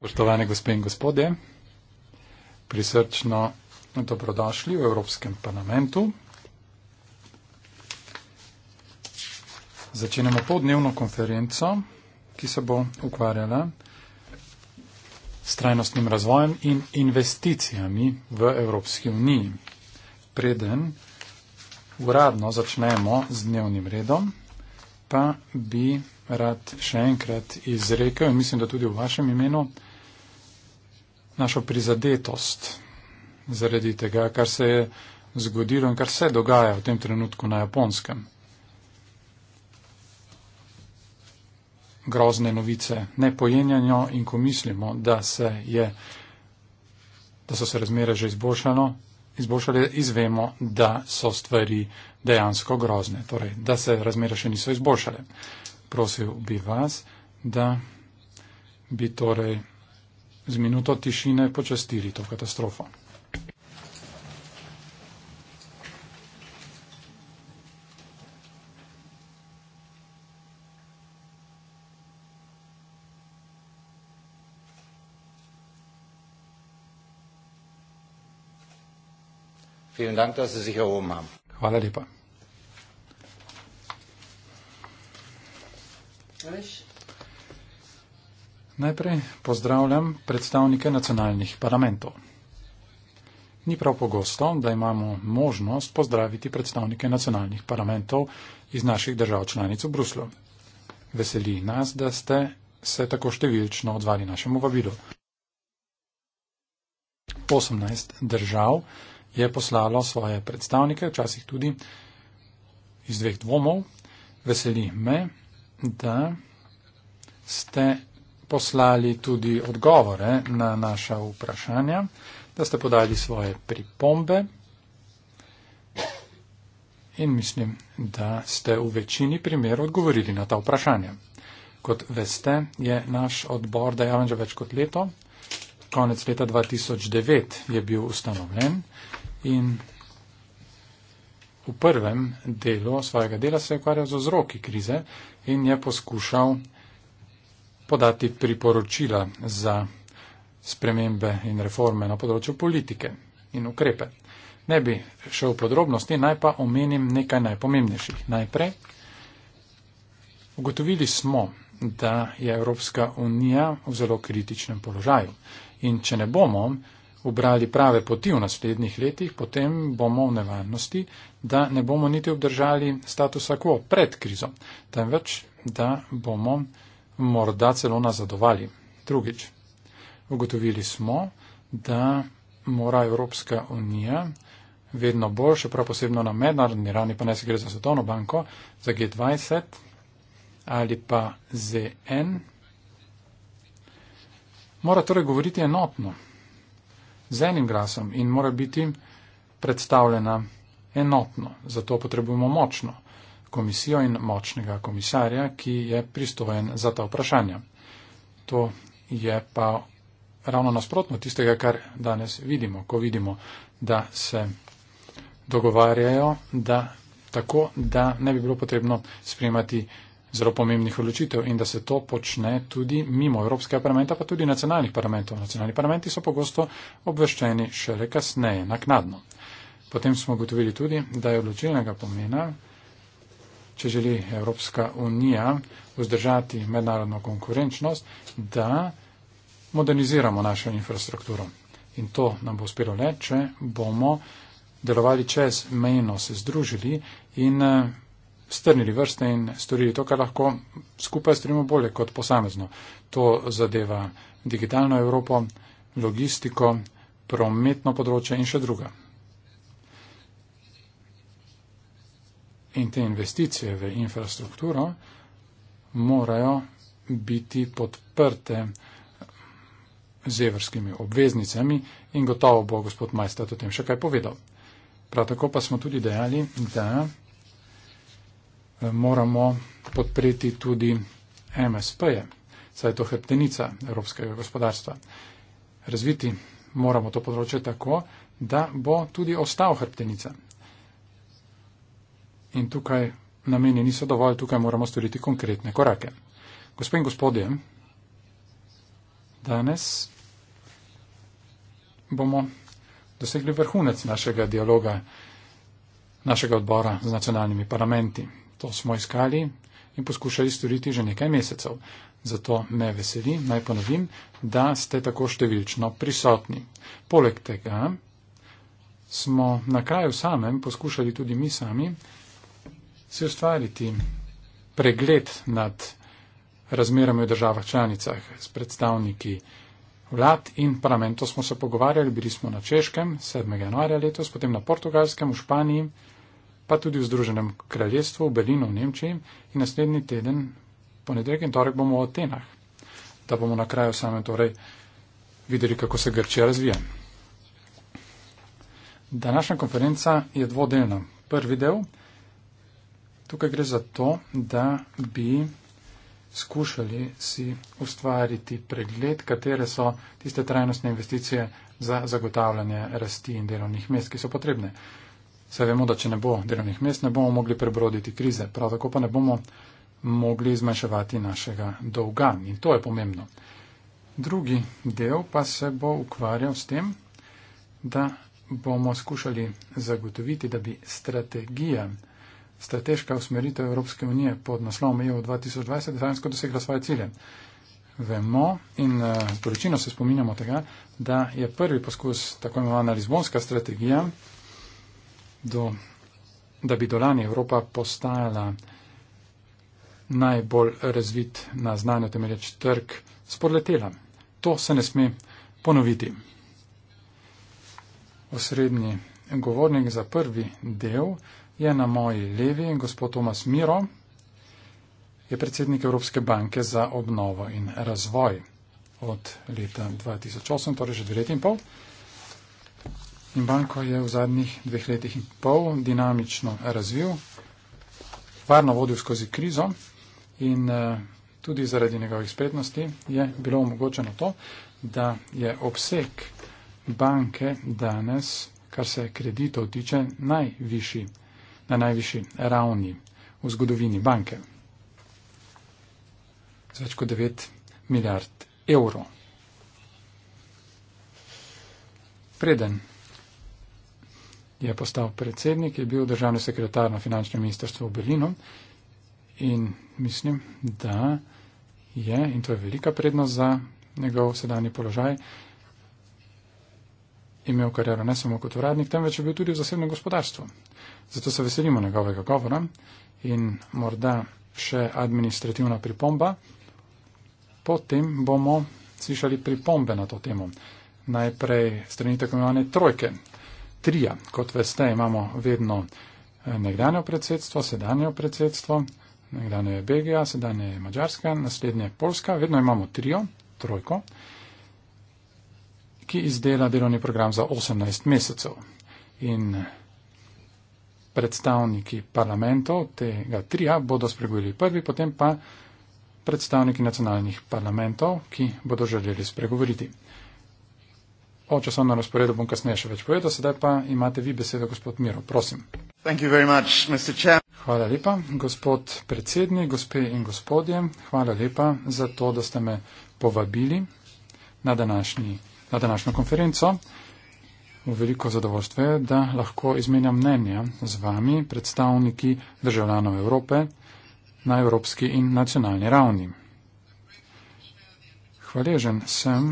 Poštovane gospe in gospodje, prisrčno dobrodošli v Evropskem parlamentu. Začenjamo podnevno konferenco, ki se bo ukvarjala s trajnostnim razvojem in investicijami v Evropski uniji. Preden uradno začnemo z dnevnim redom, pa bi rad še enkrat izrekel in mislim, da tudi v vašem imenu, našo prizadetost zaradi tega, kar se je zgodilo in kar se dogaja v tem trenutku na japonskem. Grozne novice ne pojenjanjo in ko mislimo, da, se je, da so se razmere že izboljšalo, izboljšale, izvemo, da so stvari dejansko grozne, torej, da se razmere še niso izboljšale prosil bi vas, da bi torej z minuto tišine počastili to katastrofo. Hvala lepa. Najprej pozdravljam predstavnike nacionalnih parlamentov. Ni prav pogosto, da imamo možnost pozdraviti predstavnike nacionalnih parlamentov iz naših držav članic v Bruslu. Veseli nas, da ste se tako številčno odzvali našemu vabilu. 18 držav je poslalo svoje predstavnike, včasih tudi iz dveh dvomov. Veseli me, da ste poslali tudi odgovore na naša vprašanja, da ste podali svoje pripombe in mislim, da ste v večini primerov odgovorili na ta vprašanja. Kot veste, je naš odbor dejaven že več kot leto. Konec leta 2009 je bil ustanovljen in v prvem delu svojega dela se je ukvarjal z vzroki krize in je poskušal podati priporočila za spremembe in reforme na področju politike in ukrepe. Ne bi šel v podrobnosti, naj pa omenim nekaj najpomembnejših. Najprej, ugotovili smo, da je Evropska unija v zelo kritičnem položaju in če ne bomo ubrali prave poti v naslednjih letih, potem bomo v nevarnosti, da ne bomo niti obdržali statusa quo pred krizo, temveč da bomo morda celo nazadovali. Drugič, ugotovili smo, da mora Evropska unija vedno bolj, še prav posebno na mednarodni ravni, pa ne se gre za Svetovno banko, za G20 ali pa ZN, mora torej govoriti enotno, z enim glasom in mora biti predstavljena enotno, zato potrebujemo močno komisijo in močnega komisarja, ki je pristojen za ta vprašanja. To je pa ravno nasprotno tistega, kar danes vidimo, ko vidimo, da se dogovarjajo, da tako, da ne bi bilo potrebno sprejemati zelo pomembnih odločitev in da se to počne tudi mimo Evropskega parlamenta, pa tudi nacionalnih parlamentov. Nacionalni parlamenti so pogosto obveščeni šele kasneje, naknadno. Potem smo ugotovili tudi, da je odločilnega pomena, če želi Evropska unija vzdržati mednarodno konkurenčnost, da moderniziramo našo infrastrukturo. In to nam bo uspelo le, če bomo delovali čez mejno, se združili in eh, strnili vrste in storili to, kar lahko skupaj storimo bolje kot posamezno. To zadeva digitalno Evropo, logistiko, prometno področje in še druga. in te investicije v infrastrukturo morajo biti podprte z evrskimi obveznicami in gotovo bo gospod Majstat o tem še kaj povedal. Prav tako pa smo tudi dejali, da eh, moramo podpreti tudi MSP-je, saj je to hrbtenica evropskega gospodarstva. Razviti moramo to področje tako, da bo tudi ostal hrbtenica in tukaj nameni niso dovolj, tukaj moramo storiti konkretne korake. Gospod in gospodje, danes bomo dosegli vrhunec našega dialoga, našega odbora z nacionalnimi parlamenti. To smo iskali in poskušali storiti že nekaj mesecev. Zato me veseli, naj ponovim, da ste tako številčno prisotni. Poleg tega smo na kraju samem poskušali tudi mi sami si ustvariti pregled nad razmerami v državah članicah s predstavniki vlad in parlamentov. Smo se pogovarjali, bili smo na Češkem 7. januarja letos, potem na Portugalskem, v Španiji, pa tudi v Združenem kraljestvu, v Berlinu, v Nemčiji in naslednji teden, ponedeljek in torek, bomo v Atenah, da bomo na kraju same torej videli, kako se Grčija razvija. Današnja konferenca je dvodelna. Prvi del Tukaj gre za to, da bi skušali si ustvariti pregled, katere so tiste trajnostne investicije za zagotavljanje rasti in delovnih mest, ki so potrebne. Se vemo, da če ne bo delovnih mest, ne bomo mogli prebroditi krize, prav tako pa ne bomo mogli zmanjševati našega dolga in to je pomembno. Drugi del pa se bo ukvarjal s tem, da bomo skušali zagotoviti, da bi strategija strateška usmeritev Evropske unije pod naslovom EU 2020 dejansko dosegla svoje cilje. Vemo in z eh, poročino se spominjamo tega, da je prvi poskus tako imenovana Lizbonska strategija, do, da bi dolani Evropa postajala najbolj razvit na znanje temelječ trg, spodletela. To se ne sme ponoviti. Osrednji govornik za prvi del je na moji levi gospod Tomas Miro, je predsednik Evropske banke za obnovo in razvoj od leta 2008, torej že dve leti in pol. In banko je v zadnjih dveh letih in pol dinamično razvil, varno vodil skozi krizo in eh, tudi zaradi njegovih spetnosti je bilo omogočeno to, da je obseg banke danes, kar se kreditov tiče, najvišji na najvišji ravni v zgodovini banke. Več kot 9 milijard evrov. Preden je postal predsednik, je bil državni sekretar na finančnem ministrstvu v Berlinu in mislim, da je, in to je velika prednost za njegov sedanji položaj, imel kariero ne samo kot uradnik, temveč je bil tudi v zasebnem gospodarstvu. Zato se veselimo njegovega govora in morda še administrativna pripomba. Potem bomo slišali pripombe na to temo. Najprej strani tako imenovane trojke. Trija, kot veste, imamo vedno eh, nekdanje predsedstvo, sedanje predsedstvo, nekdanje je Belgija, sedanje je Mačarska, naslednje je Polska, vedno imamo trijo, trojko, ki izdela delovni program za 18 mesecev. In predstavniki parlamentov, tega trija, bodo spregovorili prvi, potem pa predstavniki nacionalnih parlamentov, ki bodo želeli spregovoriti. O časovnem razporedu bom kasneje še več povedal, sedaj pa imate vi besedo, gospod Miro, prosim. Much, hvala lepa, gospod predsednik, gospe in gospodje, hvala lepa za to, da ste me povabili na, današnji, na današnjo konferenco veliko zadovoljstvo je, da lahko izmenjam mnenja z vami, predstavniki državljanov Evrope, na evropski in nacionalni ravni. Hvaležen sem,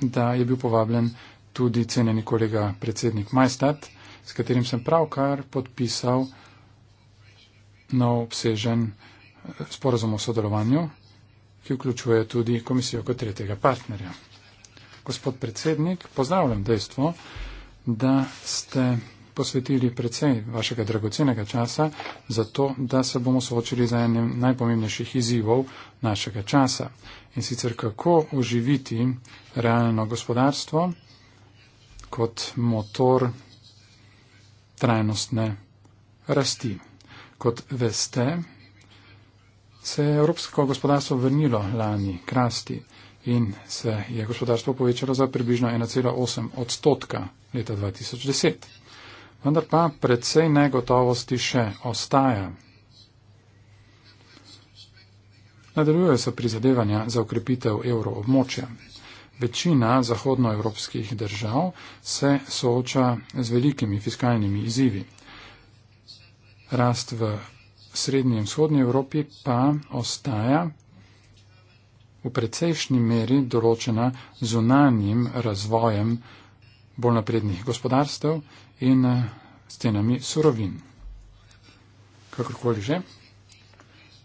da je bil povabljen tudi cenjeni kolega predsednik Majstat, s katerim sem pravkar podpisal nov obsežen eh, sporozum o sodelovanju, ki vključuje tudi komisijo kot tretjega partnerja gospod predsednik, pozdravljam dejstvo, da ste posvetili precej vašega dragocenega časa za to, da se bomo soočili z enim najpomembnejših izzivov našega časa. In sicer kako oživiti realno gospodarstvo kot motor trajnostne rasti. Kot veste, se je evropsko gospodarstvo vrnilo lani krasti in se je gospodarstvo povečalo za približno 1,8 odstotka leta 2010. Vendar pa predvsej negotovosti še ostaja. Nadaljujejo se prizadevanja za ukrepitev evroobmočja. Večina zahodnoevropskih držav se sooča z velikimi fiskalnimi izzivi. Rast v srednji in vzhodnji Evropi pa ostaja v precejšnji meri določena zunanjim razvojem bolj naprednih gospodarstev in eh, s cenami surovin. Kakorkoli že.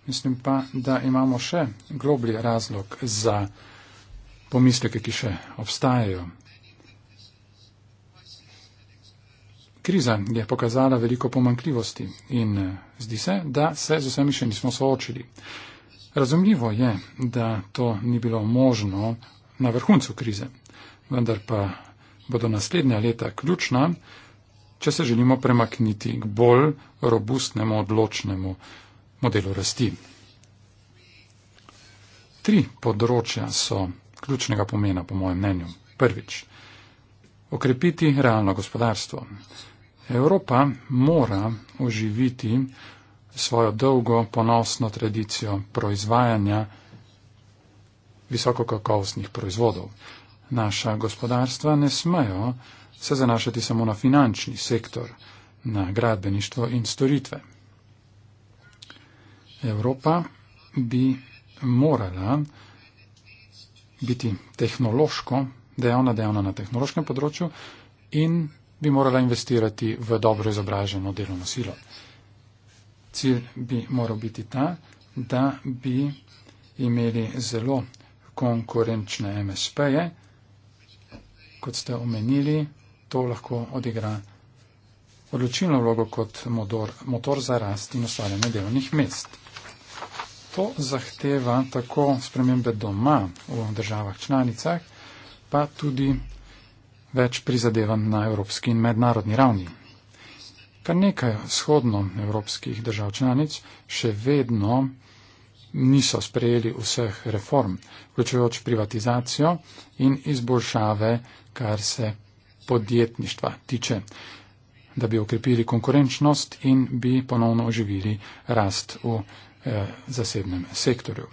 Mislim pa, da imamo še globlji razlog za pomisleke, ki še obstajajo. Kriza je pokazala veliko pomankljivosti in eh, zdi se, da se z vsemi še nismo soočili. Razumljivo je, da to ni bilo možno na vrhuncu krize, vendar pa bodo naslednja leta ključna, če se želimo premakniti k bolj robustnemu, odločnemu modelu rasti. Tri področja so ključnega pomena, po mojem mnenju. Prvič, okrepiti realno gospodarstvo. Evropa mora oživiti svojo dolgo ponosno tradicijo proizvajanja visokokakovostnih proizvodov. Naša gospodarstva ne smejo se zanašati samo na finančni sektor, na gradbeništvo in storitve. Evropa bi morala biti tehnološko dejavna, dejavna na tehnološkem področju in bi morala investirati v dobro izobraženo delovno silo cilj bi moral biti ta, da bi imeli zelo konkurenčne MSP-je. Kot ste omenili, to lahko odigra odločilno vlogo kot motor, motor za rast in ustvarjanje delovnih mest. To zahteva tako spremembe doma v državah članicah, pa tudi več prizadevanj na evropski in mednarodni ravni. Kar nekaj shodno evropskih držav članic še vedno niso sprejeli vseh reform, vključujoč privatizacijo in izboljšave, kar se podjetništva tiče, da bi okrepili konkurenčnost in bi ponovno oživili rast v eh, zasebnem sektorju.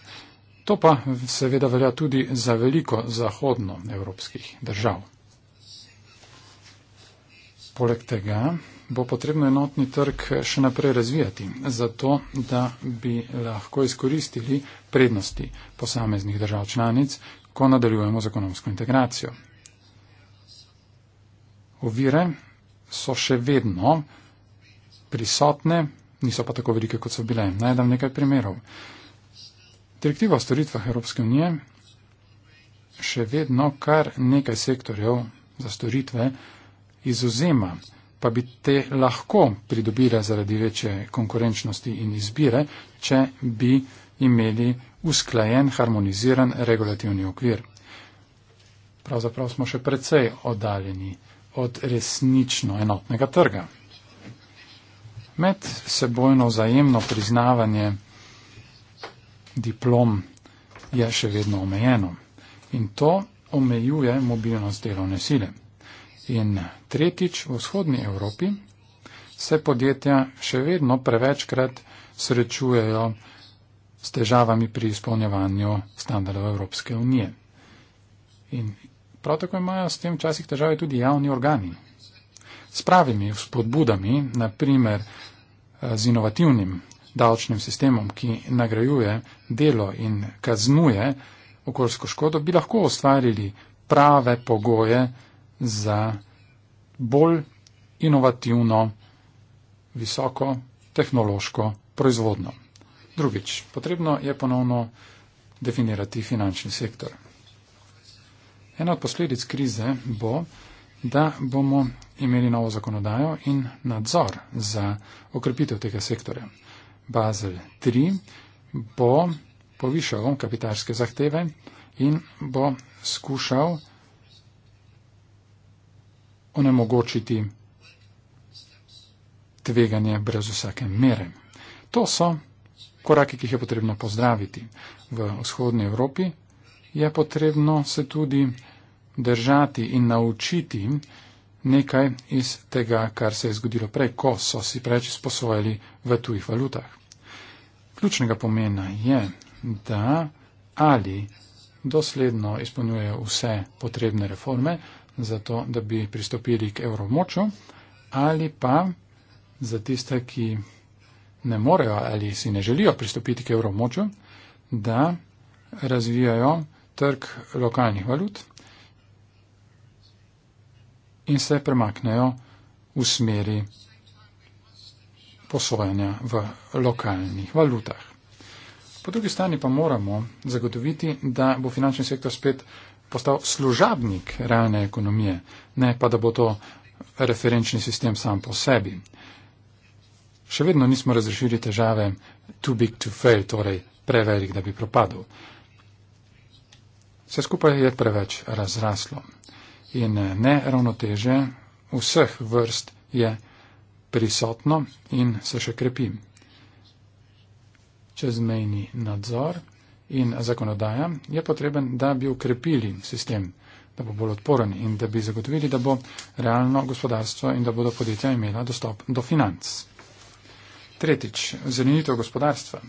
To pa seveda velja tudi za veliko zahodno evropskih držav. Poleg tega bo potrebno enotni trg še naprej razvijati, zato da bi lahko izkoristili prednosti posameznih držav članic, ko nadaljujemo z ekonomsko integracijo. Ovire so še vedno prisotne, niso pa tako velike, kot so bile. Najdem nekaj primerov. Direktiva o storitvah Evropske unije še vedno kar nekaj sektorjev za storitve izuzema, pa bi te lahko pridobile zaradi večje konkurenčnosti in izbire, če bi imeli usklajen, harmoniziran regulativni okvir. Pravzaprav smo še precej oddaljeni od resnično enotnega trga. Med sebojno vzajemno priznavanje diplom je še vedno omejeno in to omejuje mobilnost delovne sile. In tretjič, v vzhodni Evropi se podjetja še vedno prevečkrat srečujejo s težavami pri izpolnjevanju standardov Evropske unije. In prav tako imajo s tem včasih težave tudi javni organi. S pravimi spodbudami, naprimer eh, z inovativnim davčnim sistemom, ki nagrajuje delo in kaznuje okoljsko škodo, bi lahko ustvarili prave pogoje, za bolj inovativno, visoko tehnološko proizvodno. Drugič, potrebno je ponovno definirati finančni sektor. Ena od posledic krize bo, da bomo imeli novo zakonodajo in nadzor za okrepitev tega sektorja. Bazel 3 bo povišal kapitalske zahteve in bo skušal onemogočiti tveganje brez vsake mere. To so korake, ki jih je potrebno pozdraviti. V vzhodnji Evropi je potrebno se tudi držati in naučiti nekaj iz tega, kar se je zgodilo prej, ko so si preč sposojali v tujih valutah. Ključnega pomena je, da ali dosledno izpolnjuje vse potrebne reforme, za to, da bi pristopili k evromoču ali pa za tiste, ki ne morejo ali si ne želijo pristopiti k evromoču, da razvijajo trg lokalnih valut in se premaknejo v smeri posojanja v lokalnih valutah. Po drugi strani pa moramo zagotoviti, da bo finančni sektor spet postal služabnik realne ekonomije, ne pa da bo to referenčni sistem sam po sebi. Še vedno nismo razrešili težave too big to fail, torej prevelik, da bi propadel. Vse skupaj je preveč razraslo in eh, neravnoteže vseh vrst je prisotno in se še krepi. Čezmejni nadzor in zakonodaja, je potreben, da bi ukrepili sistem, da bo bolj odporen in da bi zagotovili, da bo realno gospodarstvo in da bodo podjetja imela dostop do financ. Tretjič, zelenitev gospodarstva.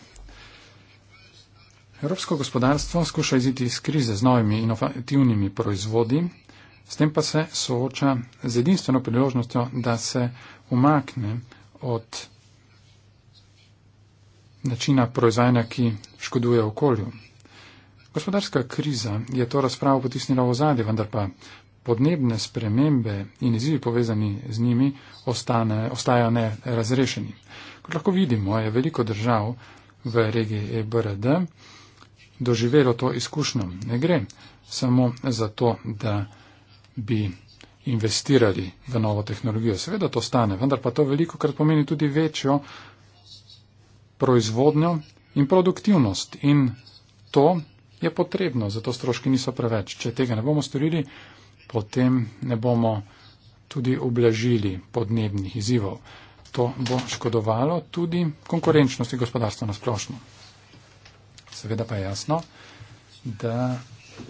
Evropsko gospodarstvo skuša iziti iz krize z novimi inovativnimi proizvodi, s tem pa se sooča z edinstveno priložnostjo, da se umakne od načina proizvajanja, ki škoduje okolju. Gospodarska kriza je to razpravo potisnila v ozadje, vendar pa podnebne spremembe in izzivi povezani z njimi ostane, ostajajo nerazrešeni. Kot lahko vidimo, je veliko držav v regiji EBRD doživelo to izkušnjo. Ne gre samo za to, da bi investirali v novo tehnologijo. Seveda to stane, vendar pa to veliko krat pomeni tudi večjo proizvodnjo in produktivnost. In to je potrebno, zato stroški niso preveč. Če tega ne bomo storili, potem ne bomo tudi oblažili podnebnih izzivov. To bo škodovalo tudi konkurenčnosti gospodarstva na splošno. Seveda pa je jasno, da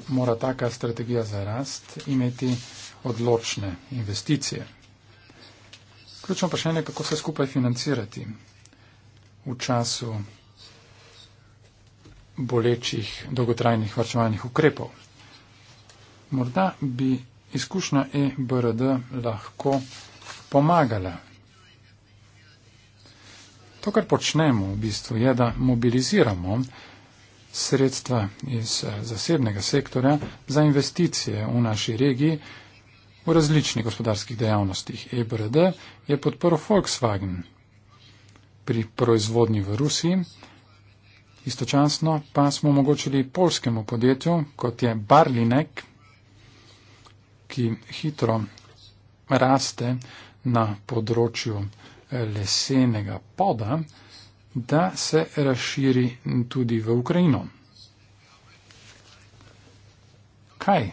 mora taka strategija za rast imeti odločne investicije. Ključno vprašanje je, kako se skupaj financirati v času bolečih dolgotrajnih varčevalnih ukrepov. Morda bi izkušnja EBRD lahko pomagala. To, kar počnemo v bistvu, je, da mobiliziramo sredstva iz eh, zasebnega sektorja za investicije v naši regiji v različnih gospodarskih dejavnostih. EBRD je podporo Volkswagen pri proizvodnji v Rusiji. Istočasno pa smo omogočili polskemu podjetju, kot je Barlinek, ki hitro raste na področju eh, lesenega poda, da se razširi tudi v Ukrajino. Kaj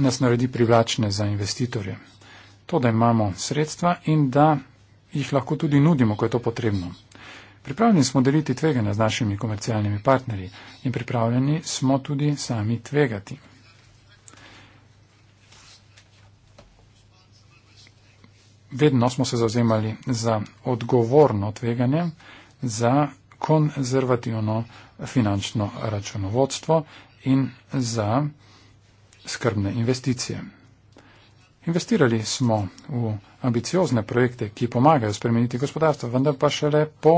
nas naredi privlačne za investitorje? To, da imamo sredstva in da jih lahko tudi nudimo, ko je to potrebno. Pripravljeni smo deliti tvegane z našimi komercialnimi partnerji in pripravljeni smo tudi sami tvegati. Vedno smo se zauzemali za odgovorno tveganje, za konzervativno finančno računovodstvo in za skrbne investicije. Investirali smo v ambiciozne projekte, ki pomagajo spremeniti gospodarstvo, vendar pa šele po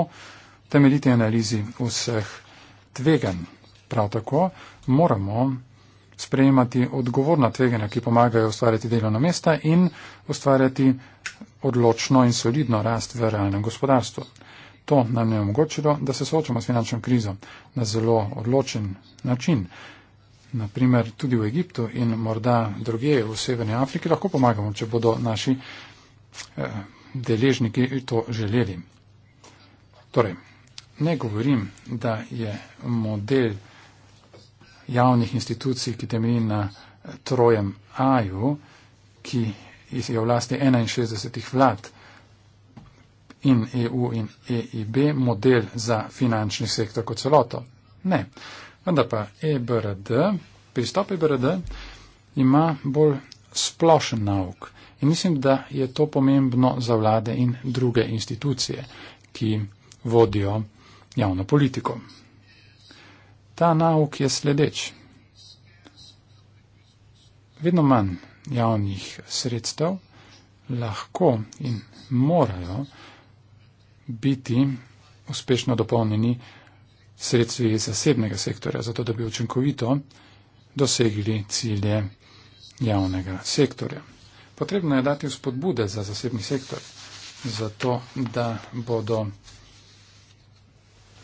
temeljiti analizi vseh tveganj. Prav tako moramo sprejemati odgovorna tveganja, ki pomagajo ustvarjati delovna mesta in ustvarjati odločno in solidno rast v realnem gospodarstvu. To nam je omogočilo, da se soočamo s finančno krizo na zelo odločen način naprimer tudi v Egiptu in morda druge v Severni Afriki, lahko pomagamo, če bodo naši eh, deležniki to želeli. Torej, ne govorim, da je model javnih institucij, ki temelji na eh, trojem AJU, ki je v lasti 61 vlad in EU in EIB, model za finančni sektor kot celoto. Ne. Vendar pa EBRD, pristop EBRD ima bolj splošen nauk in mislim, da je to pomembno za vlade in druge institucije, ki vodijo javno politiko. Ta nauk je sledeč. Vedno manj javnih sredstev lahko in morajo biti uspešno dopolnjeni sredstvi zasebnega sektorja, zato da bi učinkovito dosegli cilje javnega sektorja. Potrebno je dati vzpodbude za zasebni sektor, zato da bodo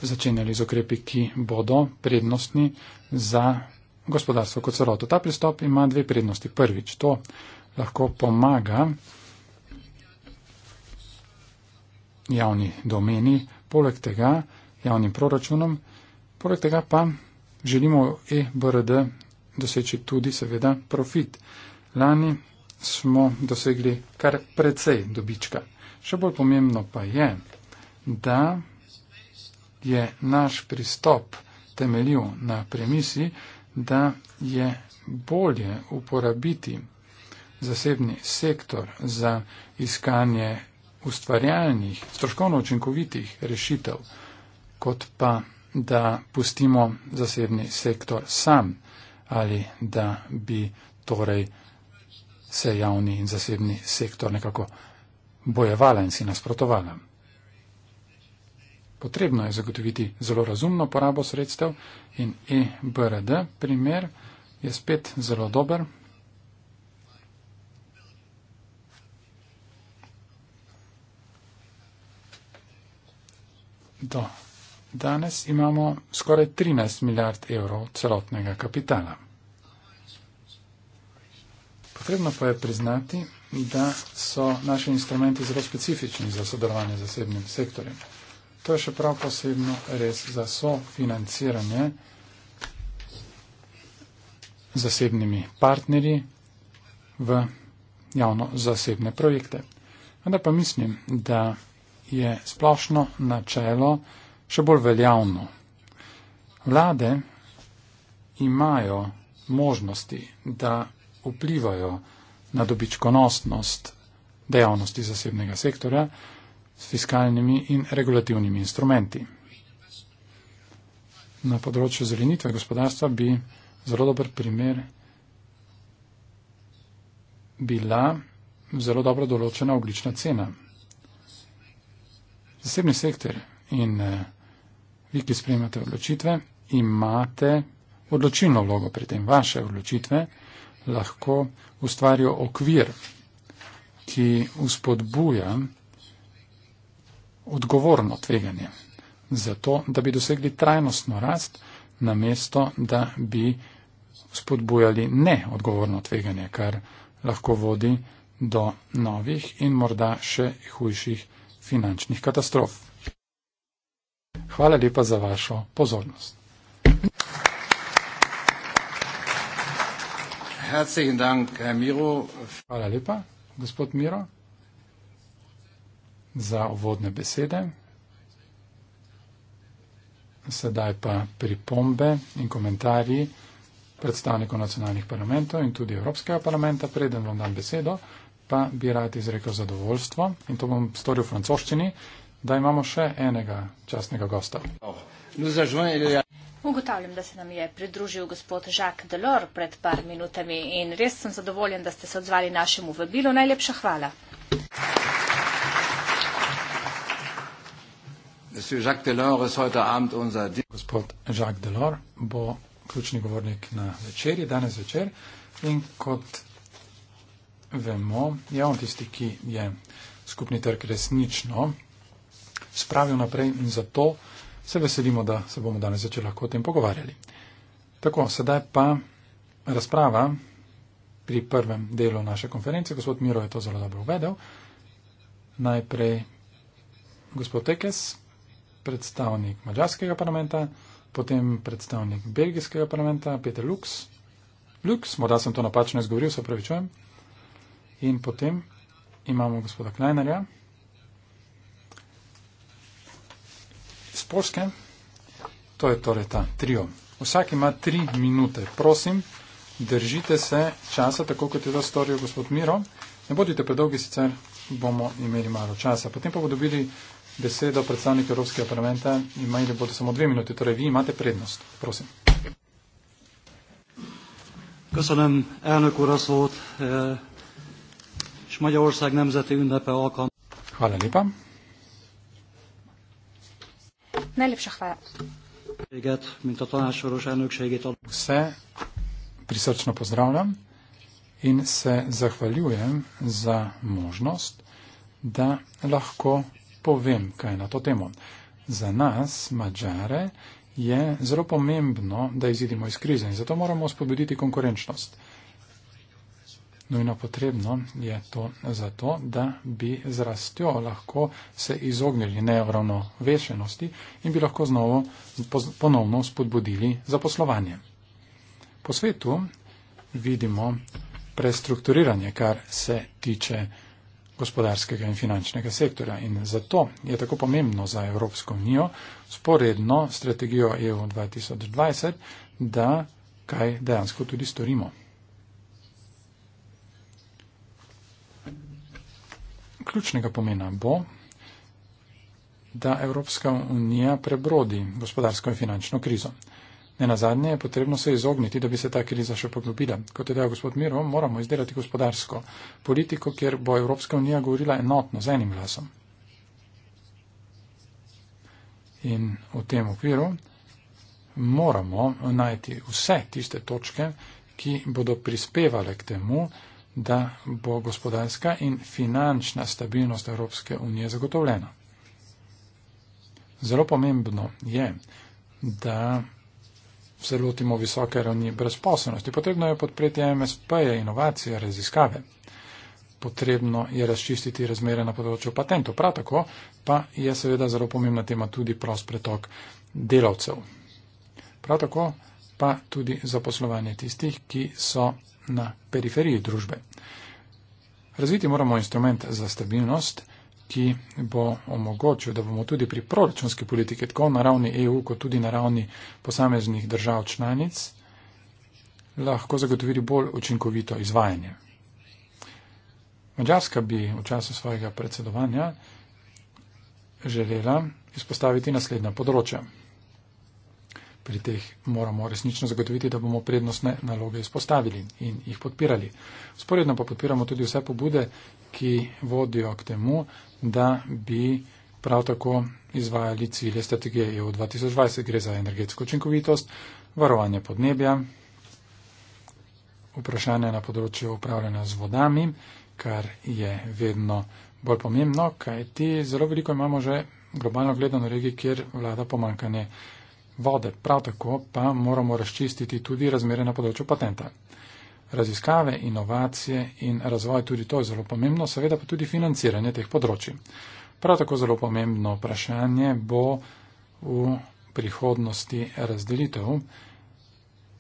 začenjali z ukrepi, ki bodo prednostni za gospodarstvo kot celoto. Ta pristop ima dve prednosti. Prvič, to lahko pomaga javni domeni, poleg tega javnim proračunom Poleg tega pa želimo EBRD doseči tudi seveda profit. Lani smo dosegli kar precej dobička. Še bolj pomembno pa je, da je naš pristop temeljil na premisi, da je bolje uporabiti zasebni sektor za iskanje ustvarjalnih, stroškovno učinkovitih rešitev, kot pa da pustimo zasebni sektor sam ali da bi torej se javni in zasebni sektor nekako bojevala in si nasprotovala. Potrebno je zagotoviti zelo razumno porabo sredstev in EBRD primer je spet zelo dober. Do Danes imamo skoraj 13 milijard evrov celotnega kapitala. Potrebno pa je priznati, da so naši instrumenti zelo specifični za sodelovanje z zasebnim sektorjem. To je še prav posebno res za sofinanciranje zasebnimi partnerji v javno-zasebne projekte. Vendar pa mislim, da je splošno načelo, še bolj veljavno. Vlade imajo možnosti, da vplivajo na dobičkonosnost dejavnosti zasebnega sektorja s fiskalnimi in regulativnimi instrumenti. Na področju zelenitve gospodarstva bi zelo dober primer bila zelo dobro določena oglična cena. Zasebni sektor in eh, vi, ki sprejmete odločitve, imate odločilno vlogo pri tem. Vaše odločitve lahko ustvarijo okvir, ki uspodbuja odgovorno tveganje za to, da bi dosegli trajnostno rast, namesto, da bi spodbujali neodgovorno tveganje, kar lahko vodi do novih in morda še hujših finančnih katastrof. Hvala lepa za vašo pozornost. Hvala lepa, gospod Miro, za uvodne besede. Sedaj pa pripombe in komentarji predstavnikov nacionalnih parlamentov in tudi Evropskega parlamenta. Preden vam dam besedo, pa bi rad izrekel zadovoljstvo in to bom storil v francoščini, da imamo še enega časnega gosta. Ugotavljam, da se nam je pridružil gospod Žak Delor pred par minutami in res sem zadovoljen, da ste se odzvali našemu vabilu. Najlepša hvala. Gospod Žak Delor bo ključni govornik na večerji, danes večer. In kot vemo, je on tisti, ki je skupni trg resnično spravil naprej in zato se veselimo, da se bomo danes začeli lahko o tem pogovarjali. Tako, sedaj pa razprava pri prvem delu naše konference. Gospod Miro je to zelo dobro uvedel. Najprej gospod Tekes, predstavnik mađarskega parlamenta, potem predstavnik belgijskega parlamenta, Peter Lux. Lux, morda sem to napačno izgovoril, se opravičujem. In potem imamo gospoda Kleinerja. iz Polske. To je torej ta trio. Vsak ima tri minute. Prosim, držite se časa, tako kot je to storil gospod Miro. Ne bodite predolgi, sicer bomo imeli malo časa. Potem pa bodo dobili besedo predstavniki Evropskega parlamenta in imeli bodo samo dve minute. Torej, vi imate prednost. Prosim. Köszönöm, elnök úr, a szót, e, és Magyarország nemzeti ünnepe alkalmazása. Najlepša hvala. Vse prisrčno pozdravljam in se zahvaljujem za možnost, da lahko povem kaj na to temo. Za nas, mađare, je zelo pomembno, da izidimo iz krize in zato moramo spodbuditi konkurenčnost nujno potrebno je to zato, da bi z rastjo lahko se izognili neuravnovešenosti in bi lahko znovo ponovno spodbudili zaposlovanje. Po svetu vidimo prestrukturiranje, kar se tiče gospodarskega in finančnega sektorja. In zato je tako pomembno za Evropsko unijo, sporedno strategijo EU 2020, da kaj dejansko tudi storimo. ključnega pomena bo, da Evropska unija prebrodi gospodarsko in finančno krizo. Ne nazadnje je potrebno se izogniti, da bi se ta kriza še poglobila. Kot je dejal gospod Miro, moramo izdelati gospodarsko politiko, kjer bo Evropska unija govorila enotno z enim glasom. In v tem okviru moramo najti vse tiste točke, ki bodo prispevale k temu, da bo gospodarska in finančna stabilnost Evropske unije zagotovljena. Zelo pomembno je, da se lotimo visoke ravni brezposobnosti. Potrebno je podpreti MSP-je, inovacije, raziskave. Potrebno je razčistiti razmere na področju patentov. Prav tako pa je seveda zelo pomembna tema tudi prost pretok delavcev. Prav tako pa tudi zaposlovanje tistih, ki so na periferiji družbe. Razviti moramo instrument za stabilnost, ki bo omogočil, da bomo tudi pri proračunski politiki, tako na ravni EU, kot tudi na ravni posameznih držav članic, lahko zagotovili bolj učinkovito izvajanje. Mačarska bi v času svojega predsedovanja želela izpostaviti naslednja področja pri teh moramo resnično zagotoviti, da bomo prednostne naloge izpostavili in jih podpirali. Sporedno pa podpiramo tudi vse pobude, ki vodijo k temu, da bi prav tako izvajali cilje strategije EU 2020. Gre za energetsko učinkovitost, varovanje podnebja, vprašanje na področju upravljanja z vodami, kar je vedno bolj pomembno, kajti zelo veliko imamo že globalno gledano regij, kjer vlada pomankanje vode. Prav tako pa moramo razčistiti tudi razmere na področju patenta. Raziskave, inovacije in razvoj tudi to je zelo pomembno, seveda pa tudi financiranje teh področji. Prav tako zelo pomembno vprašanje bo v prihodnosti razdelitev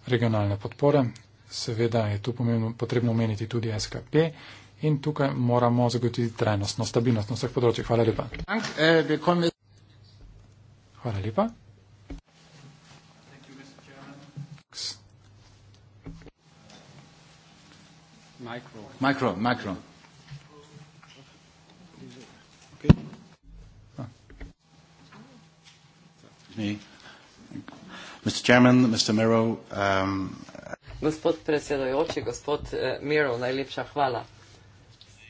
regionalne podpore. Seveda je tu pomembno, potrebno omeniti tudi SKP in tukaj moramo zagotoviti trajnostno stabilnost na vseh področjih. Hvala lepa. Eh, Hvala lepa. Micro. Micro, micro. Okay. Mr. Chairman, Mr. Miro. Um, gospod predsedujoči, gospod eh, Miro, najlepša hvala.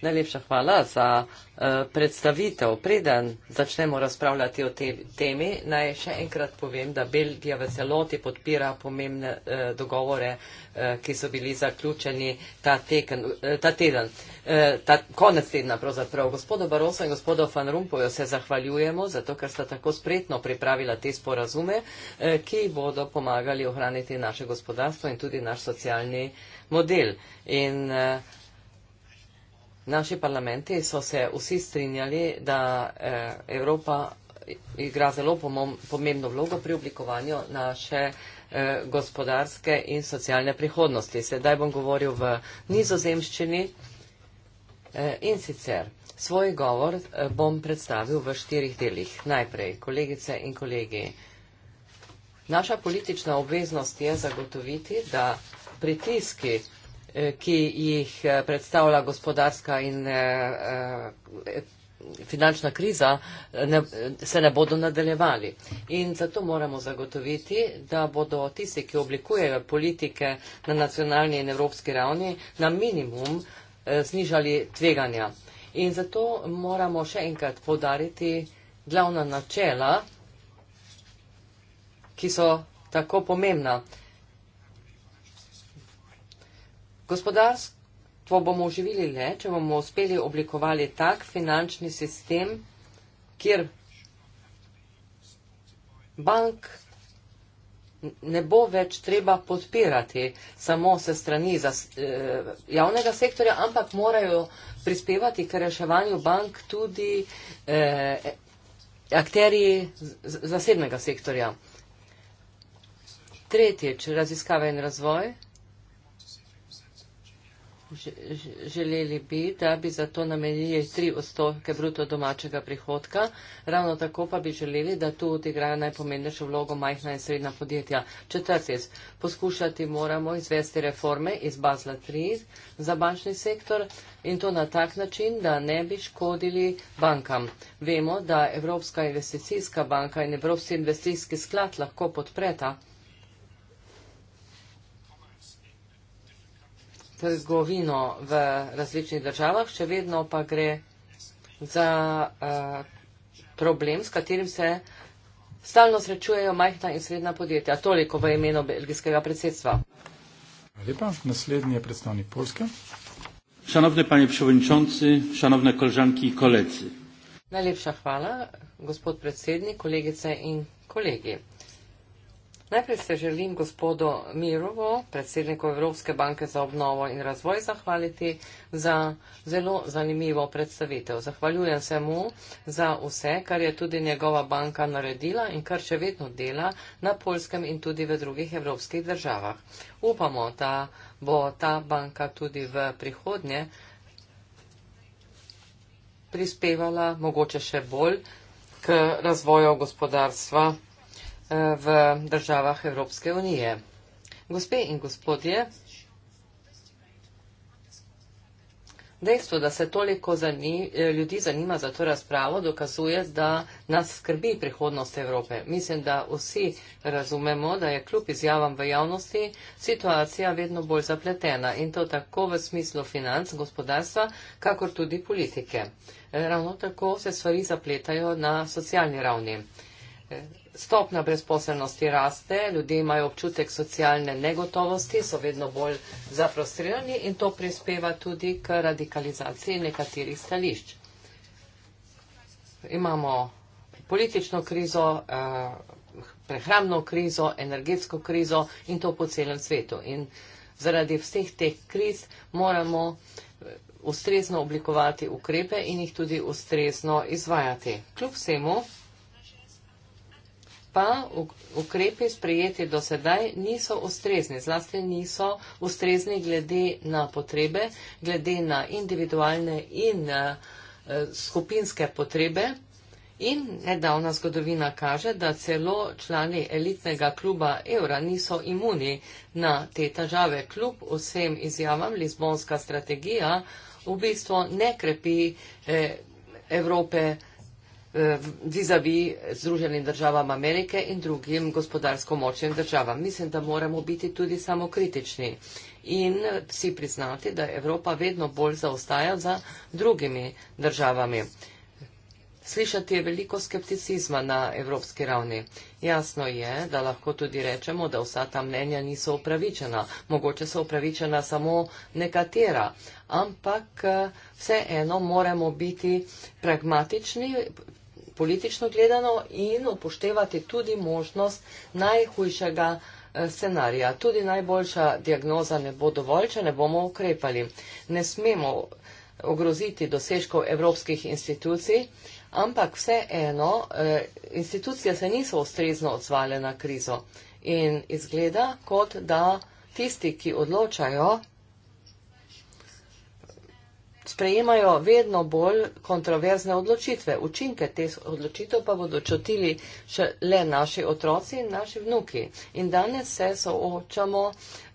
Najlepša hvala za uh, predstavitev. Preden začnemo razpravljati o te, temi, naj še enkrat povem, da Belgija v celoti podpira pomembne uh, dogovore, uh, ki so bili zaključeni ta, teken, uh, ta teden, uh, ta konec tedna pravzaprav. Gospodo Baroso in gospodo Van Rumpojo se zahvaljujemo, zato ker sta tako spretno pripravila te sporazume, uh, ki bodo pomagali ohraniti naše gospodarstvo in tudi naš socialni model. In, uh, naši parlamenti so se vsi strinjali, da eh, Evropa igra zelo pomembno vlogo pri oblikovanju naše eh, gospodarske in socialne prihodnosti. Sedaj bom govoril v nizozemščini eh, in sicer svoj govor eh, bom predstavil v štirih delih. Najprej, kolegice in kolegi, naša politična obveznost je zagotoviti, da pritiski Eh, ki jih eh, predstavlja gospodarska in eh, finančna kriza, ne, se ne bodo nadaljevali. In zato moramo zagotoviti, da bodo tisti, ki oblikujejo politike na nacionalni in evropski ravni, na minimum znižali tveganja. In zato moramo še enkrat podariti glavna načela, ki so tako pomembna. Gospodarstvo bomo uživili le, če bomo uspeli oblikovali tak finančni sistem, kjer bank ne bo več treba podpirati samo se strani zas, eh, javnega sektorja, ampak morajo prispevati k reševanju bank tudi eh, akteriji zasebnega sektorja. Tretjič, raziskave in razvoj. Želeli bi, da bi za to namenili 3 odstotke bruto domačega prihodka, ravno tako pa bi želeli, da tu odigrajo najpomembnejšo vlogo majhna in srednja podjetja. Četrtis, poskušati moramo izvesti reforme iz Basla 3 za bančni sektor in to na tak način, da ne bi škodili bankam. Vemo, da Evropska investicijska banka in Evropski investicijski sklad lahko podpreta. trgovino v različnih državah, še vedno pa gre za eh, problem, s katerim se stalno srečujejo majhna in srednja podjetja. Toliko v imenu belgijskega predsedstva. Hvala lepa. Naslednji je predstavnik Polske. Šanovne panje predsedniki, šanovne kolžanki in kolegi. Najlepša hvala, gospod predsednik, kolegice in kolegi. Najprej se želim gospodu Mirovo, predsedniku Evropske banke za obnovo in razvoj, zahvaliti za zelo zanimivo predstavitev. Zahvaljujem se mu za vse, kar je tudi njegova banka naredila in kar še vedno dela na polskem in tudi v drugih evropskih državah. Upamo, da bo ta banka tudi v prihodnje prispevala mogoče še bolj k razvoju gospodarstva v državah Evropske unije. Gospe in gospodje, dejstvo, da se toliko zani, ljudi zanima za to razpravo, dokazuje, da nas skrbi prihodnost Evrope. Mislim, da vsi razumemo, da je kljub izjavam v javnosti situacija vedno bolj zapletena in to tako v smislu financ, gospodarstva, kakor tudi politike. Ravno tako se stvari zapletajo na socialni ravni. Stopna brezposelnosti raste, ljudje imajo občutek socialne negotovosti, so vedno bolj zafrustrirani in to prispeva tudi k radikalizaciji nekaterih stališč. Imamo politično krizo, eh, prehramno krizo, energetsko krizo in to po celem svetu. In zaradi vseh teh kriz moramo eh, ustrezno oblikovati ukrepe in jih tudi ustrezno izvajati. Kljub vsemu, pa ukrepi sprejeti do sedaj niso ustrezni, zlasti niso ustrezni glede na potrebe, glede na individualne in eh, skupinske potrebe. In nedavna zgodovina kaže, da celo člani elitnega kluba evra niso imuni na te težave. Kljub vsem izjavam, Lizbonska strategija v bistvu ne krepi eh, Evrope. Eh, vizavi Združenim državam Amerike in drugim gospodarsko močnim državam. Mislim, da moramo biti tudi samokritični in si priznati, da Evropa vedno bolj zaostaja za drugimi državami. Slišati je veliko skepticizma na evropski ravni. Jasno je, da lahko tudi rečemo, da vsa ta mnenja niso upravičena. Mogoče so upravičena samo nekatera. Ampak eh, vseeno moramo biti pragmatični, politično gledano in upoštevati tudi možnost najhujšega eh, scenarija. Tudi najboljša diagnoza ne bo dovolj, če ne bomo ukrepali. Ne smemo ogroziti dosežkov evropskih institucij, ampak vseeno eh, institucije se niso ustrezno odzvale na krizo in izgleda kot da tisti, ki odločajo, sprejemajo vedno bolj kontroverzne odločitve. Učinke te odločitev pa bodo čutili še le naši otroci in naši vnuki. In danes se soočamo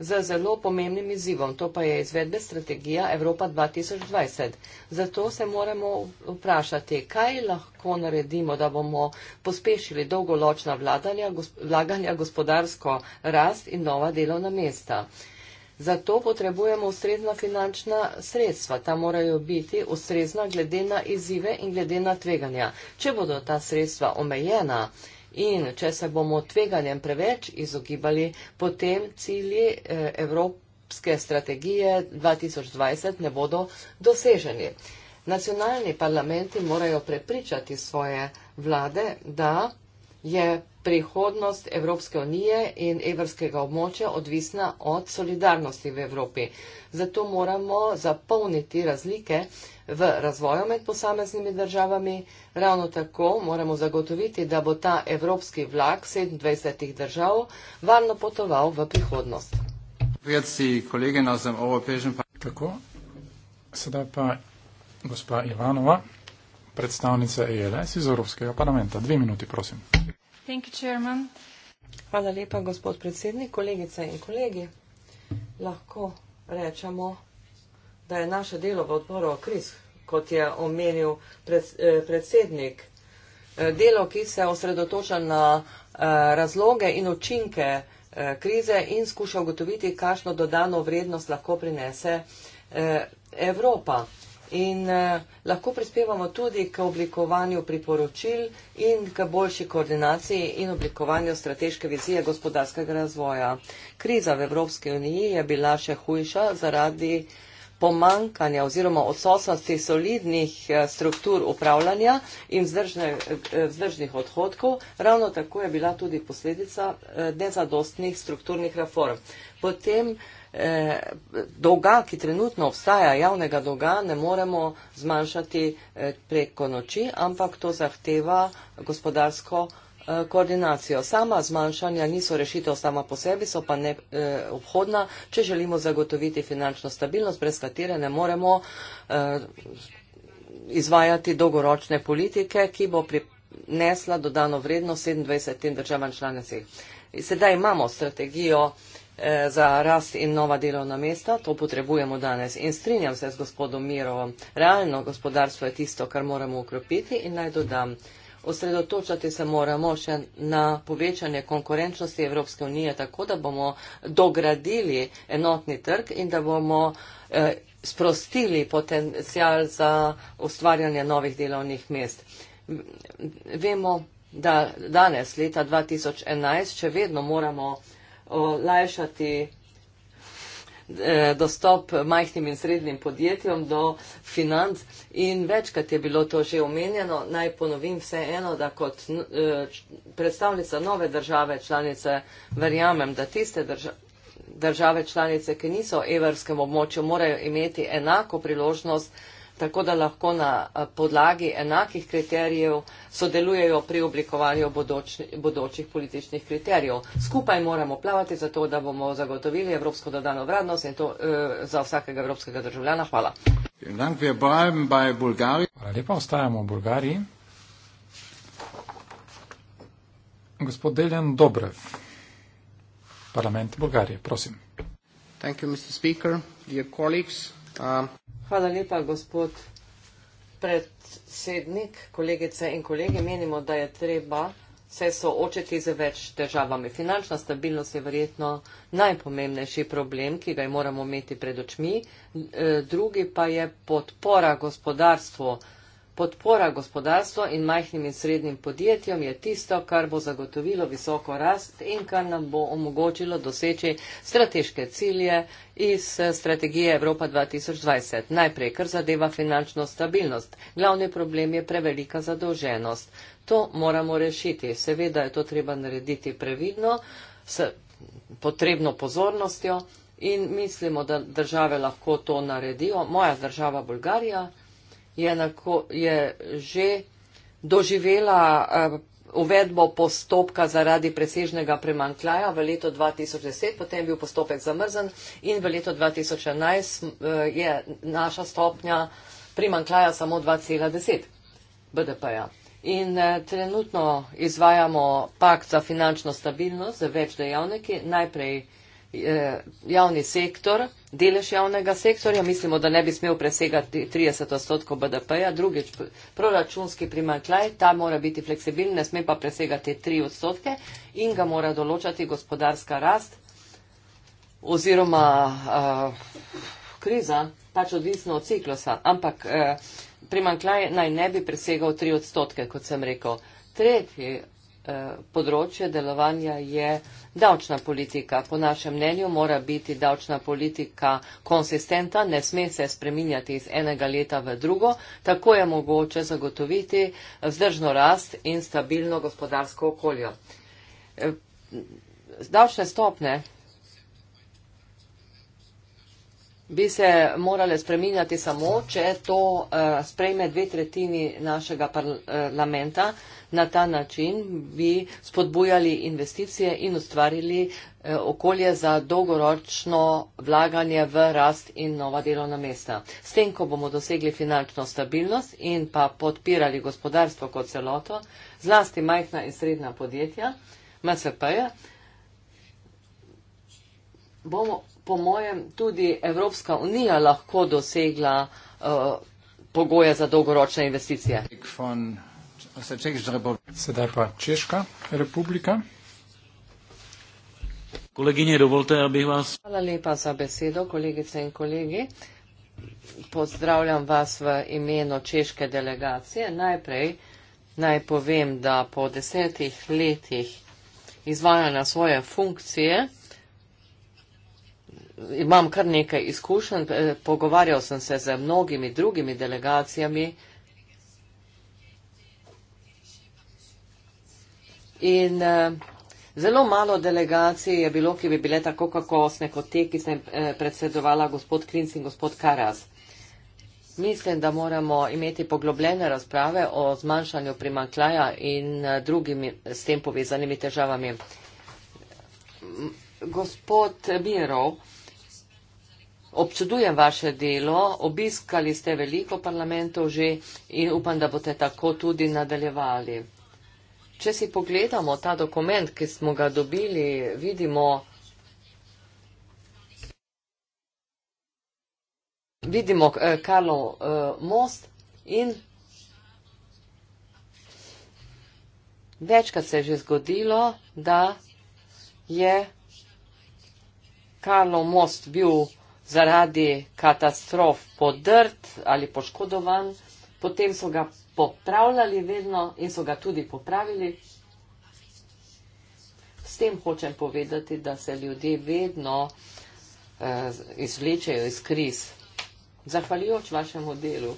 z zelo pomembnim izzivom, to pa je izvedbe strategija Evropa 2020. Zato se moramo vprašati, kaj lahko naredimo, da bomo pospešili dolgoročna vladanja, vlaganja, gospodarsko rast in nova delovna mesta. Za to potrebujemo ustrezna finančna sredstva. Ta morajo biti ustrezna glede na izzive in glede na tveganja. Če bodo ta sredstva omejena in če se bomo tveganjem preveč izogibali, potem cilji eh, evropske strategije 2020 ne bodo doseženi. Nacionalni parlamenti morajo prepričati svoje vlade, da je prihodnost Evropske unije in evrskega območja odvisna od solidarnosti v Evropi. Zato moramo zapolniti razlike v razvoju med posameznimi državami. Ravno tako moramo zagotoviti, da bo ta evropski vlak 27 držav varno potoval v prihodnost. Vredci kolege na ovopežem pa... Tako, sedaj pa gospa Ivanova, predstavnica ELS iz Evropskega parlamenta. Dve minuti, prosim. Hvala lepa, gospod predsednik, kolegice in kolegi. Lahko rečemo, da je naše delo v odboru kriz, kot je omenil eh, predsednik. Eh, delo, ki se osredotoča na eh, razloge in učinke krize in skuša ugotoviti, kakšno dodano vrednost lahko prinese Evropa in uh, lahko prispevamo tudi k oblikovanju priporočil in k boljši koordinaciji in oblikovanju strateške vizije gospodarskega razvoja. Kriza v Evropski uniji je bila še hujša zaradi pomankanja oziroma odsosnosti solidnih eh, struktur upravljanja in eh, vzdržnih odhodkov, ravno tako je bila tudi posledica nezadostnih strukturnih reform. Potem eh, dolga, ki trenutno obstaja, javnega dolga, ne moremo zmanjšati eh, preko noči, ampak to zahteva gospodarsko eh, koordinacijo. Sama zmanjšanja niso rešitev sama po sebi, so pa ne eh, obhodna, če želimo zagotoviti finančno stabilnost, brez katere ne moremo eh, izvajati dolgoročne politike, ki bo nesla dodano vrednost 27 državam članicam. Sedaj imamo strategijo eh, Eh, za rast in nova delovna mesta, to potrebujemo danes. In strinjam se z gospodom Mirovom, realno gospodarstvo je tisto, kar moramo ukropiti in naj dodam. Osredotočati se moramo še na povečanje konkurenčnosti Evropske unije, tako da bomo dogradili enotni trg in da bomo eh, sprostili potencial za ustvarjanje novih delovnih mest. Vemo, da danes, leta 2011, še vedno moramo olajšati eh, dostop majhnim in srednjim podjetjem do financ in večkrat je bilo to že omenjeno. Naj ponovim vse eno, da kot eh, predstavnica nove države članice verjamem, da tiste države članice, ki niso v evrskem območju, morajo imeti enako priložnost, tako da lahko na eh, podlagi enakih kriterijev sodelujejo pri oblikovanju bodočni, bodočih političnih kriterijev. Skupaj moramo plavati za to, da bomo zagotovili evropsko dodano vrednost in to e, za vsakega evropskega državljana. Hvala. Hvala lepa, ostajamo v Bulgariji. Gospod Deljan Dobrev, parlament Bulgarije, prosim. Thank you, Mr. Speaker, dear colleagues. Hvala lepa, gospod predsednik, kolegice in kolegi. Menimo, da je treba se soočiti z več težavami. Finančna stabilnost je verjetno najpomembnejši problem, ki ga moramo imeti pred očmi. Eh, drugi pa je podpora gospodarstvu. Podpora gospodarstvo in majhnim in srednjim podjetjem je tisto, kar bo zagotovilo visoko rast in kar nam bo omogočilo doseči strateške cilje iz eh, strategije Evropa 2020. Najprej, kar zadeva finančno stabilnost. Glavni problem je prevelika zadolženost. To moramo rešiti. Seveda je to treba narediti previdno, s potrebno pozornostjo in mislimo, da države lahko to naredijo. Moja država Bulgarija je, nako, je že doživela eh, uvedbo postopka zaradi presežnega premankljaja v letu 2010, potem je bil postopek zamrzen in v letu 2011 eh, je naša stopnja primankljaja samo 2,10 BDP-ja. In eh, trenutno izvajamo pakt za finančno stabilnost z več dejavniki, najprej Eh, javni sektor, delež javnega sektorja, mislimo, da ne bi smel presegati 30 odstotkov BDP-ja, drugič proračunski primanklaj, ta mora biti fleksibilen, ne sme pa presegati 3 odstotke in ga mora določati gospodarska rast oziroma uh, kriza, pač odvisno od ciklusa, ampak uh, eh, primanklaj naj ne bi presegal 3 odstotke, kot sem rekel. Tretje uh, področje delovanja je davčna politika. Po našem mnenju mora biti davčna politika konsistenta, ne sme se spreminjati iz enega leta v drugo, tako je mogoče zagotoviti vzdržno rast in stabilno gospodarsko okolje. E, davčne stopne bi se morale spreminjati samo, če to uh, sprejme dve tretjini našega parlamenta. Na ta način bi spodbujali investicije in ustvarili uh, okolje za dolgoročno vlaganje v rast in nova delovna mesta. S tem, ko bomo dosegli finančno stabilnost in pa podpirali gospodarstvo kot celoto, zlasti majhna in srednja podjetja, MSP-je, bomo po mojem, tudi Evropska unija lahko dosegla uh, pogoje za dolgoročne investicije. Sedaj pa Češka republika. Koleginje, dovolte, abih vas. Hvala lepa za besedo, kolegice in kolegi. Pozdravljam vas v imenu češke delegacije. Najprej naj povem, da po desetih letih izvajanja svoje funkcije imam kar nekaj izkušenj, eh, pogovarjal sem se z mnogimi drugimi delegacijami in eh, zelo malo delegacij je bilo, ki bi bile tako kakosne kot te, ki sem eh, predsedovala gospod Klinc in gospod Karas. Mislim, da moramo imeti poglobljene razprave o zmanjšanju primankljaja in drugimi s tem povezanimi težavami. Gospod Mirov, Občudujem vaše delo, obiskali ste veliko parlamentov že in upam, da boste tako tudi nadaljevali. Če si pogledamo ta dokument, ki smo ga dobili, vidimo, vidimo eh, Karlov eh, most in večkrat se je že zgodilo, da je Karlov most bil zaradi katastrof podrt ali poškodovan, potem so ga popravljali vedno in so ga tudi popravili. S tem hočem povedati, da se ljudje vedno eh, izvlečejo iz kriz, zahvaljujoč vašemu delu.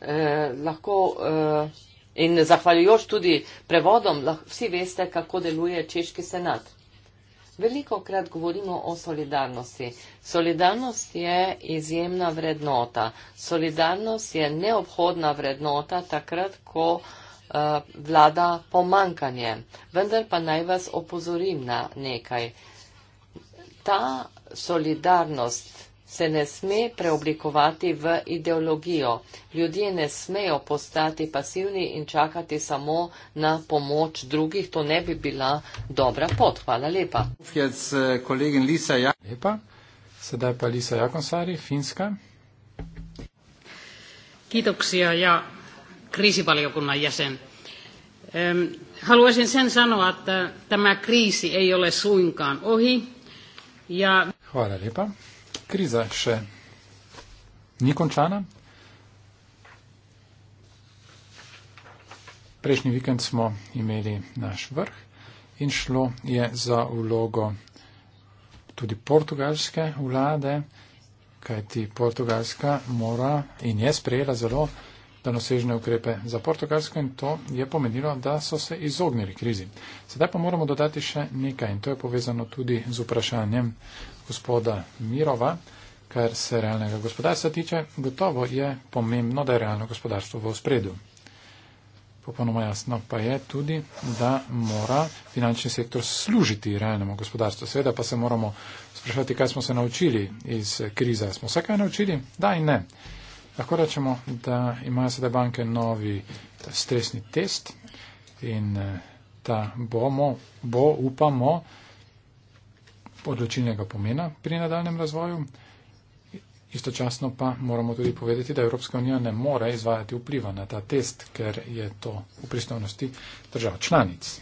Eh, lahko eh, In zahvaljujoč tudi prevodom, lahko vsi veste, kako deluje češki senat. Veliko krat govorimo o solidarnosti. Solidarnost je izjemna vrednota. Solidarnost je neobhodna vrednota takrat, ko uh, vlada pomankanje. Vendar pa naj vas opozorim na nekaj. Ta solidarnost se ne sme preoblikovati v ideologijo. Ljudje ne smejo postati pasivni in čakati samo na pomoč drugih. To ne bi bila dobra pot. Hvala lepa. Eh, ja- lepa. Sedaj pa Lisa Jakonsari, Finska. Kiitoksia ja kriisivaliokunnan jäsen. Öm, haluaisin sen sanoa, että tämä kriisi ei ole suinkaan ohi. Ja... Hvala lepa kriza še ni končana. Prejšnji vikend smo imeli naš vrh in šlo je za vlogo tudi portugalske vlade, kajti portugalska mora in je sprejela zelo daljnosežne ukrepe za Portugalsko in to je pomenilo, da so se izognili krizi. Sedaj pa moramo dodati še nekaj in to je povezano tudi z vprašanjem gospoda Mirova, kar se realnega gospodarstva tiče. Gotovo je pomembno, da je realno gospodarstvo v ospredju. Popolnoma jasno pa je tudi, da mora finančni sektor služiti realnemu gospodarstvu. Seveda pa se moramo sprašati, kaj smo se naučili iz krize. Smo se kaj naučili? Da in ne. Lahko rečemo, da imajo sedaj banke novi stresni test in da eh, bomo, bo upamo, odločilnega pomena pri nadaljem razvoju. Istočasno pa moramo tudi povedati, da Evropska unija ne more izvajati vpliva na ta test, ker je to v pristojnosti držav članic.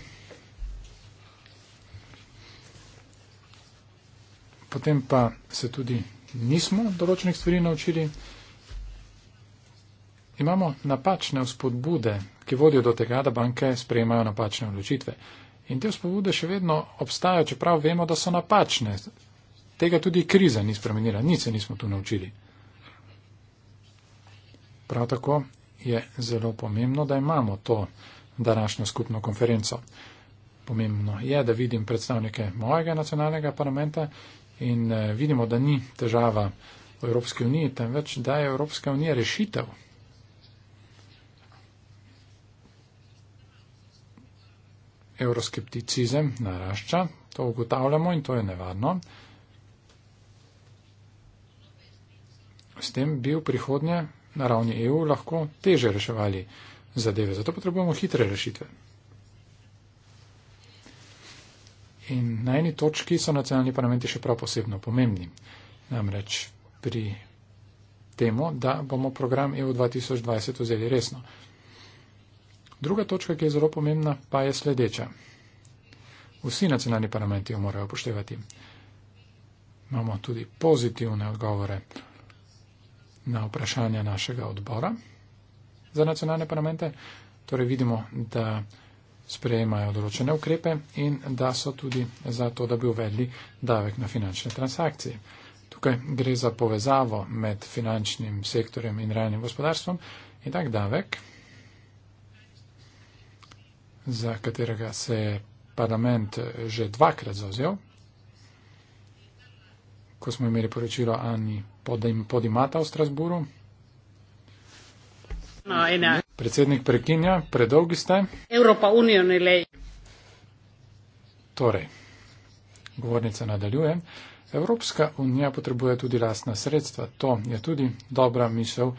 Potem pa se tudi nismo določenih stvari naučili. Imamo napačne vzpodbude, ki vodijo do tega, da banke sprejemajo napačne odločitve. In te vzpodbude še vedno obstajajo, čeprav vemo, da so napačne. Tega tudi kriza ni spremenila, nič se nismo tu naučili. Prav tako je zelo pomembno, da imamo to današnjo skupno konferenco. Pomembno je, da vidim predstavnike mojega nacionalnega parlamenta in eh, vidimo, da ni težava v Evropski uniji, temveč da je Evropska unija rešitev euroskepticizem narašča, to ugotavljamo in to je nevarno. S tem bi v prihodnje na ravni EU lahko teže reševali zadeve, zato potrebujemo hitre rešitve. In na eni točki so nacionalni parlamenti še prav posebno pomembni. Namreč pri temu, da bomo program EU 2020 vzeli resno. Druga točka, ki je zelo pomembna, pa je sledeča. Vsi nacionalni parlamenti jo morajo upoštevati. Imamo tudi pozitivne odgovore na vprašanja našega odbora za nacionalne parlamente. Torej vidimo, da sprejemajo določene ukrepe in da so tudi za to, da bi uvedli davek na finančne transakcije. Tukaj gre za povezavo med finančnim sektorjem in realnim gospodarstvom in tak davek za katerega se je parlament že dvakrat zauzel, ko smo imeli poročilo Ani Podimata v Strasburu. No, Predsednik prekinja, predolgi ste. Evropa unijo ne le. Torej, govornica nadaljuje. Evropska unija potrebuje tudi lastna sredstva. To je tudi dobra misel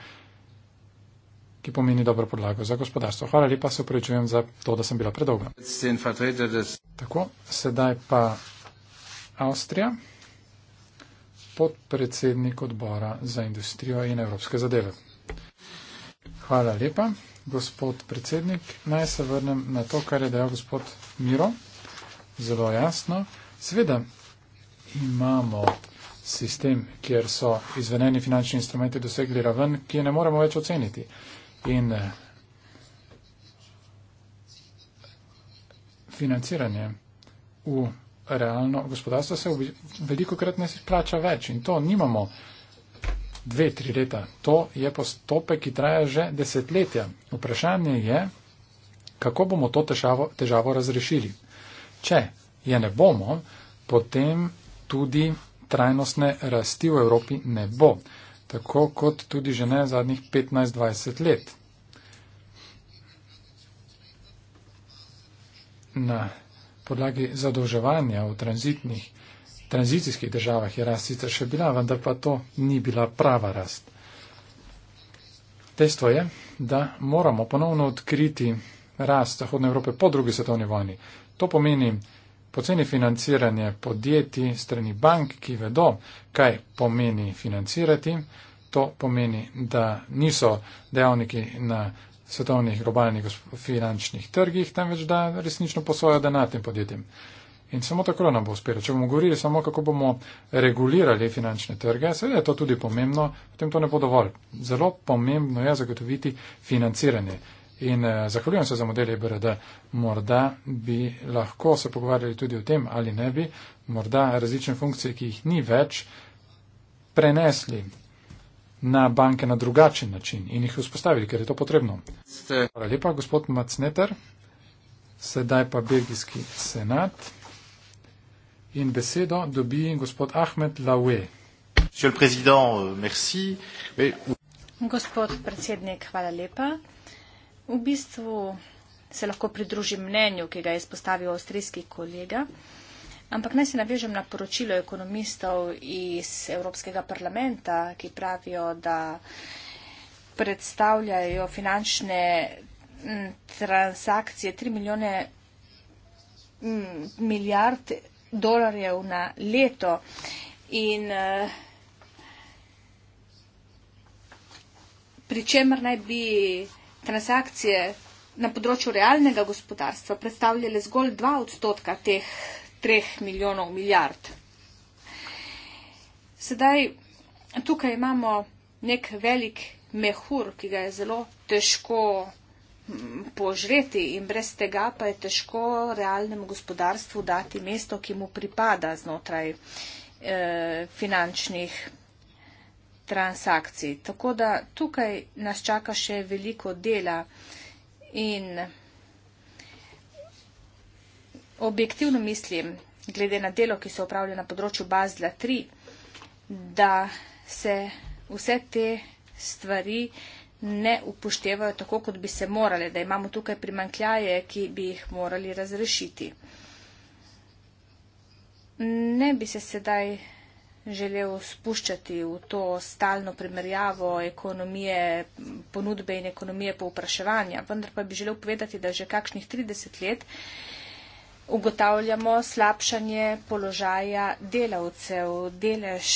ki pomeni dobro podlago za gospodarstvo. Hvala lepa, se upravičujem za to, da sem bila predolga. Tako, sedaj pa Avstrija, podpredsednik odbora za industrijo in evropske zadeve. Hvala lepa, gospod predsednik. Naj se vrnem na to, kar je dejal gospod Miro. Zelo jasno. Sveda imamo sistem, kjer so izvedeni finančni instrumenti dosegli raven, ki je ne moremo več oceniti. In eh, financiranje v realno gospodarstvo se veliko krat ne splača več in to nimamo dve, tri leta. To je postopek, ki traja že desetletja. Vprašanje je, kako bomo to težavo, težavo razrešili. Če je ne bomo, potem tudi trajnostne rasti v Evropi ne bo tako kot tudi že ne zadnjih 15-20 let. Na podlagi zadolževanja v tranzicijskih državah je rast sicer še bila, vendar pa to ni bila prava rast. Dejstvo je, da moramo ponovno odkriti rast Zahodne Evrope po drugi svetovni vojni. To pomeni poceni financiranje podjetij strani bank, ki vedo, kaj pomeni financirati. To pomeni, da niso dejavniki na svetovnih globalnih finančnih trgih, temveč da resnično posojajo denar tem podjetjem. In samo tako nam bo uspelo. Če bomo govorili samo, kako bomo regulirali finančne trge, seveda je to tudi pomembno, potem to ne bo dovolj. Zelo pomembno je zagotoviti financiranje. In eh, zahvaljujem se za modelje BRD. Morda bi lahko se pogovarjali tudi o tem, ali ne bi, morda različne funkcije, ki jih ni več, prenesli na banke na drugačen način in jih vzpostavili, ker je to potrebno. Ste. Hvala lepa, gospod Macneter. Sedaj pa Belgijski senat. In besedo dobi gospod Ahmed Laue. Euh, gospod predsednik, hvala lepa. V bistvu se lahko pridružim mnenju, ki ga je izpostavil avstrijski kolega, ampak naj se navežem na poročilo ekonomistov iz Evropskega parlamenta, ki pravijo, da predstavljajo finančne transakcije 3 milijone milijard dolarjev na leto. In, eh, pri čemer naj bi transakcije na področju realnega gospodarstva predstavljale zgolj 2 odstotka teh 3 milijonov milijard. Sedaj tukaj imamo nek velik mehur, ki ga je zelo težko mm, požreti in brez tega pa je težko realnemu gospodarstvu dati mesto, ki mu pripada znotraj eh, finančnih transakcij. Tako da tukaj nas čaka še veliko dela in objektivno mislim, glede na delo, ki se opravlja na področju Bazla 3, da se vse te stvari ne upoštevajo tako, kot bi se morale, da imamo tukaj primankljaje, ki bi jih morali razrešiti. Ne bi se sedaj želel spuščati v to stalno primerjavo ekonomije ponudbe in ekonomije povpraševanja, vendar pa bi želel povedati, da že kakšnih 30 let ugotavljamo slabšanje položaja delavcev, delež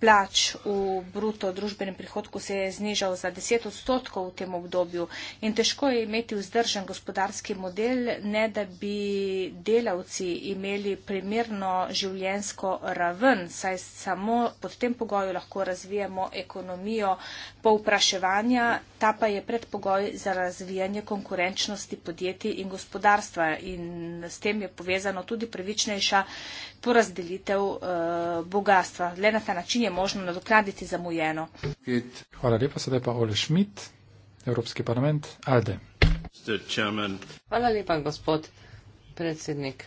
plač v bruto družbenem prihodku se je znižal za 10 odstotkov v tem obdobju in težko je imeti vzdržen gospodarski model, ne da bi delavci imeli primerno življensko raven, saj samo pod tem pogoju lahko razvijemo ekonomijo, povpraševanja, ta pa je predpogoj za razvijanje konkurenčnosti podjetij in gospodarstva in s tem je povezano tudi pravičnejša porazdelitev eh, bogatstva. Le na ta način je možno nadoknaditi zamujeno. Hvala lepa, sedaj pa Ole Schmidt, Evropski parlament, Alde. Hvala lepa, gospod predsednik.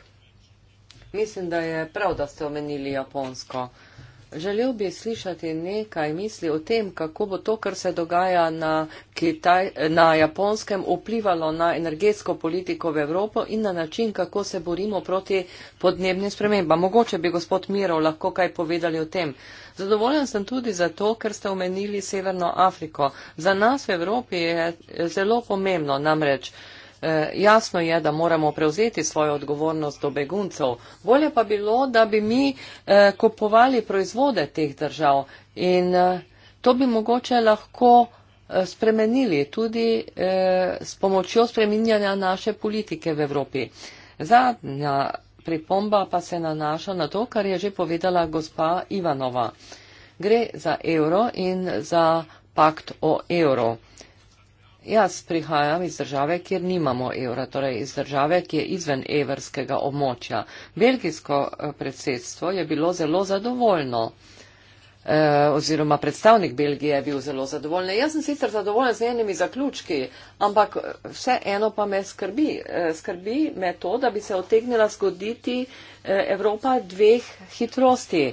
Mislim, da je prav, da ste omenili Japonsko. Uh, Želel bi slišati nekaj misli o tem, kako bo to, kar se dogaja na, Kitaj, na Japonskem, vplivalo na energetsko politiko v Evropo in na način, kako se borimo proti podnebnim spremembam. Mogoče bi gospod Mirov lahko kaj povedali o tem. Zadovoljen sem tudi zato, ker ste omenili Severno Afriko. Za nas v Evropi je zelo pomembno namreč. Eh, jasno je, da moramo prevzeti svojo odgovornost do beguncev. Bolje pa bilo, da bi mi eh, kupovali proizvode teh držav in eh, to bi mogoče lahko spremenili tudi s pomočjo spreminjanja naše politike v Evropi. Zadnja pripomba pa se nanaša na to, kar je že povedala gospa Ivanova. Gre za evro in za pakt o evro. Jaz prihajam iz države, kjer nimamo evra, torej iz države, ki je izven evrskega območja. Belgijsko eh, predsedstvo je bilo zelo zadovoljno eh, oziroma predstavnik Belgije je bil zelo zadovoljen. Jaz sem sicer zadovoljen z enimi zaključki, ampak eh, vse eno pa me skrbi. Skrbi me to, da bi se otegnila zgoditi Evropa dveh hitrosti.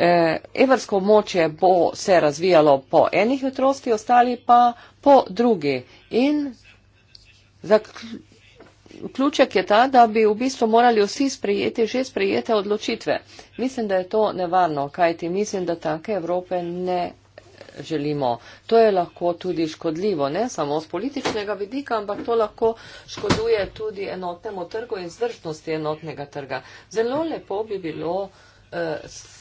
Eh, evrsko območje bo se razvijalo po eni hitrosti, ostali pa po drugi. In ključek je ta, da bi v bistvu morali vsi sprejeti že sprejete odločitve. Mislim, da je to nevarno, kajti mislim, da take Evrope ne želimo. To je lahko tudi škodljivo, ne samo z političnega vidika, ampak to lahko škoduje tudi enotnemu trgu in zdržnosti enotnega trga. Zelo lepo bi bilo uh,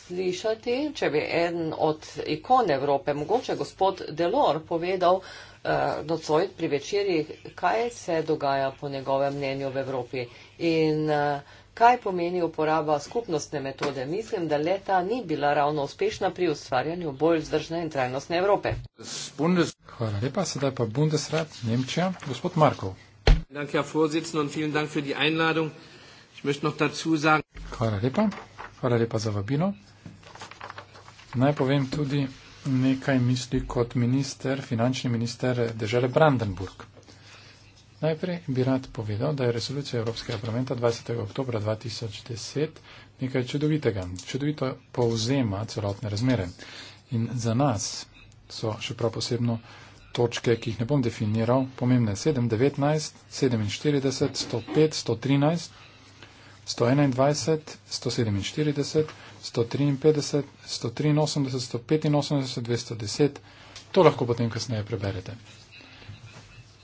slišati, če bi en od ikon Evrope, mogoče gospod Delor, povedal uh, eh, nocoj pri večerji, kaj se dogaja po njegovem mnenju v Evropi in uh, kaj pomeni uporaba skupnostne metode. Mislim, da leta ni bila ravno uspešna pri ustvarjanju bolj zdržne in trajnostne Evrope. Hvala lepa, sedaj pa Bundesrat, Nemčija, gospod Markov. Hvala lepa. Hvala lepa za vabino. Naj povem tudi nekaj misli kot minister, finančni minister države Brandenburg. Najprej bi rad povedal, da je resolucija Evropskega parlamenta 20. oktober 2010 nekaj čudovitega. Čudovito povzema celotne razmere. In za nas so še prav posebno točke, ki jih ne bom definiral, pomembne 7, 19, 47, 105, 113, 121, 147. 153, 183, 185, 210. To lahko potem kasneje preberete.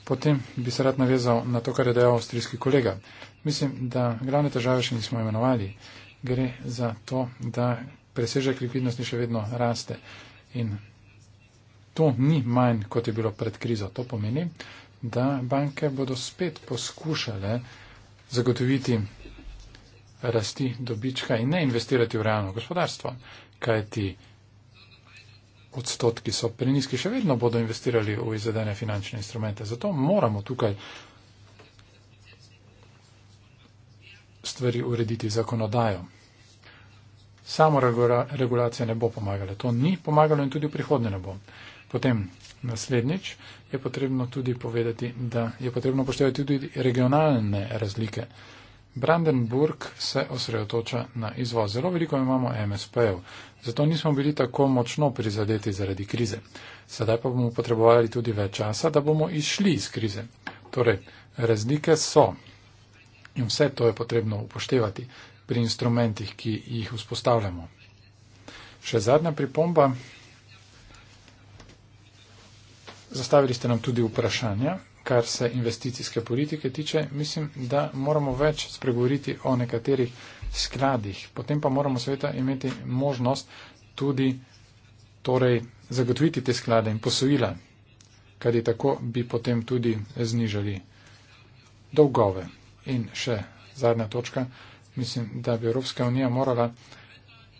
Potem bi se rad navezal na to, kar je dejal avstrijski kolega. Mislim, da glavne težave še nismo imenovali. Gre za to, da presežek likvidnosti še vedno raste. In to ni manj, kot je bilo pred krizo. To pomeni, da banke bodo spet poskušale zagotoviti rasti dobička in ne investirati v realno gospodarstvo, kaj ti odstotki so preniski, še vedno bodo investirali v izvedene finančne instrumente. Zato moramo tukaj stvari urediti zakonodajo. Samo regulacija ne bo pomagala. To ni pomagalo in tudi v prihodnje ne bo. Potem naslednjič je potrebno tudi povedati, da je potrebno poštevati tudi regionalne razlike. Brandenburg se osredotoča na izvoz. Zelo veliko imamo MSP-ev, zato nismo bili tako močno prizadeti zaradi krize. Sedaj pa bomo potrebovali tudi več časa, da bomo išli iz krize. Torej, razlike so in vse to je potrebno upoštevati pri instrumentih, ki jih vzpostavljamo. Še zadnja pripomba. Zastavili ste nam tudi vprašanja kar se investicijske politike tiče, mislim, da moramo več spregovoriti o nekaterih skladih. Potem pa moramo seveda imeti možnost tudi torej, zagotoviti te sklade in posojila, kaj je tako, bi potem tudi znižali dolgove. In še zadnja točka, mislim, da bi Evropska unija morala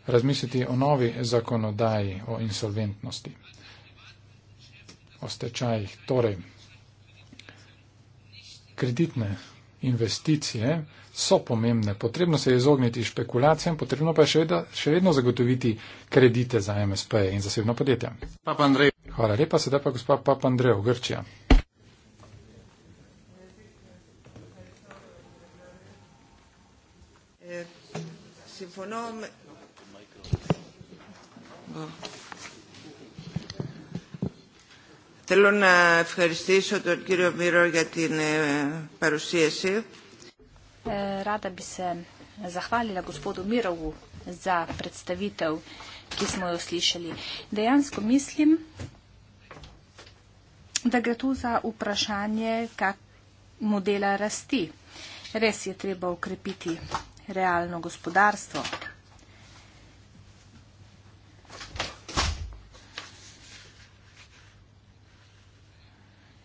razmisliti o novi zakonodaji o insolventnosti, o stečajih. Torej, kreditne investicije so pomembne. Potrebno se je izogniti špekulacijam, potrebno pa je še vedno, še vedno zagotoviti kredite za MSP in zasebno podjetje. Hvala lepa, sedaj pa gospod Papa Andrej v Grčija. Eh, Θέλω να ευχαριστήσω τον κύριο Μύρο για την ε, παρουσίαση. Ράτα μπισε захвалила господу Мирову за представител, ки смо јо слишали. Дејанско мислим да гату за упрашање как модела расти. Рес је треба укрепити реално господарство.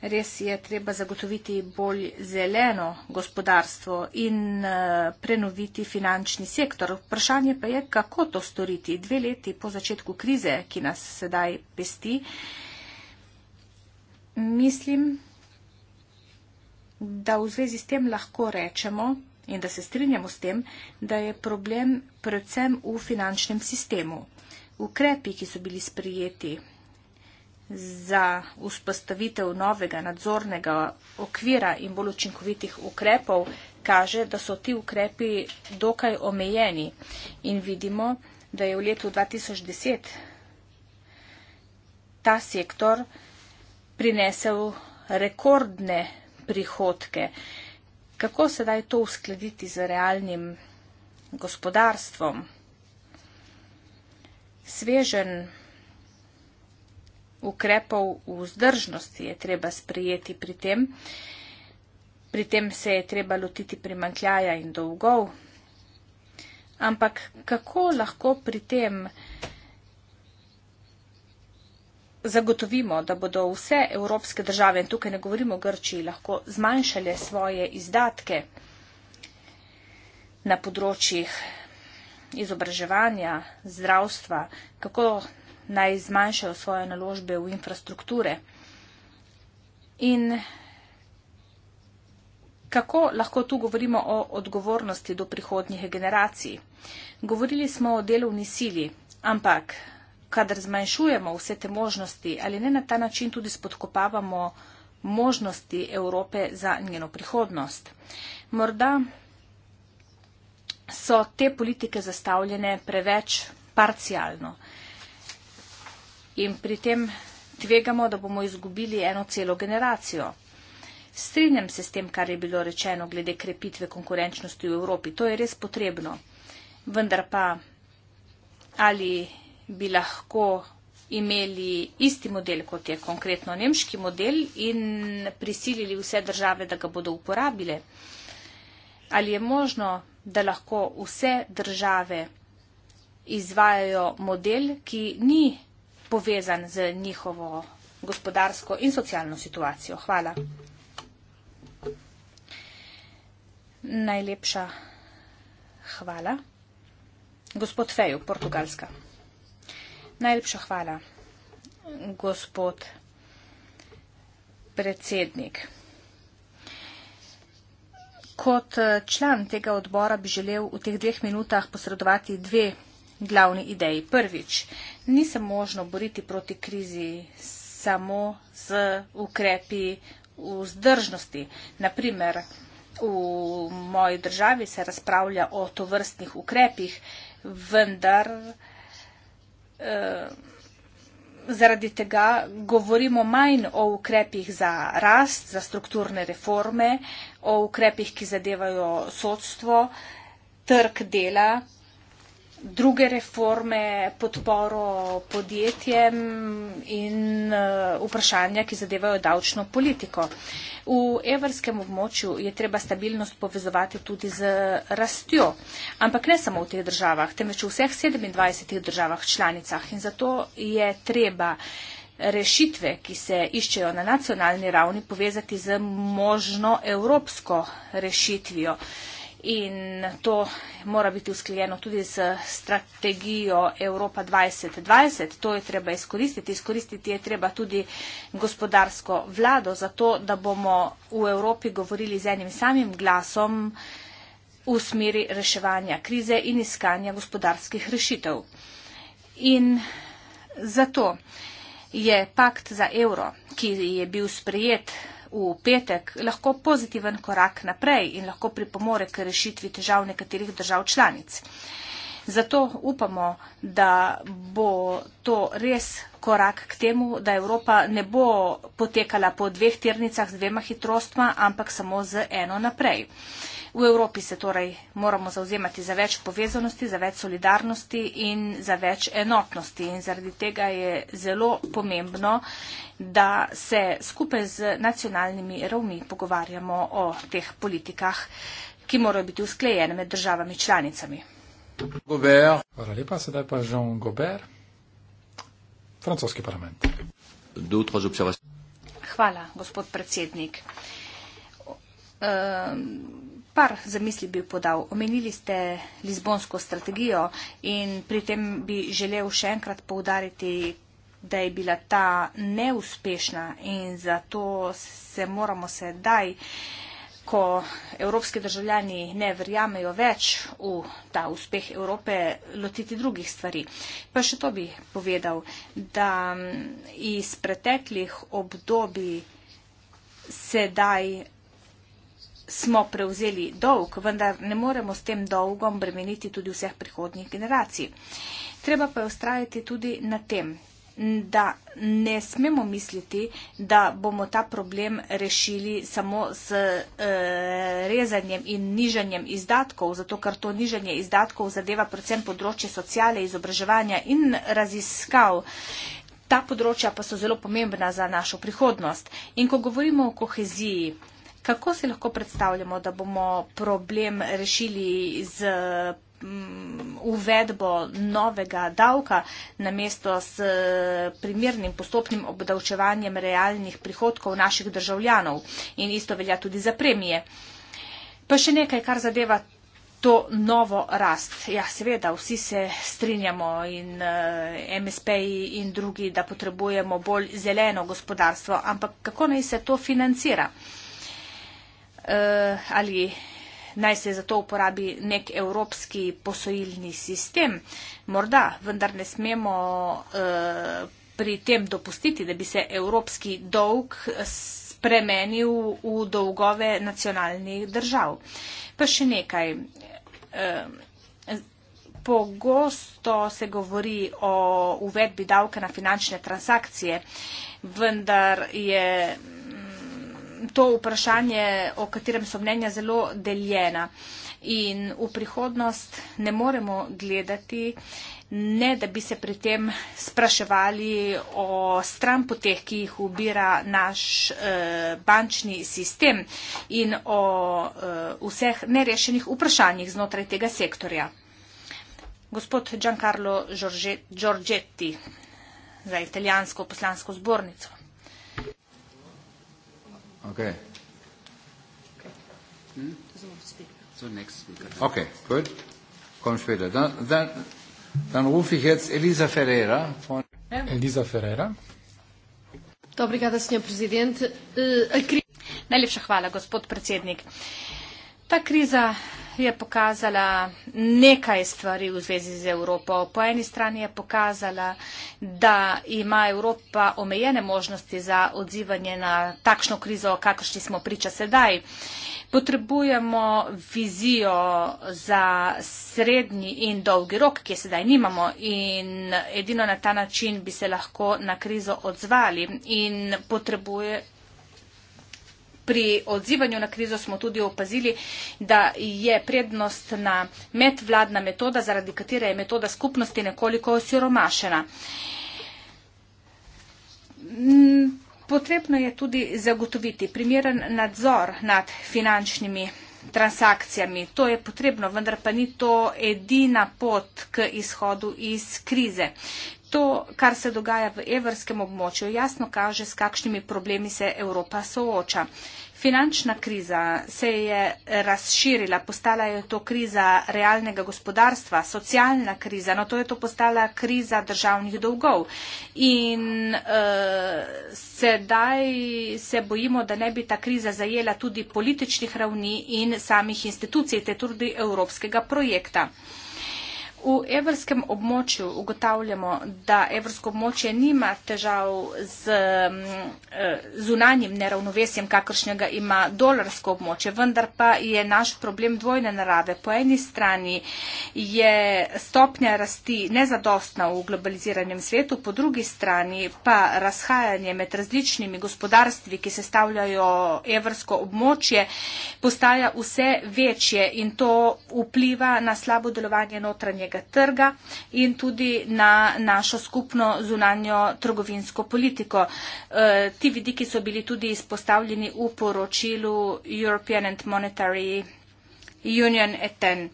Res je treba zagotoviti bolj zeleno gospodarstvo in eh, prenoviti finančni sektor. Vprašanje pa je, kako to storiti dve leti po začetku krize, ki nas sedaj pesti. Mislim, da v zvezi s tem lahko rečemo in da se strinjamo s tem, da je problem predvsem v finančnem sistemu. Ukrepi, ki so bili sprijeti za vzpostavitev novega nadzornega okvira in bolj učinkovitih ukrepov kaže, da so ti ukrepi dokaj omejeni in vidimo, da je v letu 2010 ta sektor prinesel rekordne prihodke. Kako sedaj to uskladiti z realnim gospodarstvom? Svežen ukrepov vzdržnosti je treba sprijeti pri tem. Pri tem se je treba lotiti primankljaja in dolgov. Ampak kako lahko pri tem zagotovimo, da bodo vse evropske države, in tukaj ne govorimo o Grčiji, lahko zmanjšale svoje izdatke na področjih izobraževanja, zdravstva, kako naj zmanjšajo svoje naložbe v infrastrukture. In kako lahko tu govorimo o odgovornosti do prihodnjih generacij? Govorili smo o delovni sili, ampak kadar zmanjšujemo vse te možnosti, ali ne na ta način tudi spodkopavamo možnosti Evrope za njeno prihodnost? Morda so te politike zastavljene preveč parcialno in pri tem tvegamo, da bomo izgubili eno celo generacijo. Strinjam se s tem, kar je bilo rečeno glede krepitve konkurenčnosti v Evropi. To je res potrebno. Vendar pa, ali bi lahko imeli isti model, kot je konkretno nemški model, in prisilili vse države, da ga bodo uporabile? Ali je možno, da lahko vse države izvajajo model, ki ni povezan z njihovo gospodarsko in socialno situacijo. Hvala. Najlepša hvala. Gospod Fejo, Portugalska. Najlepša hvala, gospod predsednik. Kot eh, član tega odbora bi želel v teh dveh minutah posredovati dve glavni ideji. Prvič, ni se možno boriti proti krizi samo z ukrepi vzdržnosti. Naprimer, v moji državi se razpravlja o tovrstnih ukrepih, vendar eh, zaradi tega govorimo manj o ukrepih za rast, za strukturne reforme, o ukrepih, ki zadevajo sodstvo, trg dela, druge reforme, podporo podjetjem in eh, vprašanja, ki zadevajo davčno politiko. V evrskem območju je treba stabilnost povezovati tudi z rastjo, ampak ne samo v teh državah, temveč v vseh 27 državah članicah in zato je treba rešitve, ki se iščejo na nacionalni ravni, povezati z možno evropsko rešitvijo in to mora biti usklejeno tudi s strategijo Evropa 2020. To je treba izkoristiti. Izkoristiti je treba tudi gospodarsko vlado, zato da bomo v Evropi govorili z enim samim glasom v smeri reševanja krize in iskanja gospodarskih rešitev. In zato je pakt za evro, ki je bil sprejet v petek lahko pozitiven korak naprej in lahko pripomore k rešitvi težav nekaterih držav članic. Zato upamo, da bo to res korak k temu, da Evropa ne bo potekala po dveh tirnicah z dvema hitrostma, ampak samo z eno naprej. Uh, V Evropi se torej moramo zauzemati za več povezanosti, za več solidarnosti in za več enotnosti. In zaradi tega je zelo pomembno, da se skupaj z nacionalnimi ravni pogovarjamo o teh politikah, ki morajo biti usklejene med državami članicami. Hvala lepa, sedaj pa Jean Gober, francoski parlament. Hvala, gospod predsednik. Uh, Par zamisli bi podal. Omenili ste Lizbonsko strategijo in pri tem bi želel še enkrat povdariti, da je bila ta neuspešna in zato se moramo sedaj, ko evropski državljani ne verjamejo več v ta uspeh Evrope, lotiti drugih stvari. Pa še to bi povedal, da mm, iz preteklih obdobij sedaj smo prevzeli dolg, vendar ne moremo s tem dolgom bremeniti tudi vseh prihodnjih generacij. Treba pa je ustrajati tudi na tem, da ne smemo misliti, da bomo ta problem rešili samo s eh, rezanjem in nižanjem izdatkov, zato ker to nižanje izdatkov zadeva predvsem področje socijale, izobraževanja in raziskav. Ta področja pa so zelo pomembna za našo prihodnost. In ko govorimo o koheziji, Kako si lahko predstavljamo, da bomo problem rešili z mm, uvedbo novega davka na mesto s eh, primernim postopnim obdavčevanjem realnih prihodkov naših državljanov in isto velja tudi za premije. Pa še nekaj, kar zadeva to novo rast. Ja, seveda, vsi se strinjamo in eh, MSP in drugi, da potrebujemo bolj zeleno gospodarstvo, ampak kako naj se to financira? uh, ali naj se za to uporabi nek evropski posojilni sistem. Morda, vendar ne smemo uh, pri tem dopustiti, da bi se evropski dolg spremenil v dolgove nacionalnih držav. Pa še nekaj. Eh, pogosto se govori o uvedbi davka na finančne transakcije, vendar je to vprašanje, o katerem so mnenja zelo deljena. In v prihodnost ne moremo gledati, ne da bi se pri tem spraševali o stranpoteh, ki jih ubira naš e, bančni sistem in o e, vseh nerešenih vprašanjih znotraj tega sektorja. Gospod Giancarlo Giorgetti za italijansko poslansko zbornico. Okay. Hmm? So next speaker. Okay, good. Komm später. Dann, dann, dann rufe ich jetzt Elisa Ferreira von. Elisa Ferreira. Obrigada, senhor presidente. Uh, a... Najlepša hvala, gospod predsednik. Ta kriza je pokazala nekaj stvari v zvezi z Evropo. Po eni strani je pokazala, da ima Evropa omejene možnosti za odzivanje na takšno krizo, kakršni smo priča sedaj. Potrebujemo vizijo za srednji in dolgi rok, ki je sedaj nimamo in edino na ta način bi se lahko na krizo odzvali in potrebuje pri odzivanju na krizo smo tudi opazili, da je prednost na medvladna metoda, zaradi katere je metoda skupnosti nekoliko osiromašena. Mm, potrebno je tudi zagotoviti primeren nadzor nad finančnimi transakcijami. To je potrebno, vendar pa ni to edina pot k izhodu iz krize to, kar se dogaja v evrskem območju, jasno kaže, s kakšnimi problemi se Evropa sooča. Finančna kriza se je razširila, postala je to kriza realnega gospodarstva, socialna kriza, no to je to postala kriza državnih dolgov. In uh, sedaj se bojimo, da ne bi ta kriza zajela tudi političnih ravni in samih institucij, te tudi evropskega projekta. V evrskem območju ugotavljamo, da evrsko območje nima težav z mm, eh, zunanjim neravnovesjem, kakršnega ima dolarsko območje, vendar pa je naš problem dvojne narave. Po eni strani je stopnja rasti nezadostna v globaliziranem svetu, po drugi strani pa razhajanje med različnimi gospodarstvi, ki sestavljajo evrsko območje, postaja vse večje in to vpliva na slabo delovanje notranjega zunanjega trga in tudi na našo skupno zunanjo trgovinsko politiko. E, ti vidiki so bili tudi izpostavljeni v poročilu European and Monetary Union ETEN.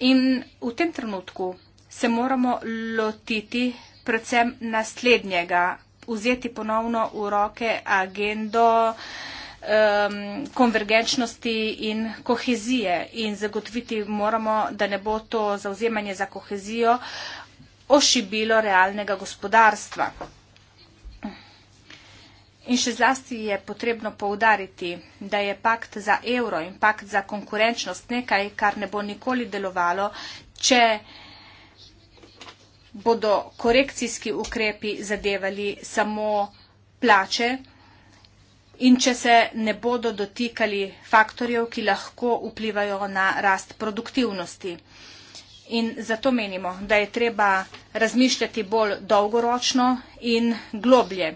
In v tem trenutku se moramo lotiti predvsem naslednjega, vzeti ponovno v roke agendo um, konvergenčnosti in kohezije. In zagotoviti moramo, da ne bo to zauzemanje za kohezijo ošibilo realnega gospodarstva. In še zlasti je potrebno poudariti, da je pakt za evro in pakt za konkurenčnost nekaj, kar ne bo nikoli delovalo, če bodo korekcijski ukrepi zadevali samo plače in če se ne bodo dotikali faktorjev, ki lahko vplivajo na rast produktivnosti. In zato menimo, da je treba razmišljati bolj dolgoročno in globlje.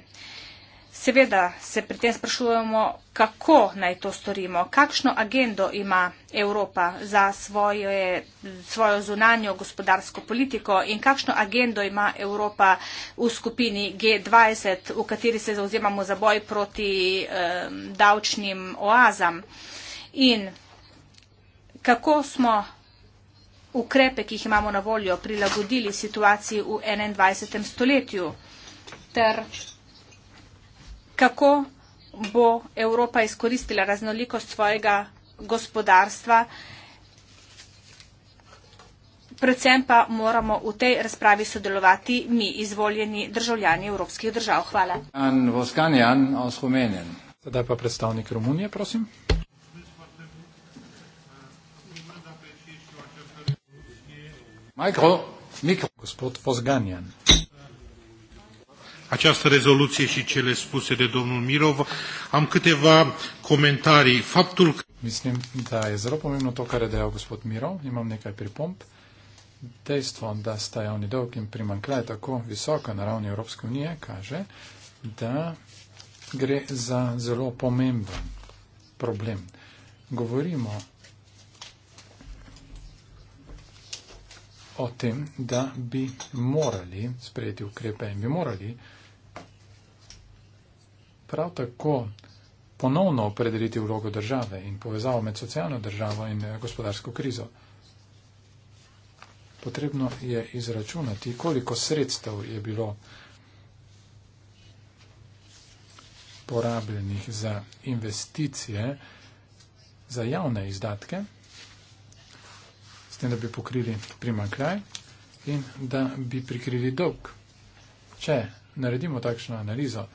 Seveda se pri tem sprašujemo, kako naj to storimo, kakšno agendo ima Evropa za svoje, svojo zunanjo gospodarsko politiko in kakšno agendo ima Evropa v skupini G20, v kateri se zauzemamo za boj proti eh, davčnim oazam. In kako smo ukrepe, ki jih imamo na voljo, prilagodili situaciji v 21. stoletju kako bo Evropa izkoristila raznolikost svojega gospodarstva. Predvsem pa moramo v tej razpravi sodelovati mi, izvoljeni državljani evropskih držav. Hvala. Zdaj pa predstavnik Romunije, prosim. Mikro, mikro. Gospod Vosganjan această rezoluție și cele spuse de domnul Mirov. Am câteva comentarii. Faptul că... Mislim, da, je zelo pomembno to, kar je dejal gospod Miro. Imam nekaj pripomp. Dejstvo, da sta javni dolg in primankljaj tako visoka na ravni Evropske unije, kaže, da gre za zelo pomemben problem. Govorimo o tem, da bi morali sprejeti ukrepe in bi morali prav tako ponovno opredeliti vlogo države in povezavo med socialno državo in eh, gospodarsko krizo. Potrebno je izračunati, koliko sredstev je bilo porabljenih za investicije, za javne izdatke, s tem, da bi pokrili primankljaj in da bi prikrili dolg. Če naredimo takšno analizo,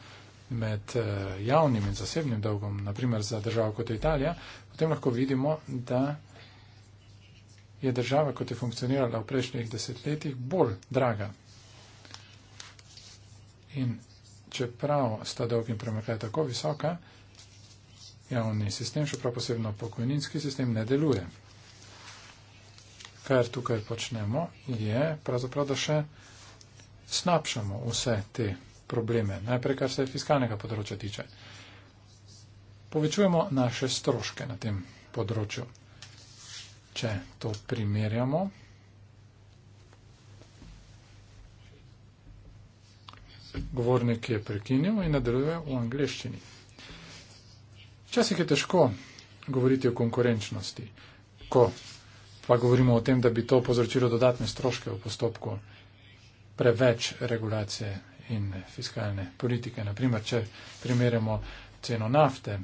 med eh, javnim in zasebnim dolgom, naprimer za državo kot je Italija, potem lahko vidimo, da je država, kot je funkcionirala v prejšnjih desetletjih, bolj draga. In čeprav sta dolg in premakaj tako visoka, javni sistem, še prav posebno pokojninski sistem, ne deluje. Kar tukaj počnemo, je pravzaprav, da še snapšamo vse te probleme. Najprej, kar se fiskalnega področja tiče. Povečujemo naše stroške na tem področju. Če to primerjamo, govornik je prekinil in nadaljuje v angleščini. Včasih je težko govoriti o konkurenčnosti, ko pa govorimo o tem, da bi to povzročilo dodatne stroške v postopku. Preveč regulacije in fiskalne politike. Naprimer, če primerjamo ceno nafte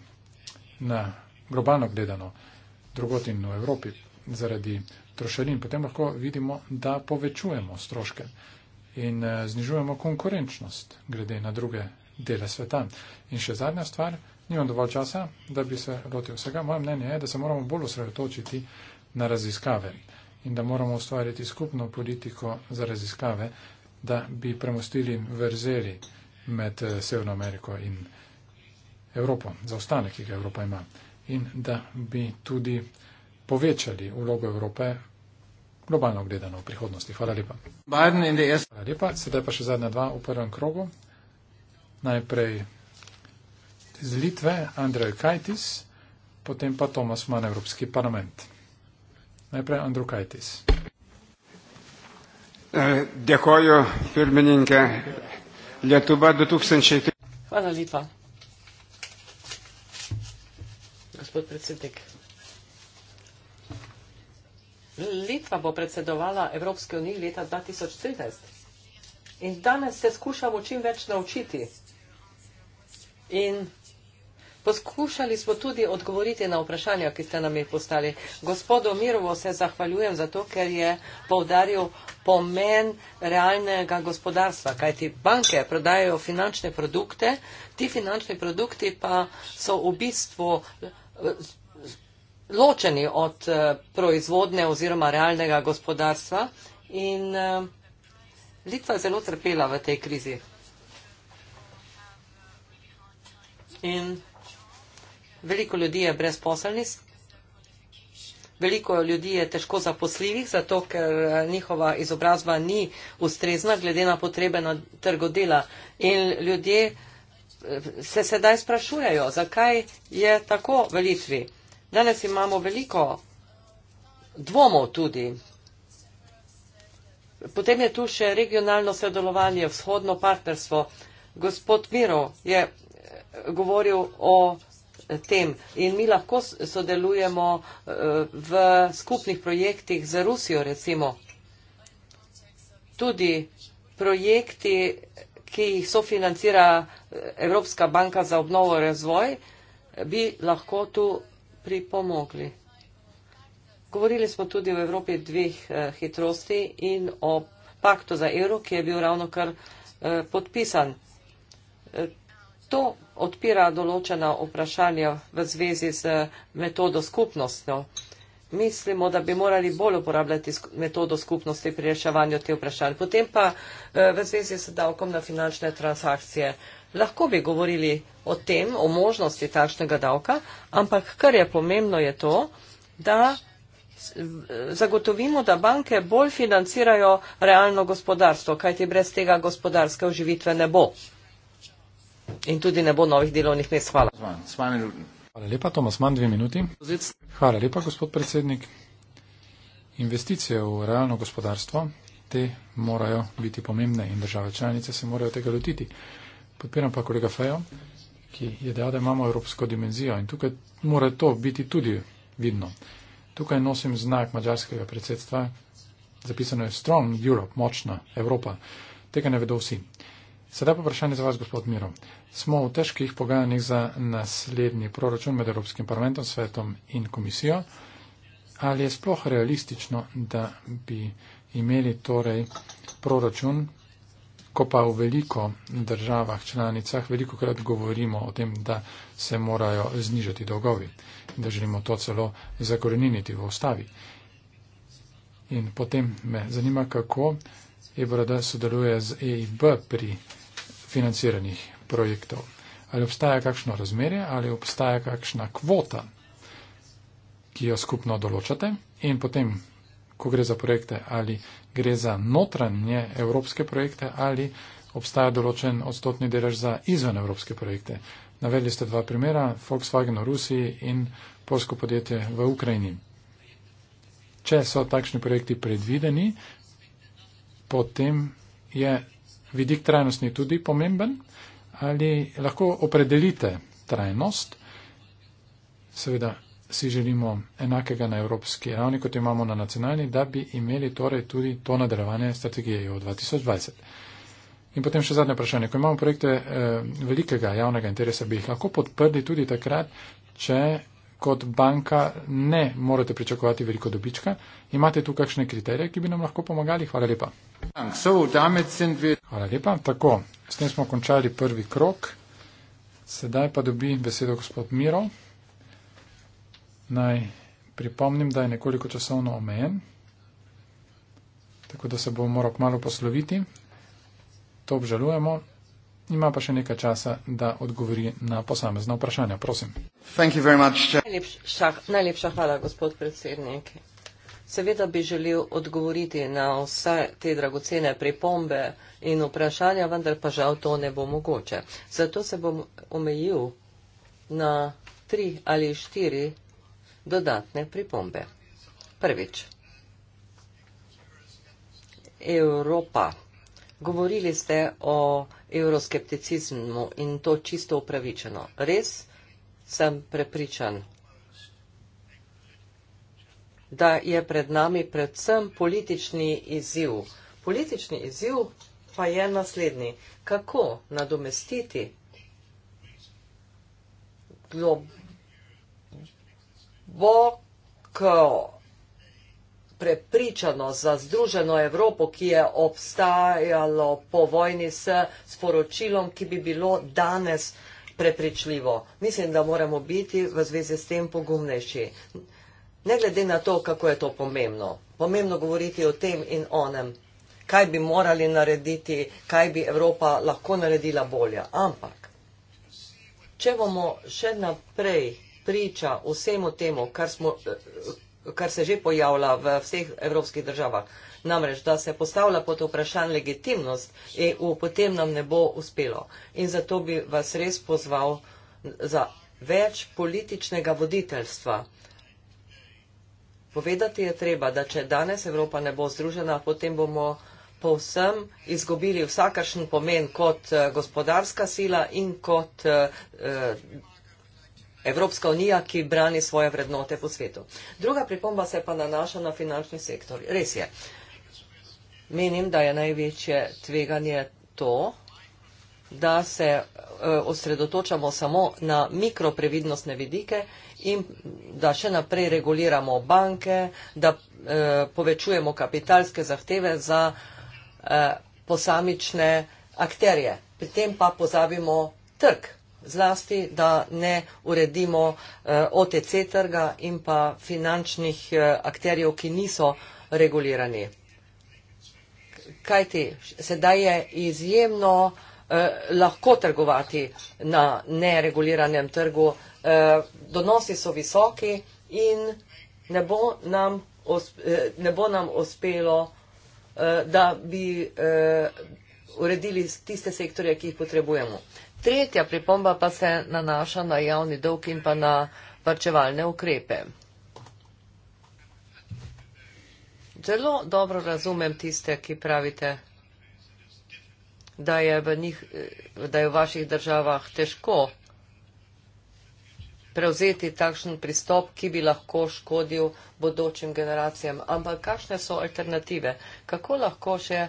na globalno gledano drugotin v Evropi zaradi trošarin, potem lahko vidimo, da povečujemo stroške in eh, znižujemo konkurenčnost glede na druge dele sveta. In še zadnja stvar, nimam dovolj časa, da bi se lotil vsega. Moje mnenje je, da se moramo bolj osredotočiti na raziskave in da moramo ustvariti skupno politiko za raziskave, da bi premostili verzeli med eh, Severno Ameriko in Evropo, zaostanek, ki ga Evropa ima. In da bi tudi povečali vlogo Evrope globalno gledano v prihodnosti. Hvala lepa. Hvala lepa. Sedaj pa še zadnja dva v prvem krogu. Najprej z Litve Andrej Kajtis, potem pa Tomas Mann, Evropski parlament. Najprej Andrej Kajtis. E, dėkoju, pirmininkė Lietuva 2003. Hvala lepa. Gospod predsednik. Litva bo predsedovala Evropske unije leta 2013. In danes se skušamo čim več naučiti. In Poskušali smo tudi odgovoriti na vprašanja, ki ste nam jih postali. Gospodu Mirovo se zahvaljujem za to, ker je povdaril pomen realnega gospodarstva, kajti banke prodajajo finančne produkte, ti finančni produkti pa so v bistvu eh, ločeni od eh, proizvodne oziroma realnega gospodarstva in eh, Litva je zelo trpela v tej krizi. In Veliko ljudi je brezposelnih, veliko ljudi je težko zaposljivih, zato ker eh, njihova izobrazba ni ustrezna glede na potrebe na trgu dela. In ljudje eh, se sedaj sprašujejo, zakaj je tako v Litvi. Danes imamo veliko dvomov tudi. Potem je tu še regionalno sodelovanje, vzhodno partnerstvo. Gospod Miro je eh, govoril o tem. In mi lahko sodelujemo eh, v skupnih projektih z Rusijo, recimo. Tudi projekti, ki jih sofinancira eh, Evropska banka za obnovo in razvoj, bi lahko tu pripomogli. Govorili smo tudi o Evropi dveh eh, hitrosti in o paktu za evro, ki je bil ravno kar podpisan. To odpira določena vprašanja v zvezi z metodo skupnostno. Mislimo, da bi morali bolj uporabljati metodo skupnosti pri reševanju te vprašanj. Potem pa eh, v zvezi s davkom na finančne transakcije. Lahko bi govorili o tem, o možnosti takšnega davka, ampak kar je pomembno je to, da zagotovimo, da banke bolj financirajo realno gospodarstvo, kajti brez tega gospodarske oživitve ne bo. In tudi ne bo novih delovnih mest. Hvala. Hvala lepa, Tomas Mann, dve minuti. Hvala lepa, gospod predsednik. Investicije v realno gospodarstvo, te morajo biti pomembne in države članice se morajo tega lotiti. Podpiram pa kolega Fejo, ki je dejal, da imamo evropsko dimenzijo in tukaj mora to biti tudi vidno. Tukaj nosim znak mađarskega predsedstva, zapisano je Strong Europe, močna Evropa. Tega ne vedo vsi. Sedaj pa vprašanje za vas, gospod Mirov smo v težkih pogajanjih za naslednji proračun med Evropskim parlamentom, svetom in komisijo. Ali je sploh realistično, da bi imeli torej proračun, ko pa v veliko državah, članicah, veliko krat govorimo o tem, da se morajo znižati dolgovi, da želimo to celo zakoreniniti v ustavi. In potem me zanima, kako EBRD sodeluje z EIB pri financiranih projektov. Ali obstaja kakšno razmerje, ali obstaja kakšna kvota, ki jo skupno določate in potem, ko gre za projekte, ali gre za notranje evropske projekte, ali obstaja določen odstotni delež za izven evropske projekte. Navedli ste dva primera, Volkswagen v Rusiji in polsko podjetje v Ukrajini. Če so takšni projekti predvideni, potem je vidik trajnostni tudi pomemben ali lahko opredelite trajnost. Seveda si želimo enakega na evropski ravni, kot imamo na nacionalni, da bi imeli torej tudi to nadaljevanje strategije EU 2020. In potem še zadnje vprašanje. Ko imamo projekte eh, velikega javnega interesa, bi jih lahko podprli tudi takrat, če kot banka ne morete pričakovati veliko dobička. Imate tu kakšne kriterije, ki bi nam lahko pomagali? Hvala lepa. Hvala lepa. Tako, s tem smo končali prvi krok. Sedaj pa dobi besedo gospod Miro. Naj pripomnim, da je nekoliko časovno omejen, tako da se bo moral kmalo posloviti. To obžalujemo ima pa še nekaj časa, da odgovori na posamezna vprašanja. Prosim. Najlepša hvala, gospod predsednik. Seveda bi želel odgovoriti na vse te dragocene pripombe in vprašanja, vendar pa žal to ne bo mogoče. Zato se bom omejil na tri ali štiri dodatne pripombe. Prvič. Evropa. Govorili ste o euroskepticizmu in to čisto upravičeno. Res sem prepričan, da je pred nami predvsem politični izziv. Politični izziv pa je naslednji. Kako nadomestiti globo prepričano za Združeno Evropo, ki je obstajalo po vojni s sporočilom, ki bi bilo danes prepričljivo. Mislim, da moramo biti v zvezi s tem pogumnejši. Ne glede na to, kako je to pomembno. Pomembno govoriti o tem in onem, kaj bi morali narediti, kaj bi Evropa lahko naredila bolje. Ampak, če bomo še naprej priča vsemu temu, kar smo, kar se že pojavlja v vseh evropskih državah. Namreč, da se postavlja pod vprašanje legitimnost EU, potem nam ne bo uspelo. In zato bi vas res pozval za več političnega voditeljstva. Povedati je treba, da če danes Evropa ne bo združena, potem bomo povsem izgubili vsakašen pomen kot eh, gospodarska sila in kot eh, eh Evropska unija, ki brani svoje vrednote po svetu. Druga pripomba se pa nanaša na finančni sektor. Res je. Menim, da je največje tveganje to, da se eh, osredotočamo samo na mikroprevidnostne vidike in da še naprej reguliramo banke, da eh, povečujemo kapitalske zahteve za eh, posamične akterje. Pri tem pa pozabimo trg zlasti, da ne uredimo eh, OTC trga in pa finančnih eh, akterjev, ki niso regulirani. Kajti, sedaj je izjemno eh, lahko trgovati na nereguliranem trgu, eh, donosi so visoki in ne bo nam, eh, ne bo nam uspelo, eh, da bi eh, uredili tiste sektorje, ki jih potrebujemo. Tretja pripomba pa se nanaša na javni dolg in pa na varčevalne ukrepe. Zelo dobro razumem tiste, ki pravite, da je v, njih, da je v vaših državah težko prevzeti takšen pristop, ki bi lahko škodil bodočim generacijam. Ampak kakšne so alternative? Kako lahko še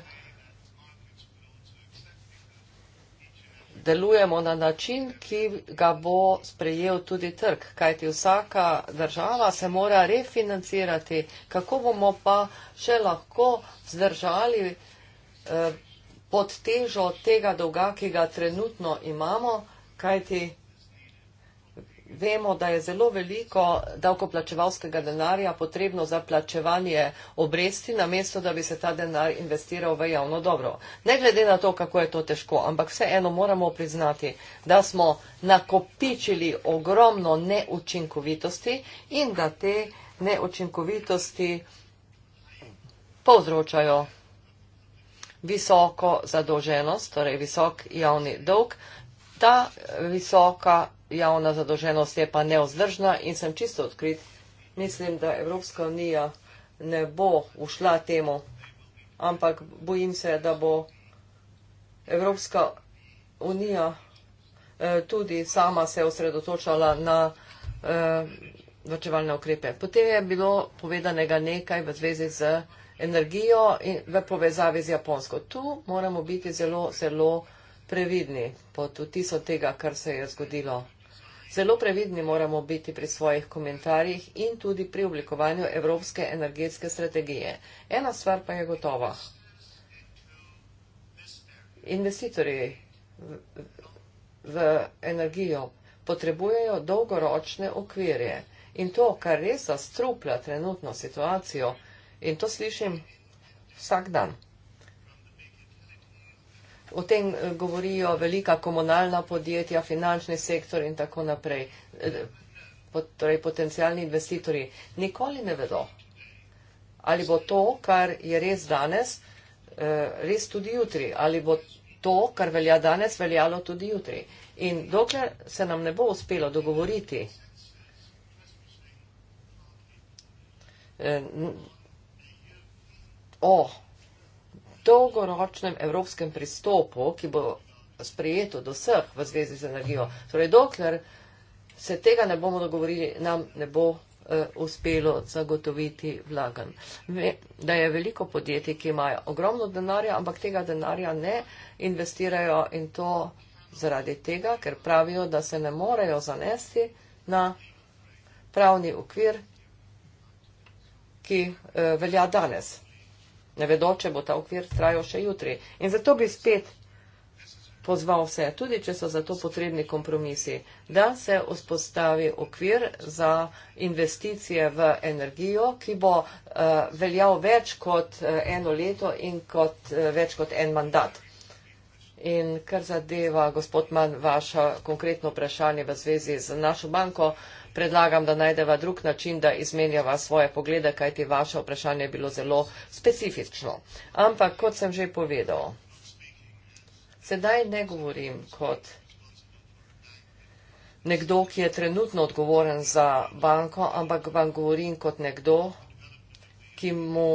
delujemo na način, ki ga bo sprejel tudi trg, kajti vsaka država se mora refinancirati, kako bomo pa še lahko zdržali eh, pod težo tega dolga, ki ga trenutno imamo, kajti vemo, da je zelo veliko davkoplačevalskega denarja potrebno za plačevanje obresti, namesto da bi se ta denar investiral v javno dobro. Ne glede na to, kako je to težko, ampak vseeno moramo priznati, da smo nakopičili ogromno neučinkovitosti in da te neučinkovitosti povzročajo visoko zadolženost, torej visok javni dolg. Ta visoka javna zadoženost je pa neozdržna in sem čisto odkrit. Mislim, da Evropska unija ne bo ušla temu, ampak bojim se, da bo Evropska unija eh, tudi sama se osredotočala na eh, vrčevalne okrepe. Potem je bilo povedanega nekaj v zvezi z energijo in v povezavi z Japonsko. Tu moramo biti zelo, zelo previdni pod vtisom tega, kar se je zgodilo. Zelo previdni moramo biti pri svojih komentarjih in tudi pri oblikovanju evropske energetske strategije. Ena stvar pa je gotova. Investitorji v energijo potrebujejo dolgoročne okvirje in to, kar res zastruplja trenutno situacijo, in to slišim vsak dan. O tem eh, govorijo velika komunalna podjetja, finančni sektor in tako naprej. Eh, torej, potencijalni investitorji nikoli ne vedo, ali bo to, kar je res danes, eh, res tudi jutri, ali bo to, kar velja danes, veljalo tudi jutri. In dokler se nam ne bo uspelo dogovoriti, o. Oh, dolgoročnem evropskem pristopu, ki bo sprejet od vseh v zvezi z energijo. Torej, dokler se tega ne bomo dogovorili, nam ne bo uh, uspelo zagotoviti vlagan. Ve, da je veliko podjetij, ki imajo ogromno denarja, ampak tega denarja ne investirajo in to zaradi tega, ker pravijo, da se ne morejo zanesti na pravni okvir, ki uh, velja danes. Ne vedo, če bo ta okvir trajal še jutri. In zato bi spet pozval vse, tudi če so za to potrebni kompromisi, da se vzpostavi okvir za investicije v energijo, ki bo uh, veljal več kot uh, eno leto in kot, uh, več kot en mandat. In kar zadeva, gospod Mann, vaše konkretno vprašanje v zvezi z našo banko, uh, predlagam, da najdeva drug način, da izmenjava svoje poglede, kajti vaše vprašanje je bilo zelo specifično. Ampak, kot sem že povedal, sedaj ne govorim kot nekdo, ki je trenutno odgovoren za banko, ampak vam govorim kot nekdo, ki mu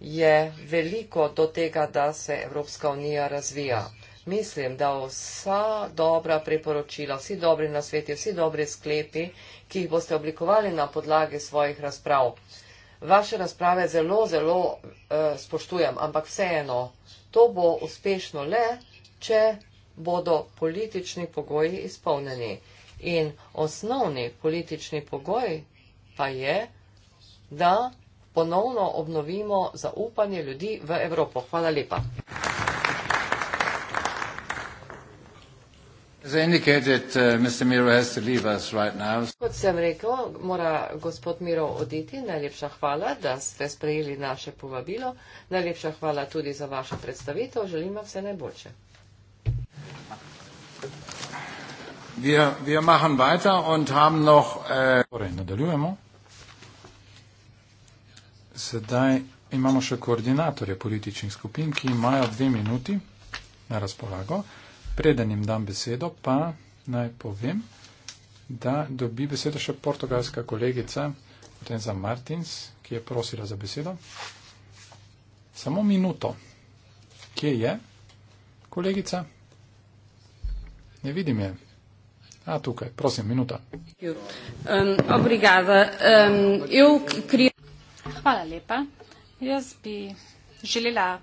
je veliko do tega, da se Evropska unija razvija. Mislim, da vsa dobra priporočila, vsi dobri nasveti, vsi dobri sklepi, ki jih boste oblikovali na podlagi svojih razprav. Vaše razprave zelo, zelo eh, spoštujem, ampak vseeno, to bo uspešno le, če bodo politični pogoji izpolnjeni. In osnovni politični pogoj pa je, da ponovno obnovimo zaupanje ljudi v Evropo. Hvala lepa. Uh, Kot sem rekel, mora gospod Miro oditi. Najlepša hvala, da ste sprejeli naše povabilo. Najlepša hvala tudi za vašo predstavitev. Želim vam vse najboljše. Wir, wir machen weiter und haben noch. Äh torej, nadaljujemo. Sedaj imamo še koordinatorje političnih skupin, ki imajo dve minuti na razpolago. Preden jim dam besedo, pa naj povem, da dobi besedo še portugalska kolegica Tenza Martins, ki je prosila za besedo. Samo minuto. Kje je kolegica? Ne vidim je. A tukaj, prosim, minuta. Um, um, Hvala lepa. Jaz bi želela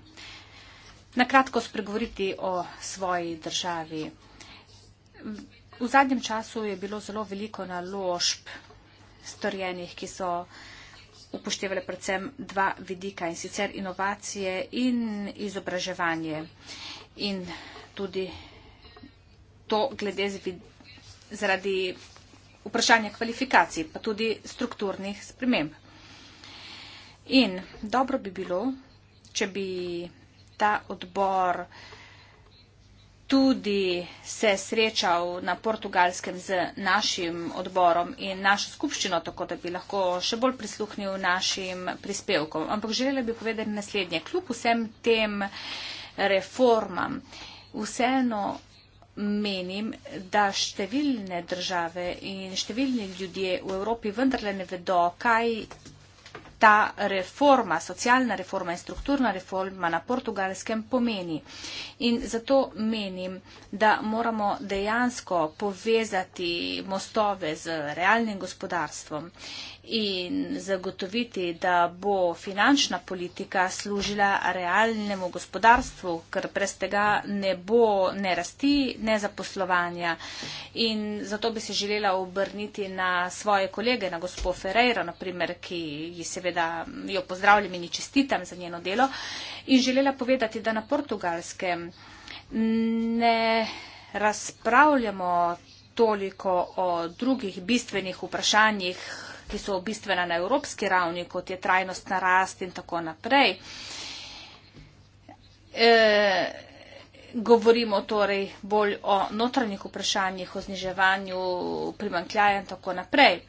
na kratko spregovoriti o svoji državi. V zadnjem času je bilo zelo veliko naložb storjenih, ki so upoštevali predvsem dva vidika in sicer inovacije in izobraževanje. In tudi to glede zaradi vprašanja kvalifikacij, pa tudi strukturnih sprememb. In dobro bi bilo, če bi ta odbor tudi se srečal na portugalskem z našim odborom in našo skupščino, tako da bi lahko še bolj prisluhnil našim prispevkom. Ampak želela bi povedati naslednje. Kljub vsem tem reformam, vseeno menim, da številne države in številni ljudje v Evropi vendarle ne vedo, kaj ta reforma, socialna reforma in strukturna reforma na portugalskem pomeni. In zato menim, da moramo dejansko povezati mostove z realnim gospodarstvom in zagotoviti, da bo finančna politika služila realnemu gospodarstvu, ker brez tega ne bo ne rasti, ne zaposlovanja. In zato bi se želela obrniti na svoje kolege, na gospo Ferreira, naprimer, ki ji seveda jo pozdravljam in ji čestitam za njeno delo. In želela povedati, da na portugalskem ne razpravljamo toliko o drugih bistvenih vprašanjih ki so bistvena na evropski ravni, kot je trajnostna rast in tako naprej. E, govorimo torej bolj o notranjih vprašanjih, o zniževanju primankljaja in tako naprej.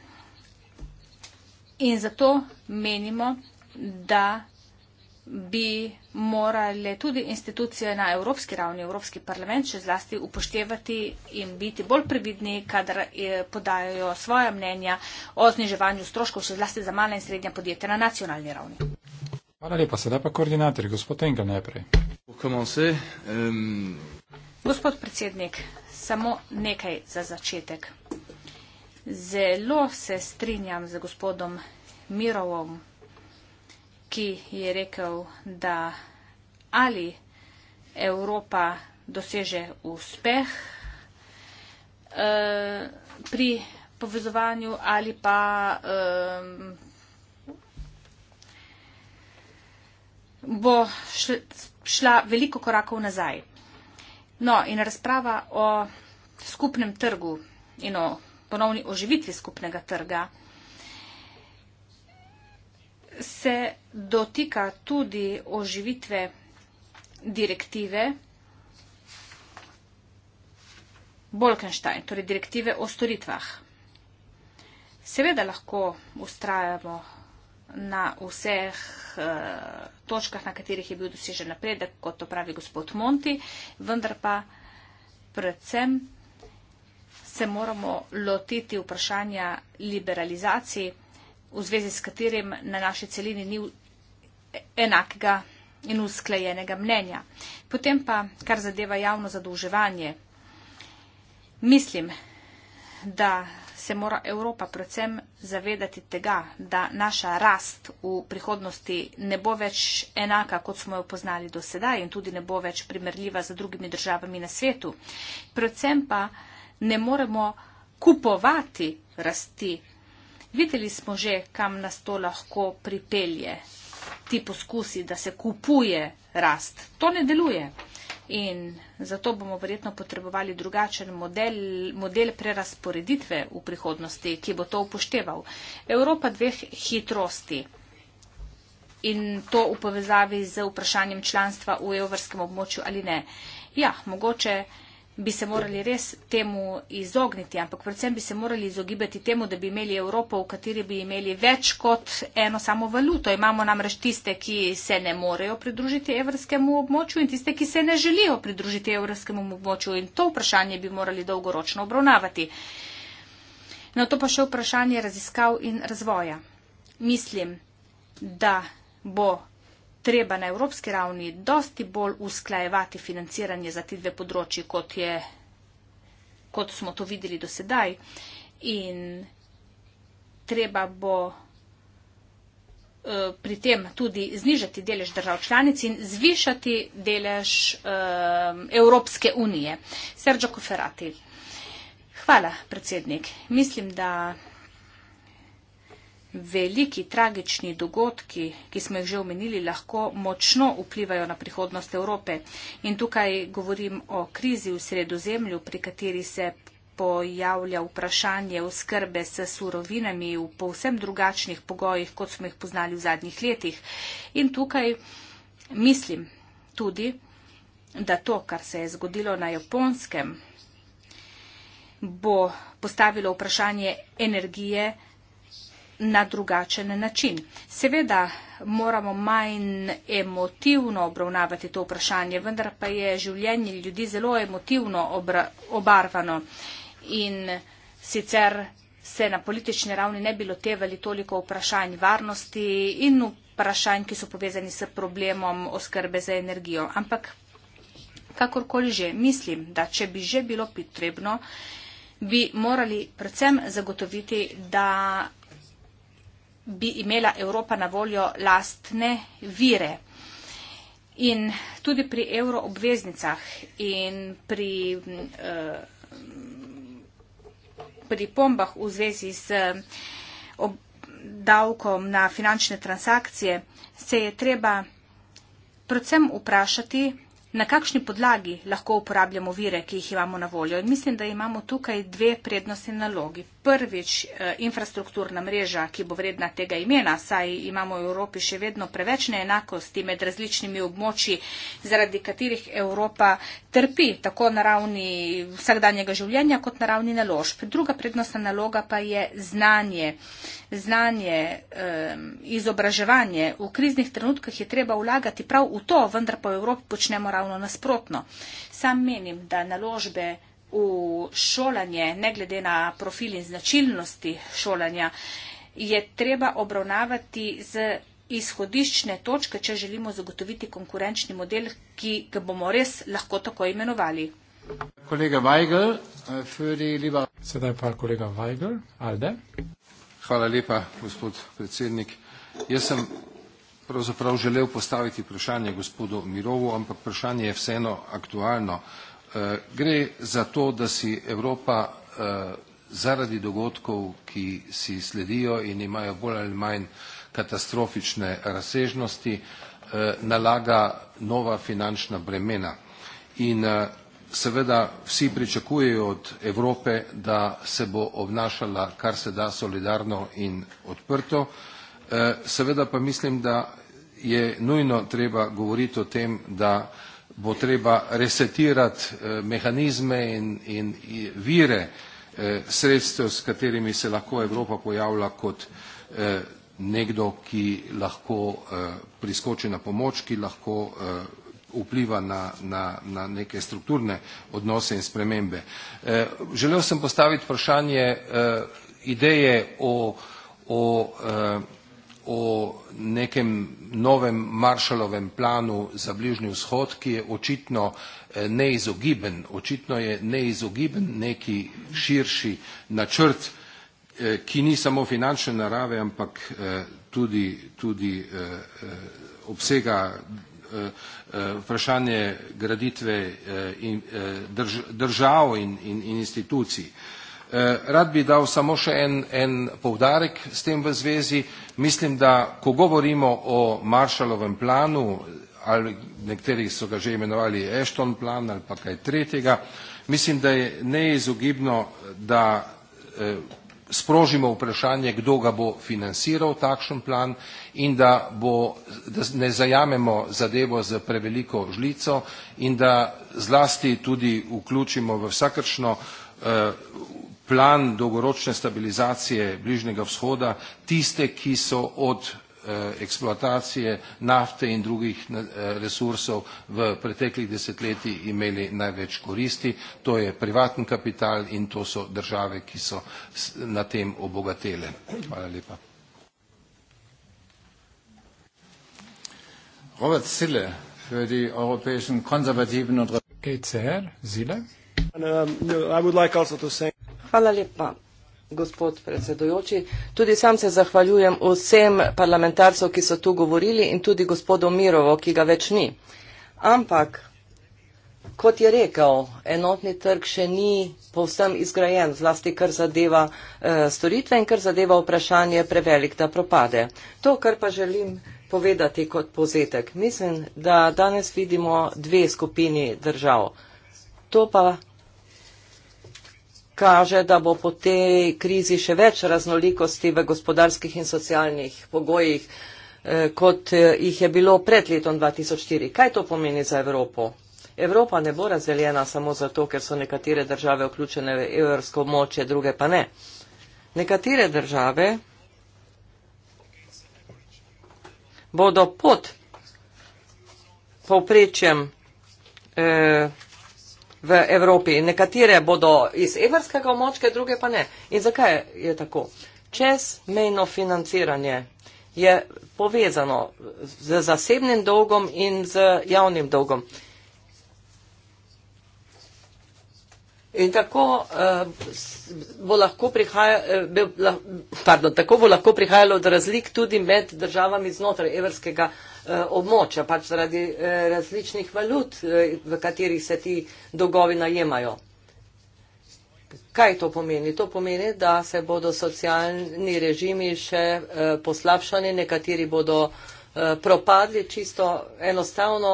In zato menimo, da bi morale tudi institucije na evropski ravni, Evropski parlament še zlasti upoštevati in biti bolj previdni, kadar eh, podajajo svoja mnenja o zniževanju stroškov še zlasti za mala in srednja podjetja na nacionalni ravni. Hvala lepa, sedaj pa koordinator, gospod Engel najprej. Euh, gospod predsednik, samo nekaj za začetek. Zelo se strinjam z gospodom Mirovom ki je rekel, da ali Evropa doseže uspeh eh, pri povezovanju ali pa eh, bo šla, šla veliko korakov nazaj. No, in razprava o skupnem trgu in o ponovni oživitvi skupnega trga se dotika tudi oživitve direktive Bolkenstein, torej direktive o storitvah. Seveda lahko ustrajamo na vseh eh, točkah, na katerih je bil dosežen napredek, kot to pravi gospod Monti, vendar pa predvsem se moramo lotiti vprašanja liberalizacije v zvezi s katerim na naši celini ni enakega in usklajenega mnenja. Potem pa, kar zadeva javno zadolževanje, mislim, da se mora Evropa predvsem zavedati tega, da naša rast v prihodnosti ne bo več enaka, kot smo jo poznali do sedaj in tudi ne bo več primerljiva z drugimi državami na svetu. Predvsem pa ne moremo kupovati rasti Videli smo že, kam nas to lahko pripelje. Ti poskusi, da se kupuje rast, to ne deluje. In zato bomo verjetno potrebovali drugačen model, model prerasporeditve v prihodnosti, ki bo to upošteval. Evropa dveh hitrosti in to v povezavi z vprašanjem članstva v evropskem območju ali ne. Ja, mogoče bi se morali res temu izogniti, ampak predvsem bi se morali izogibati temu, da bi imeli Evropo, v kateri bi imeli več kot eno samo valuto. Imamo namreč tiste, ki se ne morejo pridružiti evropskemu območju in tiste, ki se ne želijo pridružiti evropskemu območju in to vprašanje bi morali dolgoročno obravnavati. Na no, to pa še vprašanje raziskav in razvoja. Mislim, da bo treba na evropski ravni dosti bolj usklajevati financiranje za ti dve področji, kot, je, kot smo to videli do sedaj. In treba bo eh, pri tem tudi znižati delež držav članic in zvišati delež eh, Evropske unije. Sergio Koferati. Hvala, predsednik. Mislim, da veliki tragični dogodki, ki smo jih že omenili, lahko močno vplivajo na prihodnost Evrope. In tukaj govorim o krizi v sredozemlju, pri kateri se pojavlja vprašanje oskrbe s surovinami v povsem drugačnih pogojih, kot smo jih poznali v zadnjih letih. In tukaj mislim tudi, da to, kar se je zgodilo na japonskem, bo postavilo vprašanje energije, na drugačen način. Seveda moramo manj emotivno obravnavati to vprašanje, vendar pa je življenje ljudi zelo emotivno obra, obarvano in sicer se na politični ravni ne bi lotevali toliko vprašanj varnosti in vprašanj, ki so povezani s problemom oskrbe za energijo. Ampak kakorkoli že, mislim, da če bi že bilo potrebno, bi morali predvsem zagotoviti, da bi imela Evropa na voljo lastne vire. In tudi pri euroobveznicah in pri eh, pripombah v zvezi z davkom na finančne transakcije se je treba predvsem vprašati, na kakšni podlagi lahko uporabljamo vire, ki jih imamo na voljo. In mislim, da imamo tukaj dve prednostne nalogi prvič eh, infrastrukturna mreža, ki bo vredna tega imena, saj imamo v Evropi še vedno preveč neenakosti med različnimi območji, zaradi katerih Evropa trpi tako na ravni vsakdanjega življenja kot na ravni naložb. Druga prednostna naloga pa je znanje. Znanje, izobraževanje. V kriznih trenutkah je treba vlagati prav v to, vendar po Evropi počnemo ravno nasprotno. Sam menim, da naložbe v šolanje, ne glede na profil in značilnosti šolanja, je treba obravnavati z izhodiščne točke, če želimo zagotoviti konkurenčni model, ki ga bomo res lahko tako imenovali. Kolega Weigl, eh, Fredi Liba. Sedaj pa kolega Weigl, Alde. Hvala lepa, gospod predsednik. Jaz sem pravzaprav želel postaviti vprašanje gospodu Mirovu, ampak vprašanje je vseeno aktualno. Eh, gre za to, da si Evropa eh, zaradi dogodkov, ki si sledijo in imajo bolj ali manj katastrofične razsežnosti, eh, nalaga nova finančna bremena. In seveda vsi pričakujejo od Evrope, da se bo obnašala kar se da solidarno in odprto. Seveda pa mislim, da je nujno treba govoriti o tem, da bo treba resetirati eh, mehanizme in, in vire eh, sredstev, s katerimi se lahko Evropa pojavlja kot eh, nekdo, ki lahko priskoči na pomoč, ki lahko vpliva na, na, na neke strukturne odnose in spremembe. Želel sem postaviti vprašanje ideje o, o o nekem novem maršalovem planu za bližnji vzhod, ki je očitno eh, neizogiben, očitno je neizogiben neki širši načrt, eh, ki ni samo finančne narave, ampak eh, tudi, tudi obsega vprašanje graditve držav in institucij. Eh, rad bi dal samo še en, en povdarek s tem v zvezi. Mislim, da ko govorimo o Marshallovem planu, ali nekateri so ga že imenovali Ashton plan ali pa kaj tretjega, mislim, da je neizogibno, da eh, sprožimo vprašanje, kdo ga bo financiral takšen plan in da, bo, da ne zajamemo zadevo z preveliko žlico in da zlasti tudi vključimo v vsakršno eh, plan dolgoročne stabilizacije bližnjega vzhoda, tiste, ki so od eh, eksploatacije nafte in drugih eh, resursov v preteklih desetletjih imeli največ koristi. To je privatni kapital in to so države, ki so na tem obogatele. Hvala lepa. Robert Sille, ECR, Sille. And, um, no, I would like also to say... Hvala lepa, gospod predsedojoči. Tudi sam se zahvaljujem vsem parlamentarcev, ki so tu govorili in tudi gospodu Mirovo, ki ga več ni. Ampak, kot je rekel, enotni trg še ni povsem izgrajen, zlasti kar zadeva eh, storitve in kar zadeva vprašanje prevelik, da propade. To, kar pa želim povedati kot pozetek. Mislim, da danes vidimo dve skupini držav. To pa kaže, da bo po tej krizi še več raznolikosti v gospodarskih in socialnih pogojih, eh, kot eh, jih je bilo pred letom 2004. Kaj to pomeni za Evropo? Evropa ne bo razdeljena samo zato, ker so nekatere države vključene v evropsko moče, druge pa ne. Nekatere države bodo pod povprečjem eh, v Evropi. Nekatere bodo iz evrskega območja, druge pa ne. In zakaj je tako? Čezmejno financiranje je povezano z zasebnim dolgom in z javnim dolgom. In tako, uh, bo lahko prihaja, eh, pardon, tako bo lahko prihajalo do razlik tudi med državami znotraj evrskega Eh, območja, pač zaradi eh, različnih valut, eh, v katerih se ti dolgovi najemajo. Kaj to pomeni? To pomeni, da se bodo socialni režimi še poslabšali, nekateri bodo propadli čisto enostavno,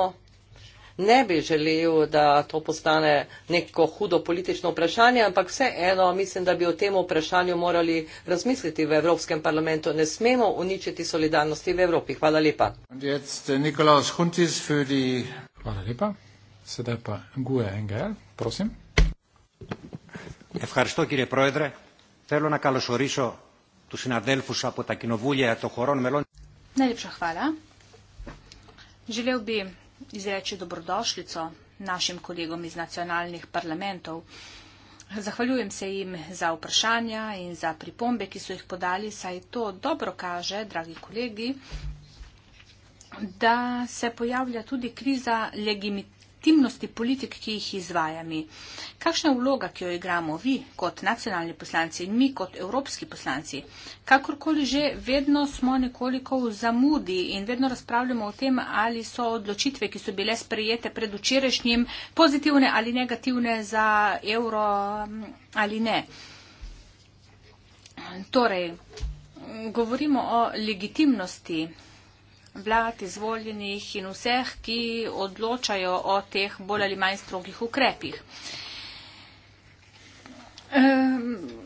ne bi želel, da to postane neko hudo politično vprašanje, ampak vseeno mislim, da bi o tem vprašanju morali razmisliti v Evropskem parlamentu. Ne smemo uničiti solidarnosti v Evropi. Hvala lepa. Eh, hvala lepa. Sedaj pa Guje NGL, prosim. Hvala, kjer je projedre. Telo na Kalošorišo, tu si na Delfuša, po takino vulje, to horon melon. Najlepša hvala. Želel bi izreči dobrodošljico našim kolegom iz nacionalnih parlamentov. Zahvaljujem se jim za vprašanja in za pripombe, ki so jih podali, saj to dobro kaže, dragi kolegi, da se pojavlja tudi kriza legitimitete legitimnosti politik, ki jih izvajami. Kakšna vloga, ki jo igramo vi kot nacionalni poslanci in mi kot evropski poslanci? Kakorkoli že, vedno smo nekoliko v zamudi in vedno razpravljamo o tem, ali so odločitve, ki so bile sprejete pred včerajšnjim, pozitivne ali negativne za evro ali ne. Torej, govorimo o legitimnosti vlad izvoljenih in vseh, ki odločajo o teh bolj ali manj strogih ukrepih.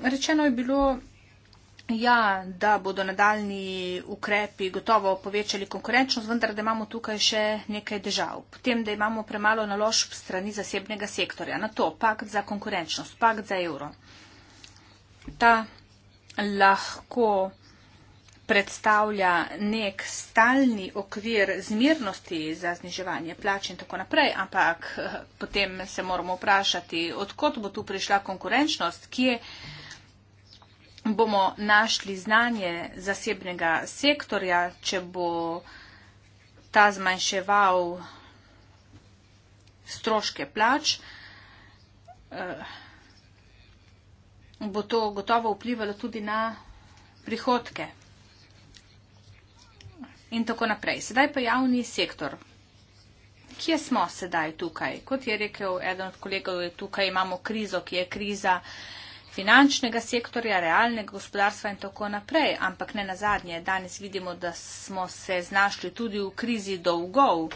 Rečeno je bilo, ja, da bodo nadaljni ukrepi gotovo povečali konkurenčnost, vendar da imamo tukaj še nekaj držav. Potem, da imamo premalo naložb strani zasebnega sektorja. Na to, pakt za konkurenčnost, pakt za evro. Ta lahko predstavlja nek stalni okvir zmirnosti za zniževanje plač in tako naprej, ampak eh, potem se moramo vprašati, odkot bo tu prišla konkurenčnost, kje bomo našli znanje zasebnega sektorja, če bo ta zmanjševal stroške plač. Eh, bo to gotovo vplivalo tudi na prihodke in tako naprej. Sedaj pa javni sektor. Kje smo sedaj tukaj? Kot je rekel eden od kolegov, je tukaj imamo krizo, ki je kriza finančnega sektorja, realnega gospodarstva in tako naprej. Ampak ne nazadnje, danes vidimo, da smo se znašli tudi v krizi dolgov.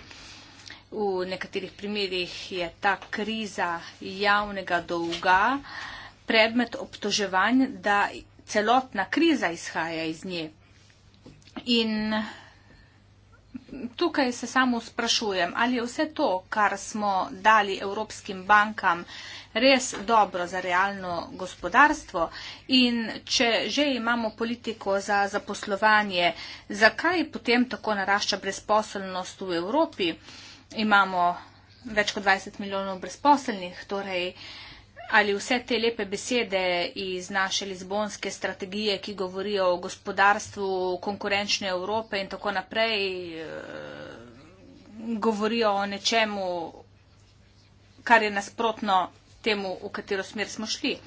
V nekaterih primerjih je ta kriza javnega dolga predmet obtoževanj, da celotna kriza izhaja iz nje. In Tukaj se samo sprašujem, ali je vse to, kar smo dali evropskim bankam, res dobro za realno gospodarstvo in če že imamo politiko za zaposlovanje, zakaj potem tako narašča brezposelnost v Evropi? Imamo več kot 20 milijonov brezposelnih, torej eh, ali vse te lepe besede iz naše Lizbonske strategije, ki govorijo o gospodarstvu konkurenčne Evrope in tako naprej, eh, govorijo o nečemu, kar je nasprotno temu, v katero smer smo šli.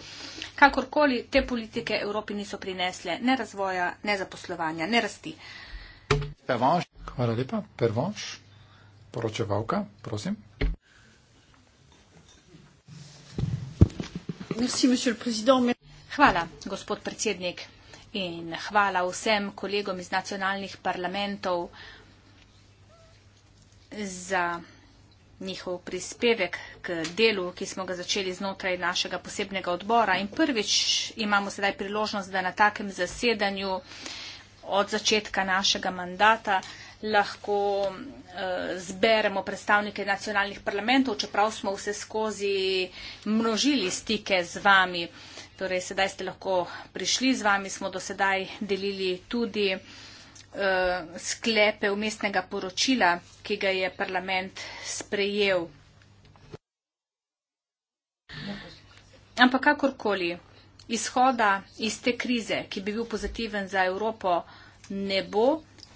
Kakorkoli te politike Evropi niso prinesle ne razvoja, ne zaposlovanja, ne rasti. Hvala lepa. Pervonš, poročevalka, prosim. Hvala, gospod predsednik, in hvala vsem kolegom iz nacionalnih parlamentov za njihov prispevek k delu, ki smo ga začeli znotraj našega posebnega odbora. In prvič imamo sedaj priložnost, da na takem zasedanju od začetka našega mandata lahko uh, zberemo predstavnike nacionalnih parlamentov, čeprav smo vse skozi množili stike z vami. Torej, sedaj ste lahko prišli z vami, smo do sedaj delili tudi uh, sklepe umestnega poročila, ki ga je parlament sprejel. Ampak kakorkoli, izhoda iz te krize, ki bi bil pozitiven za Evropo, ne bo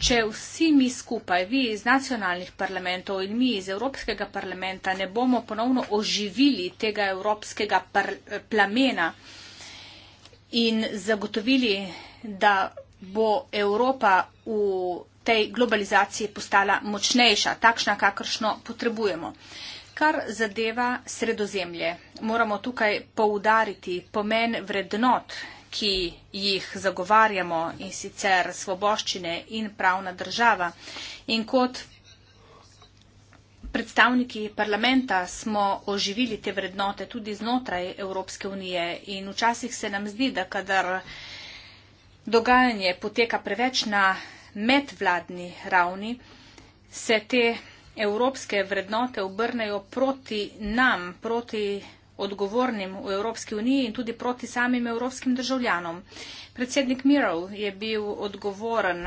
če vsi mi skupaj, vi iz nacionalnih parlamentov in mi iz Evropskega parlamenta, ne bomo ponovno oživili tega evropskega plamena in zagotovili, da bo Evropa v tej globalizaciji postala močnejša, takšna, kakršno potrebujemo. Kar zadeva sredozemlje, moramo tukaj poudariti pomen vrednot, ki jih zagovarjamo in sicer svoboščine in pravna država. In kot predstavniki parlamenta smo oživili te vrednote tudi znotraj Evropske unije in včasih se nam zdi, da kadar dogajanje poteka preveč na medvladni ravni, se te evropske vrednote obrnejo proti nam, proti odgovornim v Evropski uniji in tudi proti samim evropskim državljanom. Predsednik Mirov je bil odgovoren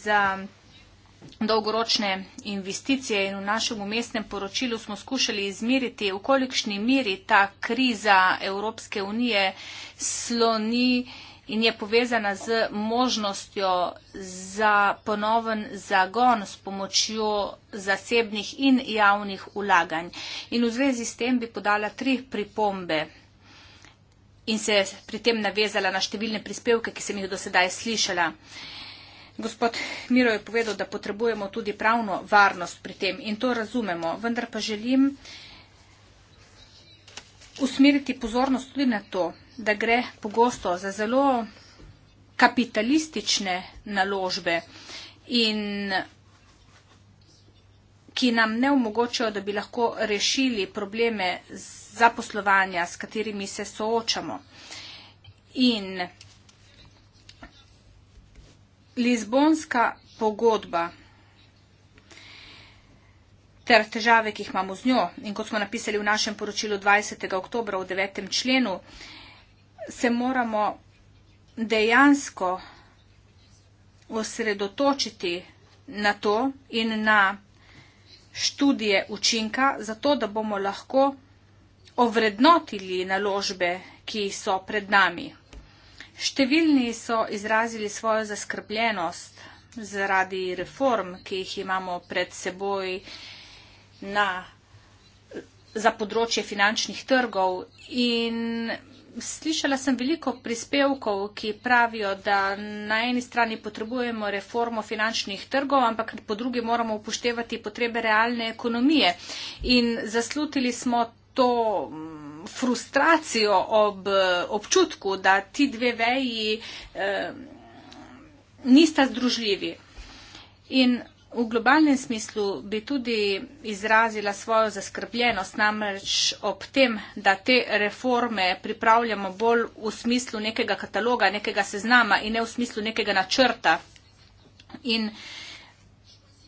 za dolgoročne investicije in v našem umestnem poročilu smo skušali izmeriti, v kolikšni miri ta kriza Evropske unije sloni in je povezana z možnostjo za ponoven zagon s pomočjo zasebnih in javnih ulaganj. In v zvezi s tem bi podala tri pripombe in se pri tem navezala na številne prispevke, ki sem jih do sedaj slišala. Gospod Miro je povedal, da potrebujemo tudi pravno varnost pri tem in to razumemo, vendar pa želim usmeriti pozornost tudi na to, da gre pogosto za zelo kapitalistične naložbe in ki nam ne omogočajo, da bi lahko rešili probleme zaposlovanja, s katerimi se soočamo. In Lizbonska pogodba ter težave, ki jih imamo z njo in kot smo napisali v našem poročilu 20. oktobra v 9. členu, se moramo dejansko osredotočiti na to in na študije učinka, zato da bomo lahko ovrednotili naložbe, ki so pred nami. Številni so izrazili svojo zaskrbljenost zaradi reform, ki jih imamo pred seboj na, za področje finančnih trgov in slišala sem veliko prispevkov, ki pravijo, da na eni strani potrebujemo reformo finančnih trgov, ampak po drugi moramo upoštevati potrebe realne ekonomije. In zaslutili smo to mm, frustracijo ob občutku, da ti dve veji eh, nista združljivi. In V globalnem smislu bi tudi izrazila svojo zaskrbljenost namreč ob tem, da te reforme pripravljamo bolj v smislu nekega kataloga, nekega seznama in ne v smislu nekega načrta. In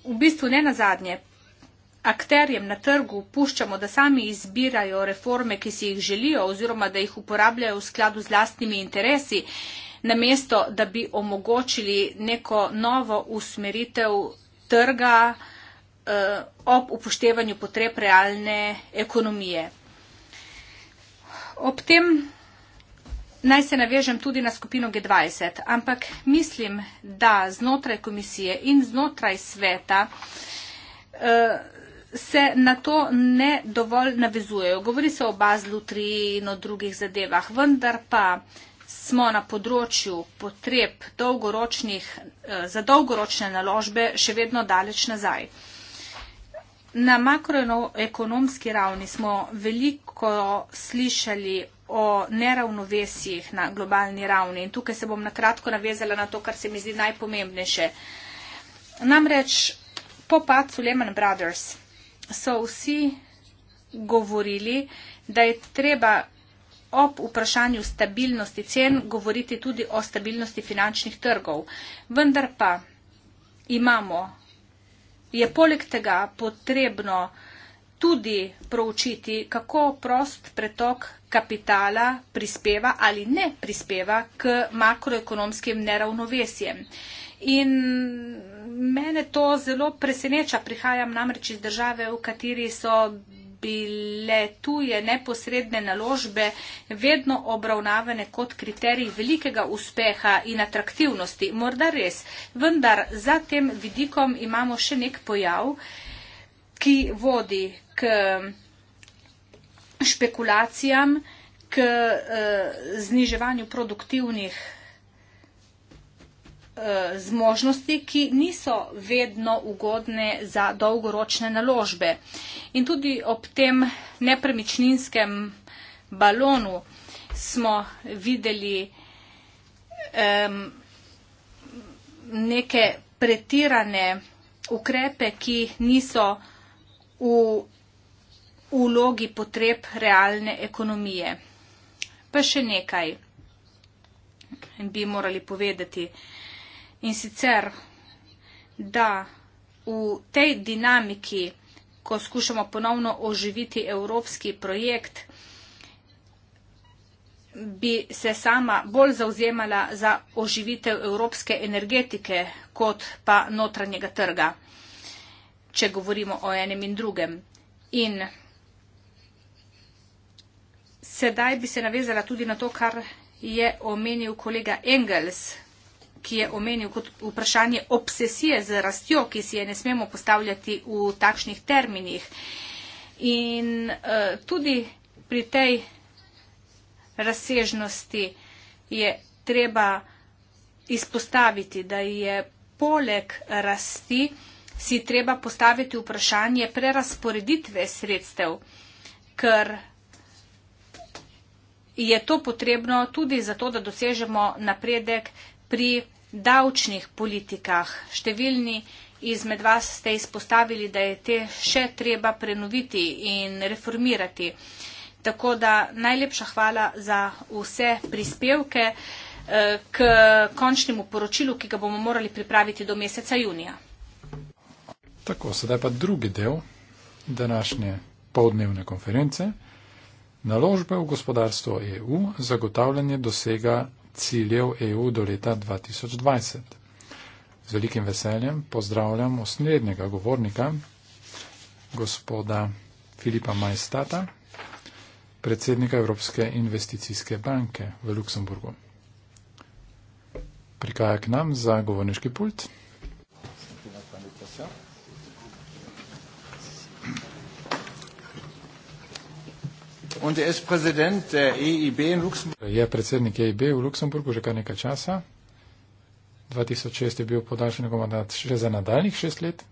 v bistvu ne nazadnje, akterjem na trgu puščamo, da sami izbirajo reforme, ki si jih želijo oziroma da jih uporabljajo v skladu z lastnimi interesi, namesto da bi omogočili neko novo usmeritev trga eh, ob upoštevanju potreb realne ekonomije. Ob tem naj se navežem tudi na skupino G20, ampak mislim, da znotraj komisije in znotraj sveta eh, se na to ne dovolj navezujejo. Govori se o Bazlu 3 in o drugih zadevah, vendar pa smo na področju potreb dolgoročnih, eh, za dolgoročne naložbe še vedno daleč nazaj. Na makroekonomski ravni smo veliko slišali o neravnovesjih na globalni ravni in tukaj se bom na kratko navezala na to, kar se mi zdi najpomembnejše. Namreč po padcu Lehman Brothers so vsi govorili, da je treba ob vprašanju stabilnosti cen govoriti tudi o stabilnosti finančnih trgov. Vendar pa imamo, je poleg tega potrebno tudi proučiti, kako prost pretok kapitala prispeva ali ne prispeva k makroekonomskim neravnovesjem. In mene to zelo preseneča, prihajam namreč iz države, v kateri so bile tuje neposredne naložbe vedno obravnavane kot kriterij velikega uspeha in atraktivnosti. Morda res, vendar za tem vidikom imamo še nek pojav, ki vodi k špekulacijam, k uh, zniževanju produktivnih Eh, zmožnosti, ki niso vedno ugodne za dolgoročne naložbe. In tudi ob tem nepremičninskem balonu smo videli um, neke pretirane ukrepe, ki niso v ulogi potreb realne ekonomije. Pa še nekaj bi morali povedati. In sicer, da v tej dinamiki, ko skušamo ponovno oživiti evropski projekt, bi se sama bolj zauzemala za oživitev evropske energetike kot pa notranjega trga, če govorimo o enem in drugem. In sedaj bi se navezala tudi na to, kar je omenil kolega Engels ki je omenil kot vprašanje obsesije z rastjo, ki si je ne smemo postavljati v takšnih terminih. In uh, tudi pri tej razsežnosti je treba izpostaviti, da je poleg rasti si treba postaviti vprašanje prerasporeditve sredstev, ker je to potrebno tudi zato, da dosežemo napredek pri davčnih politikah. Številni izmed vas ste izpostavili, da je te še treba prenoviti in reformirati. Tako da najlepša hvala za vse prispevke eh, k končnemu poročilu, ki ga bomo morali pripraviti do meseca junija. Tako, sedaj pa drugi del današnje povdnevne konference. Naložbe v gospodarstvo EU zagotavljanje dosega ciljev EU do leta 2020. Z velikim veseljem pozdravljam osrednjega govornika, gospoda Filipa Majstata, predsednika Evropske investicijske banke v Luksemburgu. Prikaja k nam za govorniški pult. Er e je predsednik EIB v Luksemburgu že kar nekaj časa. 2006 je bil podaljšan njegov mandat še za nadaljnih šest let.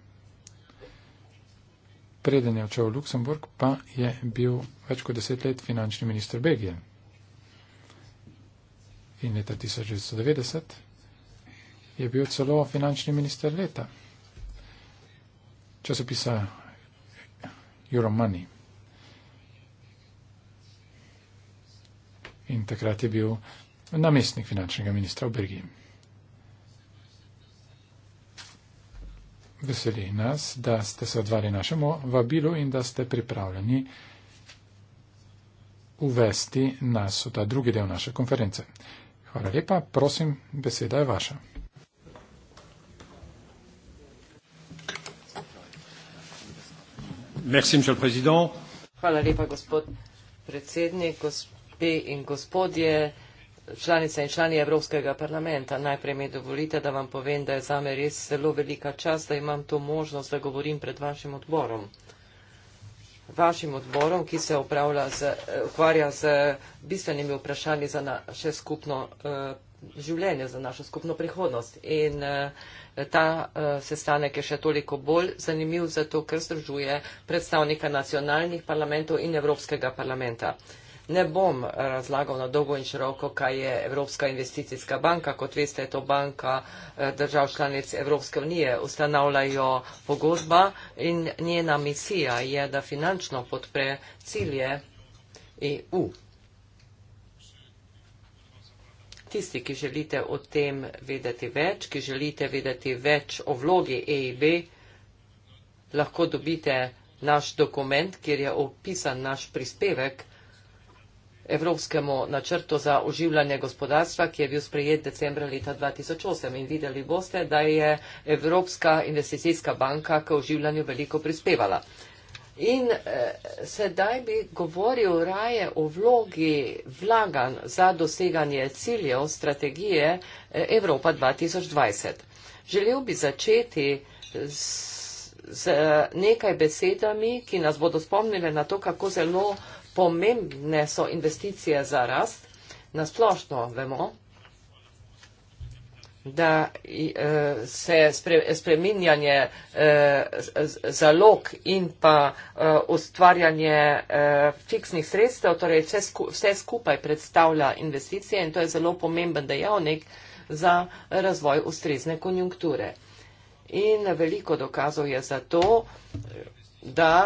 Preden je odšel v Luksemburg, pa je bil več kot deset let finančni minister Belgije. In leta 1990 je bil celo finančni minister leta časopisa Euromoney. in takrat je bil namestnik finančnega ministra v Belgiji. Veseli nas, da ste se odvali našemu vabilu in da ste pripravljeni uvesti nas v ta drugi del naše konference. Hvala lepa, prosim, beseda je vaša. Merci, Hvala lepa, gospod predsednik. Gosp gospe in gospodje, članice in člani Evropskega parlamenta. Najprej mi dovolite, da vam povem, da je za me res zelo velika čast, da imam to možnost, da govorim pred vašim odborom. Vašim odborom, ki se z, eh, ukvarja z bistvenimi vprašanji za naše skupno eh, življenje, za našo skupno prihodnost. In eh, ta sestanek je še toliko bolj zanimiv, zato ker združuje predstavnika nacionalnih parlamentov in Evropskega parlamenta. Ne bom razlagal na dolgo in široko, kaj je Evropska investicijska banka. Kot veste, je to banka eh, držav članic Evropske unije. Ustanavljajo pogozba in njena misija je, da finančno podpre cilje EU. Tisti, ki želite o tem vedeti več, ki želite vedeti več o vlogi EIB, lahko dobite naš dokument, kjer je opisan naš prispevek evropskemu načrtu za oživljanje gospodarstva, ki je bil sprejet decembra leta 2008. In videli boste, da je Evropska investicijska banka k oživljanju veliko prispevala. In eh, sedaj bi govoril raje o vlogi vlagan za doseganje ciljev strategije eh, Evropa 2020. Želel bi začeti z, z eh, nekaj besedami, ki nas bodo spomnile na to, kako zelo pomembne so investicije za rast. Nasplošno vemo, da eh, se spreminjanje eh, zalog in pa eh, ustvarjanje fiksnih sredstev, torej vse skupaj predstavlja investicije in to je zelo pomemben dejavnik za razvoj ustrezne konjunkture. In veliko dokazov je za to, da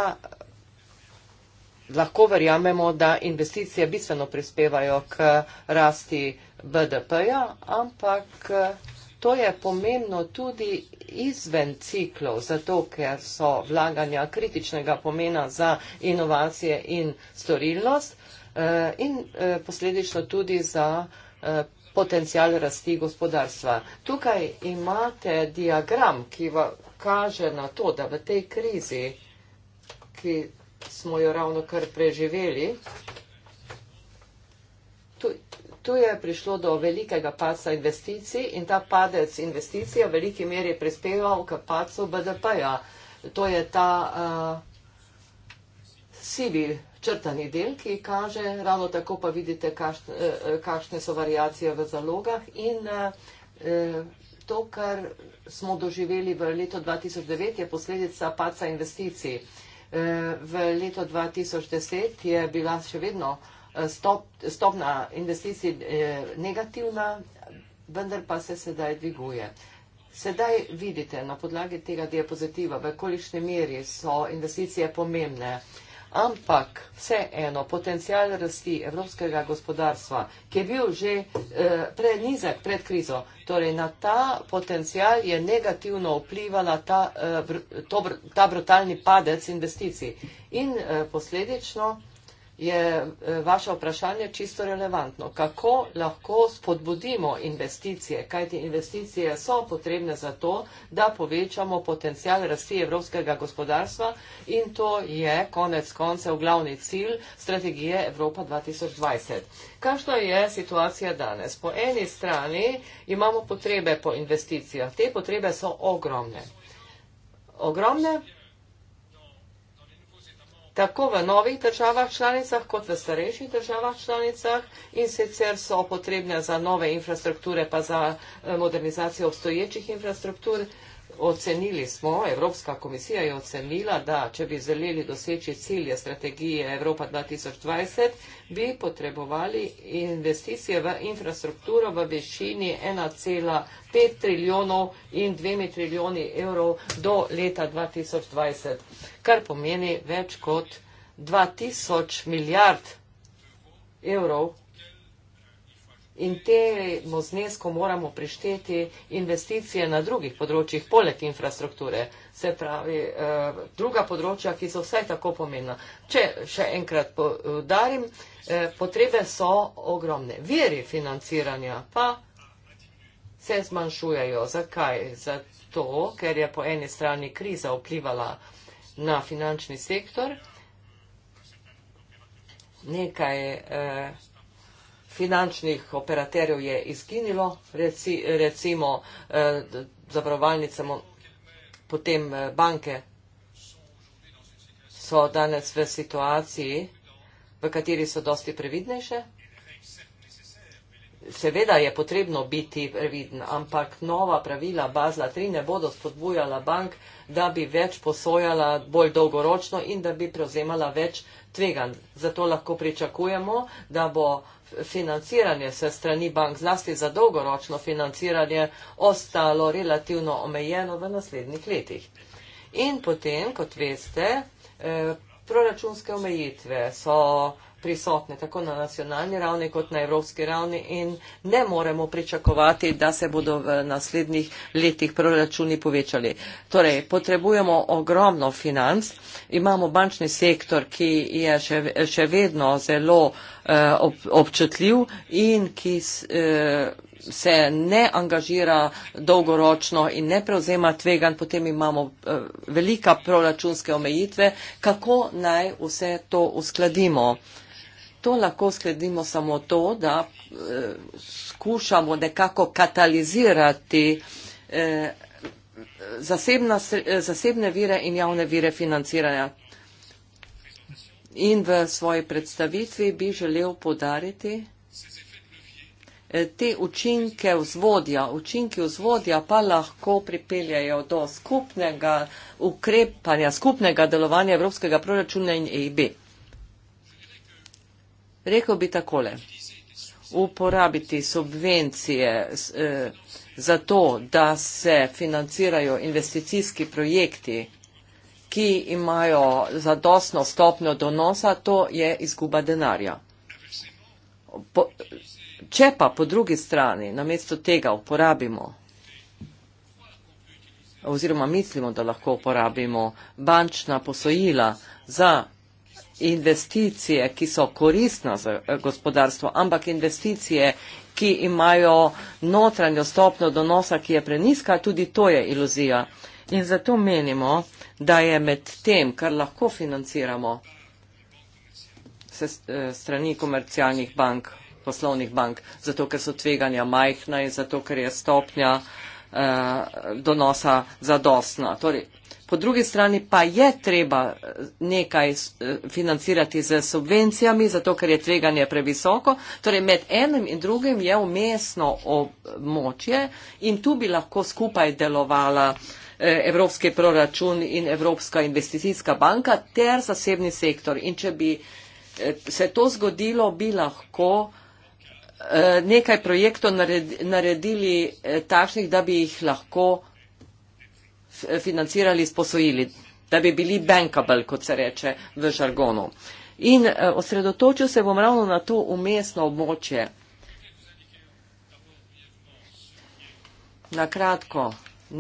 lahko verjamemo, da investicije bistveno prispevajo k rasti BDP-ja, ampak to je pomembno tudi izven ciklov, zato ker so vlaganja kritičnega pomena za inovacije in storilnost eh, in eh, posledično tudi za eh, potencijal rasti gospodarstva. Tukaj imate diagram, ki kaže na to, da v tej krizi, ki smo jo ravno kar preživeli. Tu, tu je prišlo do velikega pasa investicij in ta padec investicij je v veliki meri prispeval k pacu BDP-ja. To je ta uh, sivi črtani del, ki kaže, ravno tako pa vidite, kaš, uh, eh, kakšne so variacije v zalogah in uh, to, kar smo doživeli v letu 2009, je posledica paca investicij. Uh, Eh, v letu 2010 je bila še vedno eh, stop, stopna investicij eh, negativna, vendar pa se sedaj dviguje. Sedaj vidite na podlagi tega diapozitiva, v kolišni meri so investicije pomembne ampak vseeno potencijal rasti evropskega gospodarstva, ki je bil že eh, prenizek pred krizo, torej na ta potencijal je negativno vplivala ta, eh, to, ta brutalni padec investicij in eh, posledično je eh, vaše vprašanje čisto relevantno. Kako lahko spodbudimo investicije, kajti investicije so potrebne za to, da povečamo potencial rasti evropskega gospodarstva in to je konec koncev glavni cilj strategije Evropa 2020. Kakšna je situacija danes? Po eni strani imamo potrebe po investicijah. Te potrebe so ogromne. Ogromne tako v novih državah članicah kot v starejših državah članicah in sicer so potrebne za nove infrastrukture pa za eh, modernizacijo obstoječih infrastruktur ocenili smo, Evropska komisija je ocenila, da če bi želeli doseči cilje strategije Evropa 2020, bi potrebovali investicije v infrastrukturo v višini 1,5 trilijonov in 2 trilijoni evrov do leta 2020, kar pomeni več kot 2000 milijard evrov in temu znesku moramo prišteti investicije na drugih področjih, poleg infrastrukture, se pravi eh, druga področja, ki so vsaj tako pomembna. Če še enkrat podarim, eh, potrebe so ogromne. Veri financiranja pa se zmanjšujejo. Zakaj? Zato, ker je po eni strani kriza vplivala na finančni sektor. Nekaj eh, finančnih operaterjev je izginilo, reci, recimo eh, zavarovalnice, potem eh, banke so danes v situaciji, v kateri so dosti previdnejše. Seveda je potrebno biti previden, ampak nova pravila Bazla 3 ne bodo spodbujala bank, da bi več posojala bolj dolgoročno in da bi prevzemala več tveganj. Zato lahko pričakujemo, da bo financiranje se strani bank, zlasti za dolgoročno financiranje, ostalo relativno omejeno v naslednjih letih. In potem, kot veste, eh, proračunske omejitve so prisotne tako na nacionalni ravni kot na evropski ravni in ne moremo pričakovati, da se bodo v naslednjih letih proračuni povečali. Torej, potrebujemo ogromno financ, imamo bančni sektor, ki je še, še vedno zelo eh, ob, občutljiv in ki eh, se ne angažira dolgoročno in ne prevzema tvegan, potem imamo eh, velika proračunske omejitve, kako naj vse to uskladimo. To lahko sledimo samo to, da eh, skušamo nekako katalizirati eh, zasebna, zasebne vire in javne vire financiranja. In v svoji predstavitvi bi želel podariti eh, te učinke vzvodja. Učinki vzvodja pa lahko pripeljajo do skupnega ukrepanja, skupnega delovanja Evropskega proračuna in EIB. Rekel bi takole, uporabiti subvencije e, za to, da se financirajo investicijski projekti, ki imajo zadostno stopnjo donosa, to je izguba denarja. Po, če pa po drugi strani namesto tega uporabimo oziroma mislimo, da lahko uporabimo bančna posojila za investicije, ki so koristne za eh, gospodarstvo, ampak investicije, ki imajo notranjo stopno donosa, ki je preniska, tudi to je iluzija. In zato menimo, da je med tem, kar lahko financiramo se eh, strani komercialnih bank, poslovnih bank, zato ker so tveganja majhna in zato ker je stopnja eh, donosa zadosna. Torej, Po drugi strani pa je treba eh, nekaj eh, financirati z subvencijami, zato ker je tveganje previsoko. Torej med enim in drugim je umestno območje in tu bi lahko skupaj delovala eh, Evropski proračun in Evropska investicijska banka ter zasebni sektor. In če bi se to zgodilo, bi lahko nekaj projektov naredili takšnih, da bi jih lahko financirali s posojili, da bi bili bankable, kot se reče v žargonu. In eh, osredotočil se bom ravno na to umestno območje. Nakratko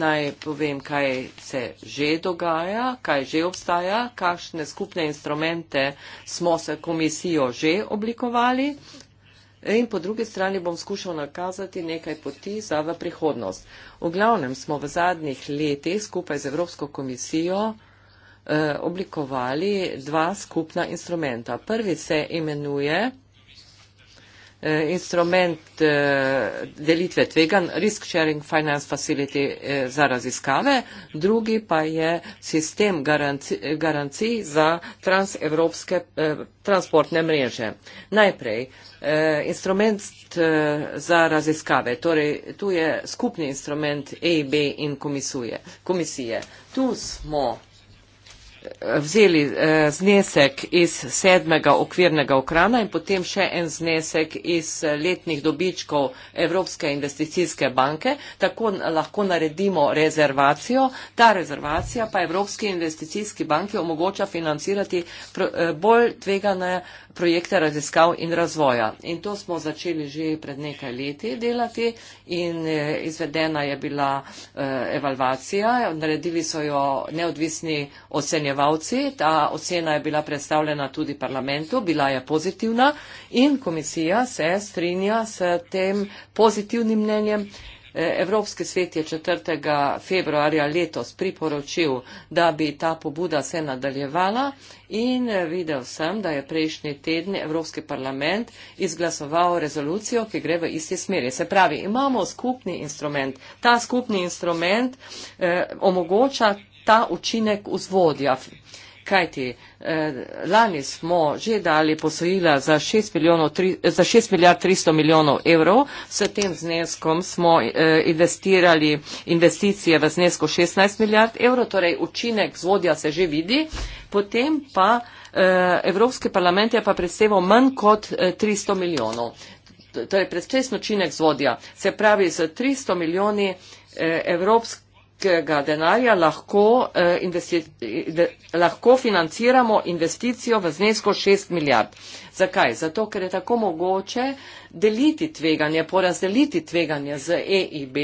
naj povem, kaj se že dogaja, kaj že obstaja, kakšne skupne instrumente smo se komisijo že oblikovali, In po drugi strani bom skušal nakazati nekaj poti za v prihodnost. V glavnem smo v zadnjih letih skupaj z Evropsko komisijo eh, oblikovali dva skupna instrumenta. Prvi se imenuje Eh, instrument eh, delitve tvegan, Risk Sharing Finance Facility eh, za raziskave, drugi pa je sistem garanci, garancij za transevropske transportne mreže. Najprej, instrument za raziskave, torej tu je skupni instrument EIB in komisije. Tu smo vzeli eh, znesek iz sedmega okvirnega okrana in potem še en znesek iz eh, letnih dobičkov Evropske investicijske banke, tako lahko naredimo rezervacijo. Ta rezervacija pa Evropski investicijski banki omogoča financirati eh, bolj tvegane projekte raziskav in razvoja. In to smo začeli že pred nekaj leti delati in eh, izvedena je bila eh, evalvacija. Naredili so jo neodvisni ocenjevalci. Ta ocena je bila predstavljena tudi parlamentu, bila je pozitivna in komisija se strinja s tem pozitivnim mnenjem E, Evropski svet je 4. februarja letos priporočil, da bi ta pobuda se nadaljevala in e, videl sem, da je prejšnji teden Evropski parlament izglasoval rezolucijo, ki gre v isti smeri. Se pravi, imamo skupni instrument. Ta skupni instrument eh, omogoča ta učinek vzvodja. Eh, kajti eh, lani smo že dali posojila za 6, tri, eh, za 6 milijard 300 milijonov evrov, s tem zneskom smo eh, investirali investicije v znesko 16 milijard evrov, torej učinek zvodja se že vidi, potem pa eh, Evropski parlament je pa predseval manj kot eh, 300 milijonov. To je predstresno činek zvodja. Se pravi, z 300 milijoni eh, evropskih evropskega denarja lahko, eh, lahko financiramo investicijo v znesko 6 milijard. Zakaj? Zato, ker je tako mogoče deliti tveganje, porazdeliti tveganje z EIB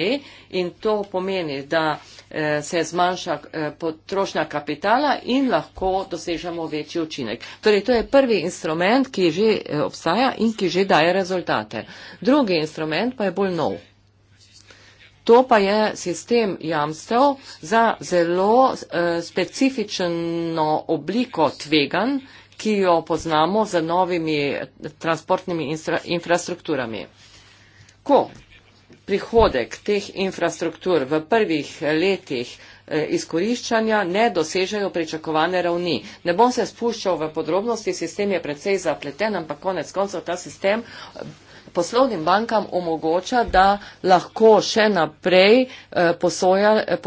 in to pomeni, da eh, se zmanjša eh, potrošnja kapitala in lahko dosežemo večji učinek. Torej, to je prvi instrument, ki že obstaja in ki že daje rezultate. Drugi instrument pa je bolj nov. To pa je sistem jamstev za zelo uh, specifično obliko tvegan, ki jo poznamo z novimi eh, transportnimi infrastrukturami. Ko prihodek teh infrastruktur v prvih letih eh, izkoriščanja ne dosežejo pričakovane ravni. Ne bom se spuščal v podrobnosti, sistem je precej zapleten, ampak konec koncev ta sistem poslovnim bankam omogoča, da lahko še naprej eh,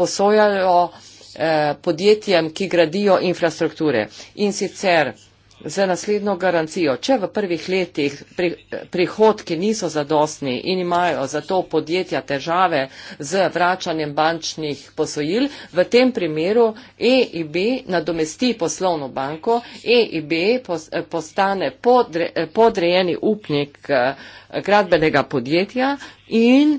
posojajo eh, podjetjem, ki gradijo infrastrukture. In sicer Za naslednjo garancijo, če v prvih letih pri, prihodki niso zadostni in imajo zato podjetja težave z vračanjem bančnih posojil, v tem primeru EIB nadomesti poslovno banko, EIB postane podre, podrejeni upnik eh, gradbenega podjetja in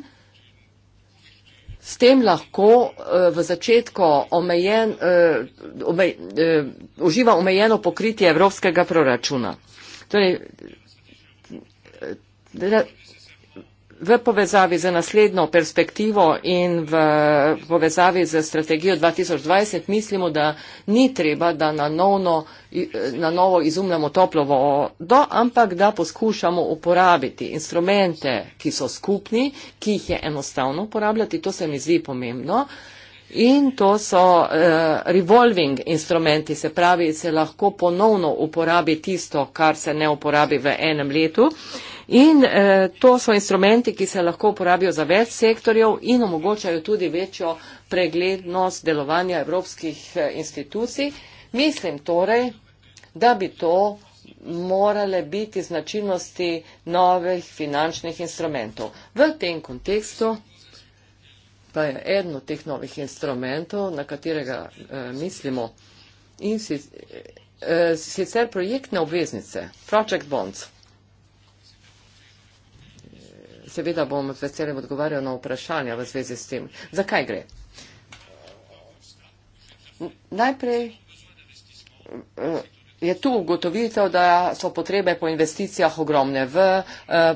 s tem lahko eh, v začetku omejen, eh, omej, eh, uživa omejeno pokritje evropskega proračuna. Torej, v povezavi z naslednjo perspektivo in v povezavi z strategijo 2020 mislimo, da ni treba, da na, novno, na novo izumljamo toplo vodo, ampak da poskušamo uporabiti instrumente, ki so skupni, ki jih je enostavno uporabljati, to se mi zdi pomembno. In to so uh, revolving instrumenti, se pravi, se lahko ponovno uporabi tisto, kar se ne uporabi v enem letu. Uh, In eh, to so instrumenti, ki se lahko uporabijo za več sektorjev in omogočajo tudi večjo preglednost delovanja evropskih eh, institucij. Mislim torej, da bi to morale biti značilnosti novih finančnih instrumentov. V tem kontekstu pa je eno teh novih instrumentov, na katerega eh, mislimo, in si, eh, sicer projektne obveznice, project bonds seveda bom z veseljem odgovarjal na vprašanja v zvezi s tem. Zakaj gre? Najprej. Eh, je tu ugotovitev, da so potrebe po investicijah ogromne v eh,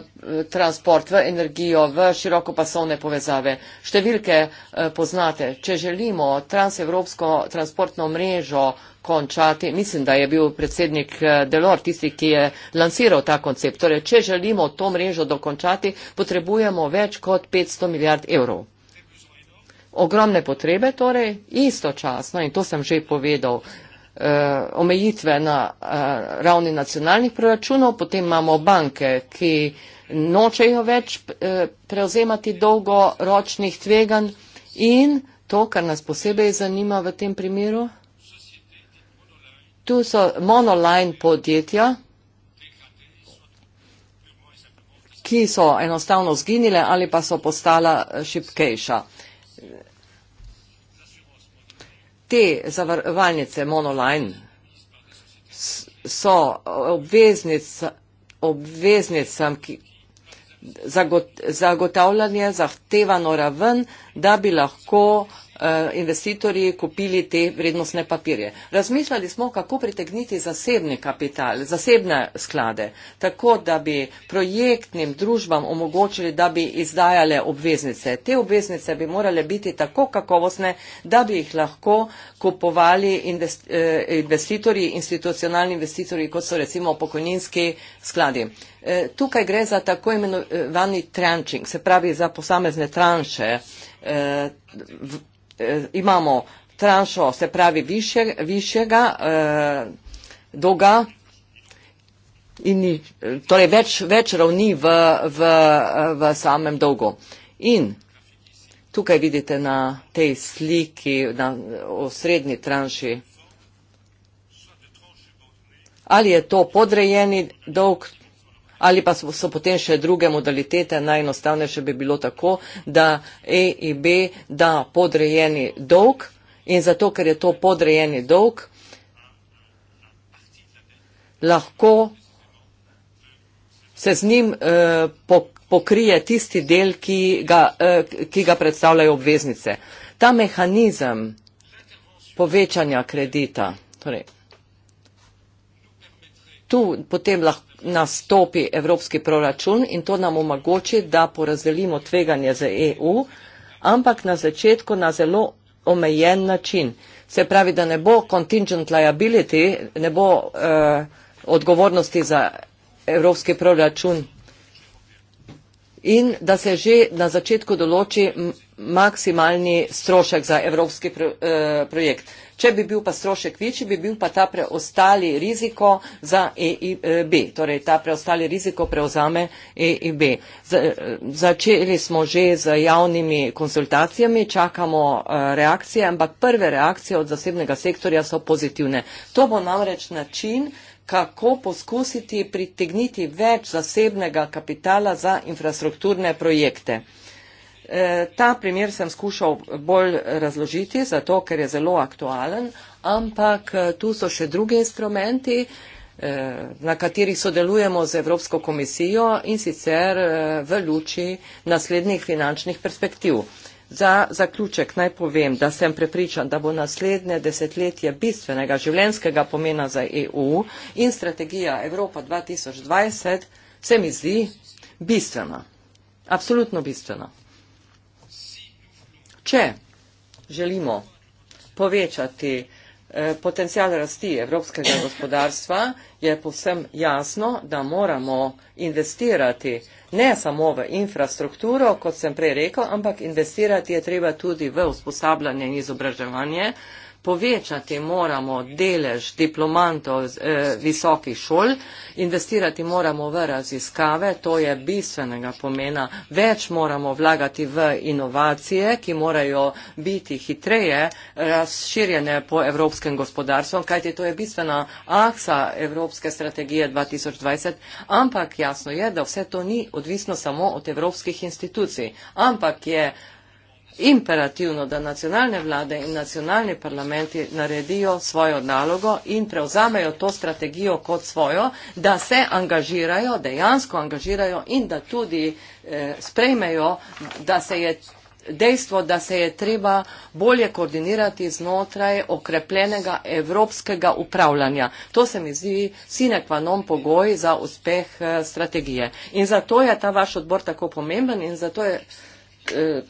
transport, v energijo, v širokopasovne povezave. Številke eh, poznate. Če želimo transevropsko transportno mrežo končati, mislim, da je bil predsednik eh, Delor tisti, ki je lansiral ta koncept. Torej, če želimo to mrežo dokončati, potrebujemo več kot 500 milijard evrov. Ogromne potrebe torej, istočasno, in to sem že povedal, Eh, omejitve na eh, ravni nacionalnih proračunov, potem imamo banke, ki nočejo več eh, prevzemati dolgoročnih tveganj in to, kar nas posebej zanima v tem primeru, tu so monoline podjetja, ki so enostavno zginile ali pa so postala šipkejša te zavarovalnice monoline so obveznica, obveznicam, ki zagot, zagotavljanje zahtevano raven, da bi lahko uh, Eh, investitorji kupili te vrednostne papirje. Razmišljali smo, kako pritegniti zasebni kapital, zasebne sklade, tako da bi projektnim družbam omogočili, da bi izdajale obveznice. Te obveznice bi morale biti tako kakovostne, da bi jih lahko kupovali eh, investitorji, institucionalni investitorji, kot so recimo pokojninski skladi. Eh, tukaj gre za tako imenovani tranching, se pravi za posamezne tranše eh, imamo tranšo, se pravi, više, višjega eh, dolga in torej več, več ravni v, v, v samem dolgu. In tukaj vidite na tej sliki, na srednji tranši, ali je to podrejeni dolg, Ali pa so, so potem še druge modalitete, najenostavnejše bi bilo tako, da EIB da podrejeni dolg in zato, ker je to podrejeni dolg, lahko se z njim eh, pokrije tisti del, ki ga, eh, ki ga predstavljajo obveznice. Ta mehanizem povečanja kredita, torej, tu potem lahko nastopi evropski proračun in to nam omogoči, da porazdelimo tveganje za EU, ampak na začetku na zelo omejen način. Se pravi, da ne bo contingent liability, ne bo uh, odgovornosti za evropski proračun in da se že na začetku določi maksimalni strošek za evropski pro, eh, projekt. Če bi bil pa strošek večji, bi bil pa ta preostali riziko za EIB, torej ta preostali riziko prevzame EIB. Eh, začeli smo že z javnimi konsultacijami, čakamo eh, reakcije, ampak prve reakcije od zasebnega sektorja so pozitivne. To bo namreč način, kako poskusiti pritegniti več zasebnega kapitala za infrastrukturne projekte. E, ta primer sem skušal bolj razložiti, zato ker je zelo aktualen, ampak e, tu so še drugi instrumenti, e, na katerih sodelujemo z Evropsko komisijo in sicer v luči naslednjih finančnih perspektiv. Za zaključek naj povem, da sem prepričan, da bo naslednje desetletje bistvenega življenjskega pomena za EU in strategija Evropa 2020 se mi zdi bistvena. Absolutno bistvena. Če želimo povečati Eh, Potencijal rasti evropskega gospodarstva je povsem jasno, da moramo investirati ne samo v infrastrukturo, kot sem prej rekel, ampak investirati je treba tudi v usposabljanje in izobraževanje, povečati moramo delež diplomantov z, eh, visokih šol, investirati moramo v raziskave, to je bistvenega pomena. Več moramo vlagati v inovacije, ki morajo biti hitreje razširjene po evropskem gospodarstvu, kajti to je bistvena aksa Evropske strategije 2020. Ampak jasno je, da vse to ni odvisno samo od evropskih institucij, ampak je imperativno, da nacionalne vlade in nacionalni parlamenti naredijo svojo nalogo in prevzamejo to strategijo kot svojo, da se angažirajo, dejansko angažirajo in da tudi eh, sprejmejo, da se je dejstvo, da se je treba bolje koordinirati znotraj okrepljenega evropskega upravljanja. To se mi zdi sine qua non pogoj za uspeh eh, strategije. In zato je ta vaš odbor tako pomemben in zato je. Eh,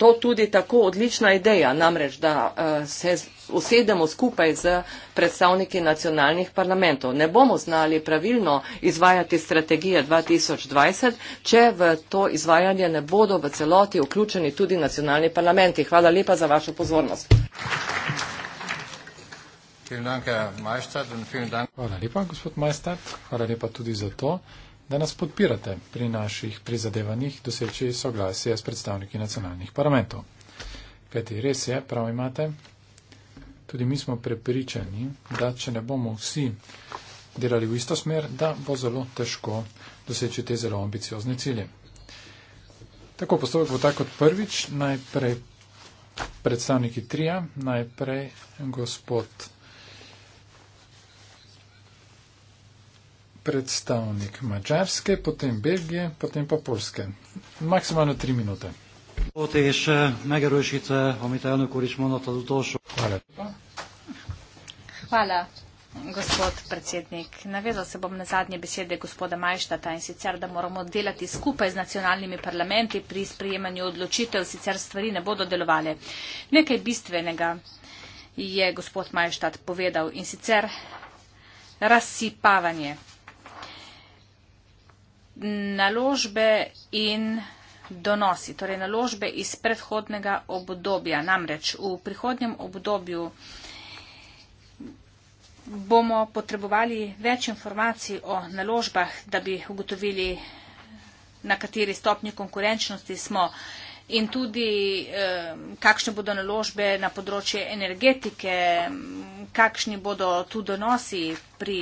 to tudi tako odlična ideja, namreč, da eh, se usedemo skupaj z predstavniki nacionalnih parlamentov. Ne bomo znali pravilno izvajati strategije 2020, če v to izvajanje ne bodo v celoti vključeni tudi nacionalni parlamenti. Hvala lepa za vašo pozornost. Hvala lepa, gospod Majstad. Hvala lepa tudi za to da nas podpirate pri naših prizadevanjih doseči soglasje s predstavniki nacionalnih parlamentov. Kajti res je, prav imate, tudi mi smo prepričani, da če ne bomo vsi delali v isto smer, da bo zelo težko doseči te zelo ambiciozne cilje. Tako postopek bo tako kot prvič, najprej predstavniki trija, najprej gospod predstavnik Mačarske, potem Belgije, potem pa Polske. Maksimalno tri minute. Eh, Hvala. Hvala, gospod predsednik. Navezal se bom na zadnje besede gospoda Majštata in sicer, da moramo delati skupaj z nacionalnimi parlamenti pri sprejemanju odločitev, sicer stvari ne bodo delovale. Nekaj bistvenega je gospod Majštat povedal in sicer razsipavanje naložbe in donosi, torej naložbe iz predhodnega obdobja. Namreč v prihodnjem obdobju bomo potrebovali več informacij o naložbah, da bi ugotovili, na kateri stopni konkurenčnosti smo in tudi kakšne bodo naložbe na področje energetike, kakšni bodo tu donosi pri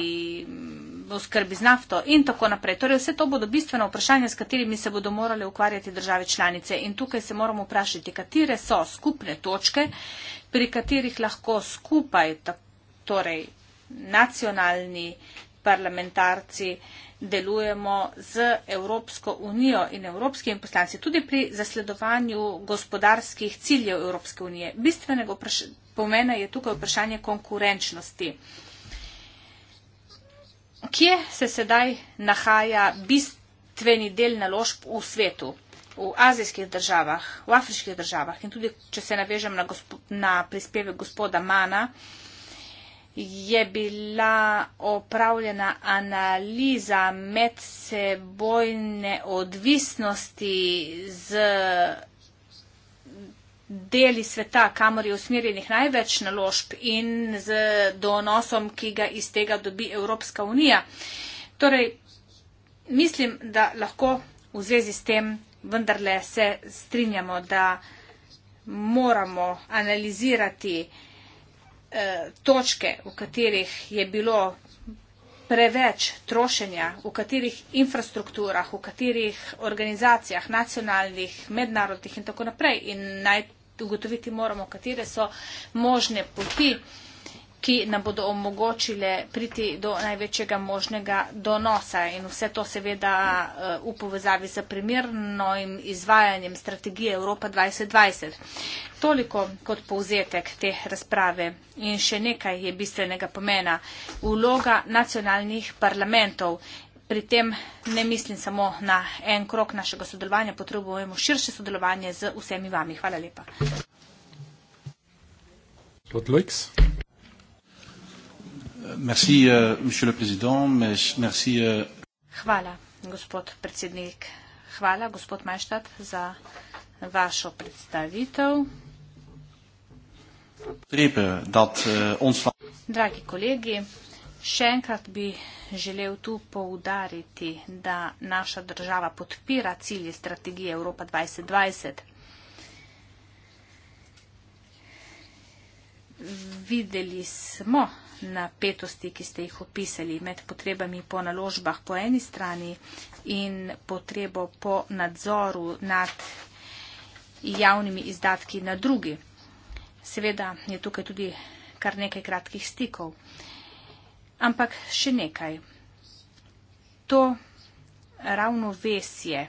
oskrbi z nafto in tako naprej. Torej vse to bodo bistvena vprašanja, s katerimi se bodo morali ukvarjati države članice in tukaj se moramo vprašati, katere so skupne točke, pri katerih lahko skupaj, torej nacionalni, parlamentarci delujemo z Evropsko unijo in evropskimi poslanci tudi pri zasledovanju gospodarskih ciljev Evropske unije. Bistvenega pomena je tukaj vprašanje konkurenčnosti. Kje se sedaj nahaja bistveni del naložb v svetu? v azijskih državah, v afriških državah in tudi, če se navežem na, gospo, na prispevek gospoda Mana, uh, je bila opravljena analiza medsebojne odvisnosti z deli sveta, kamor je usmerjenih največ naložb in z donosom, ki ga iz tega dobi Evropska unija. Torej, mislim, da lahko v zvezi s tem vendarle se strinjamo, da moramo analizirati Eh, točke, v katerih je bilo preveč trošenja, v katerih infrastrukturah, v katerih organizacijah, nacionalnih, mednarodnih in tako naprej. In naj ugotoviti moramo, katere so možne poti ki nam bodo omogočile priti do največjega možnega donosa in vse to seveda eh, v povezavi z primernim izvajanjem strategije Evropa 2020. Toliko kot povzetek te razprave in še nekaj je bistvenega pomena. Uloga nacionalnih parlamentov. Pri tem ne mislim samo na en krok našega sodelovanja, potrebujemo širše sodelovanje z vsemi vami. Hvala lepa. Merci, euh, monsieur le président. Merci, uh... Hvala, gospod predsednik. Hvala, gospod Majštad, za vašo predstavitev. Trebe, eh, dat, uh, ons... Dragi kolegi, še enkrat bi želel tu poudariti, da naša država podpira cilje strategije Evropa 2020. Videli smo napetosti, ki ste jih opisali med potrebami po naložbah po eni strani in potrebo po nadzoru nad javnimi izdatki na drugi. Seveda je tukaj tudi kar nekaj kratkih stikov. Ampak še nekaj. To ravnovesje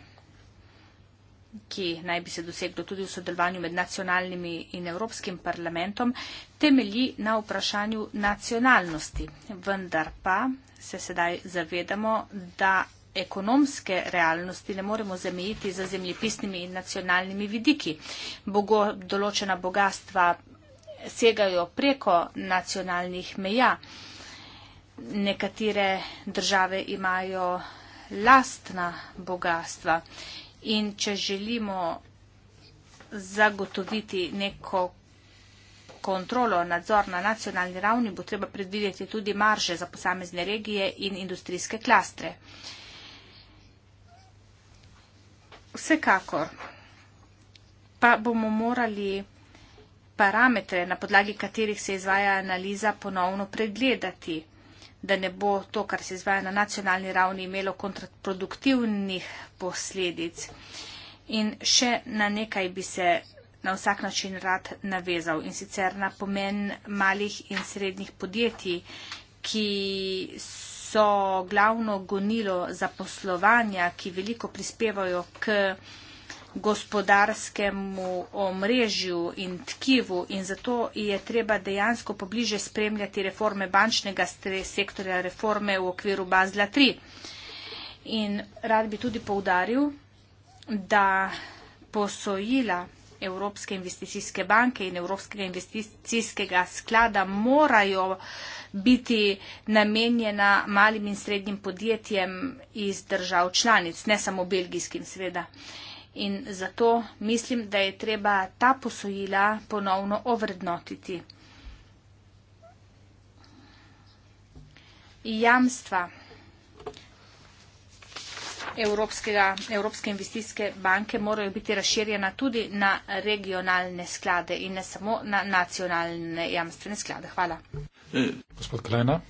ki naj bi se doseglo tudi v sodelovanju med nacionalnimi in evropskim parlamentom, temelji na vprašanju nacionalnosti. Vendar pa se sedaj zavedamo, da ekonomske realnosti ne moremo zamejiti za zemljepisnimi in nacionalnimi vidiki. Bogo določena bogatstva segajo preko nacionalnih meja. Nekatere države imajo lastna bogatstva In če želimo zagotoviti neko kontrolo, nadzor na nacionalni ravni, bo treba predvideti tudi marže za posamezne regije in industrijske klastre. Vsekakor pa bomo morali parametre, na podlagi katerih se izvaja analiza, ponovno pregledati da ne bo to, kar se izvaja na nacionalni ravni, imelo kontraproduktivnih posledic. In še na nekaj bi se na vsak način rad navezal in sicer na pomen malih in srednjih podjetij, ki so glavno gonilo zaposlovanja, ki veliko prispevajo k gospodarskemu omrežju in tkivu in zato je treba dejansko pobliže spremljati reforme bančnega sektorja, reforme v okviru Bazla 3. In rad bi tudi poudaril, da posojila Evropske investicijske banke in Evropskega investicijskega sklada morajo biti namenjena malim in srednjim podjetjem iz držav članic, ne samo belgijskim sveda in zato mislim, da je treba ta posojila ponovno ovrednotiti. Jamstva Evropske investicijske banke morajo biti razširjena tudi na regionalne sklade in ne samo na nacionalne jamstvene sklade. Hvala. E, gospod Klajna.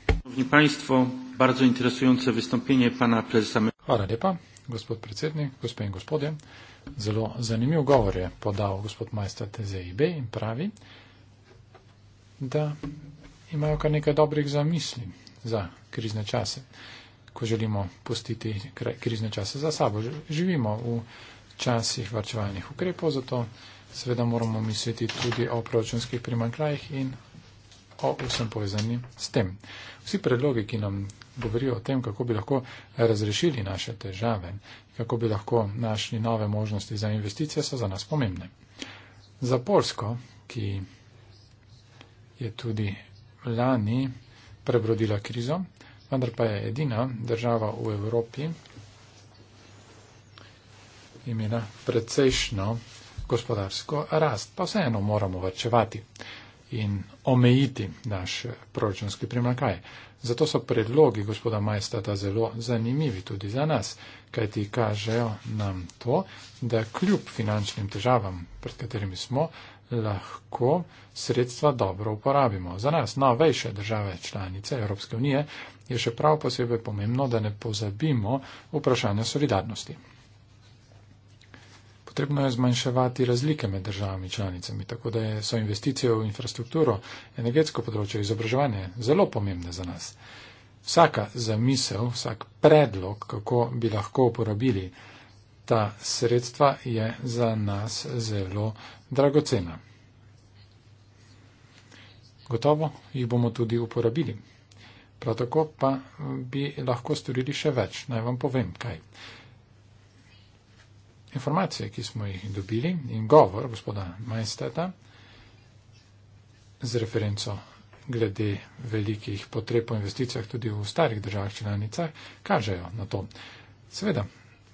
Hvala lepa gospod predsednik, gospe in gospodje. Zelo zanimiv govor je podal gospod majstor TZIB in pravi, da imajo kar nekaj dobrih zamisli za krizne čase, ko želimo pustiti krizne čase za sabo. Živimo v časih varčevalnih ukrepov, zato seveda moramo misliti tudi o proračunskih primankljajih in o vsem povezani s tem. Vsi predlogi, ki nam govorijo o tem, kako bi lahko razrešili naše težave, kako bi lahko našli nove možnosti za investicije, so za nas pomembne. Za Polsko, ki je tudi lani prebrodila krizo, vendar pa je edina država v Evropi imela precejšno gospodarsko rast, pa vseeno moramo vrčevati in omejiti naš proračunski primakaj. Zato so predlogi gospoda Majstata zelo zanimivi tudi za nas, kajti kažejo nam to, da kljub finančnim težavam, pred katerimi smo, lahko sredstva dobro uporabimo. Za nas, novejše države članice Evropske unije, je še prav posebej pomembno, da ne pozabimo vprašanja solidarnosti potrebno je zmanjševati razlike med državami članicami, tako da so investicije v infrastrukturo, energetsko področje, izobraževanje zelo pomembne za nas. Vsaka zamisel, vsak predlog, kako bi lahko uporabili ta sredstva, je za nas zelo dragocena. Gotovo jih bomo tudi uporabili. Prav tako pa bi lahko storili še več. Naj vam povem, kaj informacije, ki smo jih dobili in govor gospoda Majesteta z referenco glede velikih potreb po investicijah tudi v starih državah članicah, kažejo na to. Seveda,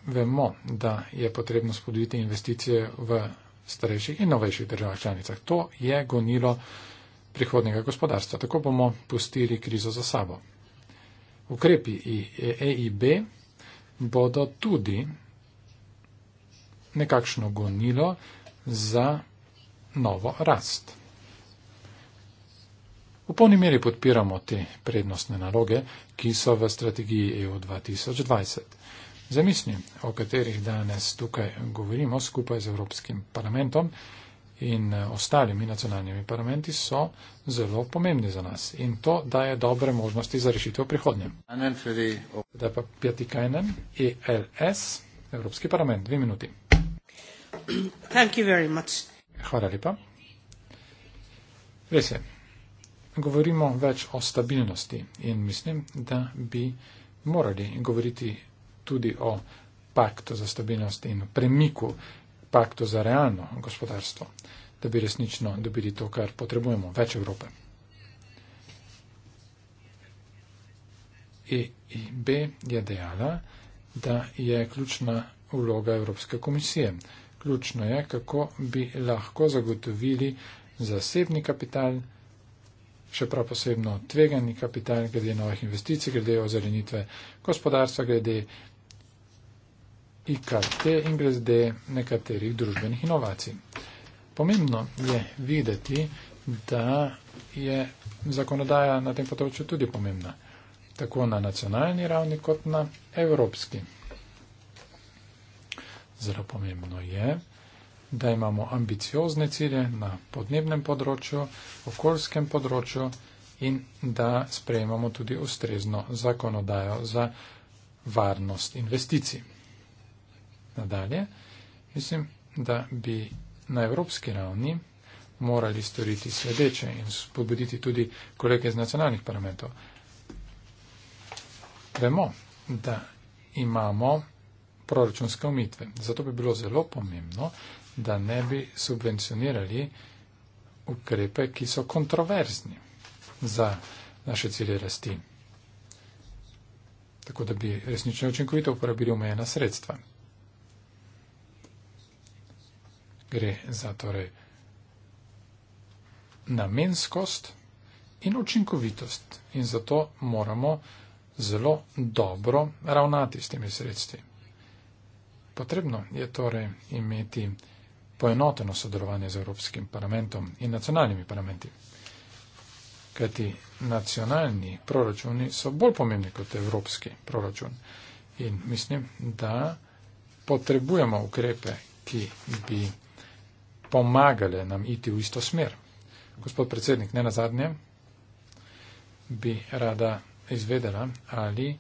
vemo, da je potrebno spodbuditi investicije v starejših in novejših državah članicah. To je gonilo prihodnega gospodarstva. Tako bomo pustili krizo za sabo. Ukrepi EIB e bodo tudi nekakšno gonilo za novo rast. V polni meri podpiramo te prednostne naloge, ki so v strategiji EU 2020. Zamisli, o katerih danes tukaj govorimo skupaj z Evropskim parlamentom in eh, ostalimi nacionalnimi parlamenti, so zelo pomembni za nas in to daje dobre možnosti za rešitev v prihodnje. Zdaj pa Pjatikajnen, ELS, Evropski parlament, dve minuti. Hvala lepa. Res je. Govorimo več o stabilnosti in mislim, da bi morali govoriti tudi o paktu za stabilnost in premiku paktu za realno gospodarstvo, da bi resnično dobili to, kar potrebujemo, več Evrope. EIB je dejala, da je ključna vloga Evropske komisije. Ključno je, kako bi lahko zagotovili zasebni kapital, še prav posebno tvegani kapital, glede novih investicij, glede ozelenitve gospodarstva, glede IKT in glede nekaterih družbenih inovacij. Pomembno je videti, da je zakonodaja na tem področju tudi pomembna, tako na nacionalni ravni kot na evropski. Zelo pomembno je, da imamo ambiciozne cilje na podnebnem področju, okoljskem področju in da sprejemamo tudi ustrezno zakonodajo za varnost investicij. Nadalje, mislim, da bi na evropski ravni morali storiti sledeče in spodbuditi tudi kolege iz nacionalnih parlamentov. Vemo, da imamo proračunske omitve. Zato bi bilo zelo pomembno, da ne bi subvencionirali ukrepe, ki so kontroverzni za naše cilje rasti. Tako da bi resnično učinkovito uporabili omejena sredstva. Gre za torej namenskost in učinkovitost. In zato moramo zelo dobro ravnati s temi sredstvi. Potrebno je torej imeti poenoteno sodelovanje z Evropskim parlamentom in nacionalnimi parlamenti. Kajti nacionalni proračuni so bolj pomembni kot evropski proračun. In mislim, da potrebujemo ukrepe, ki bi pomagale nam iti v isto smer. Gospod predsednik, ne na zadnje, bi rada izvedela, ali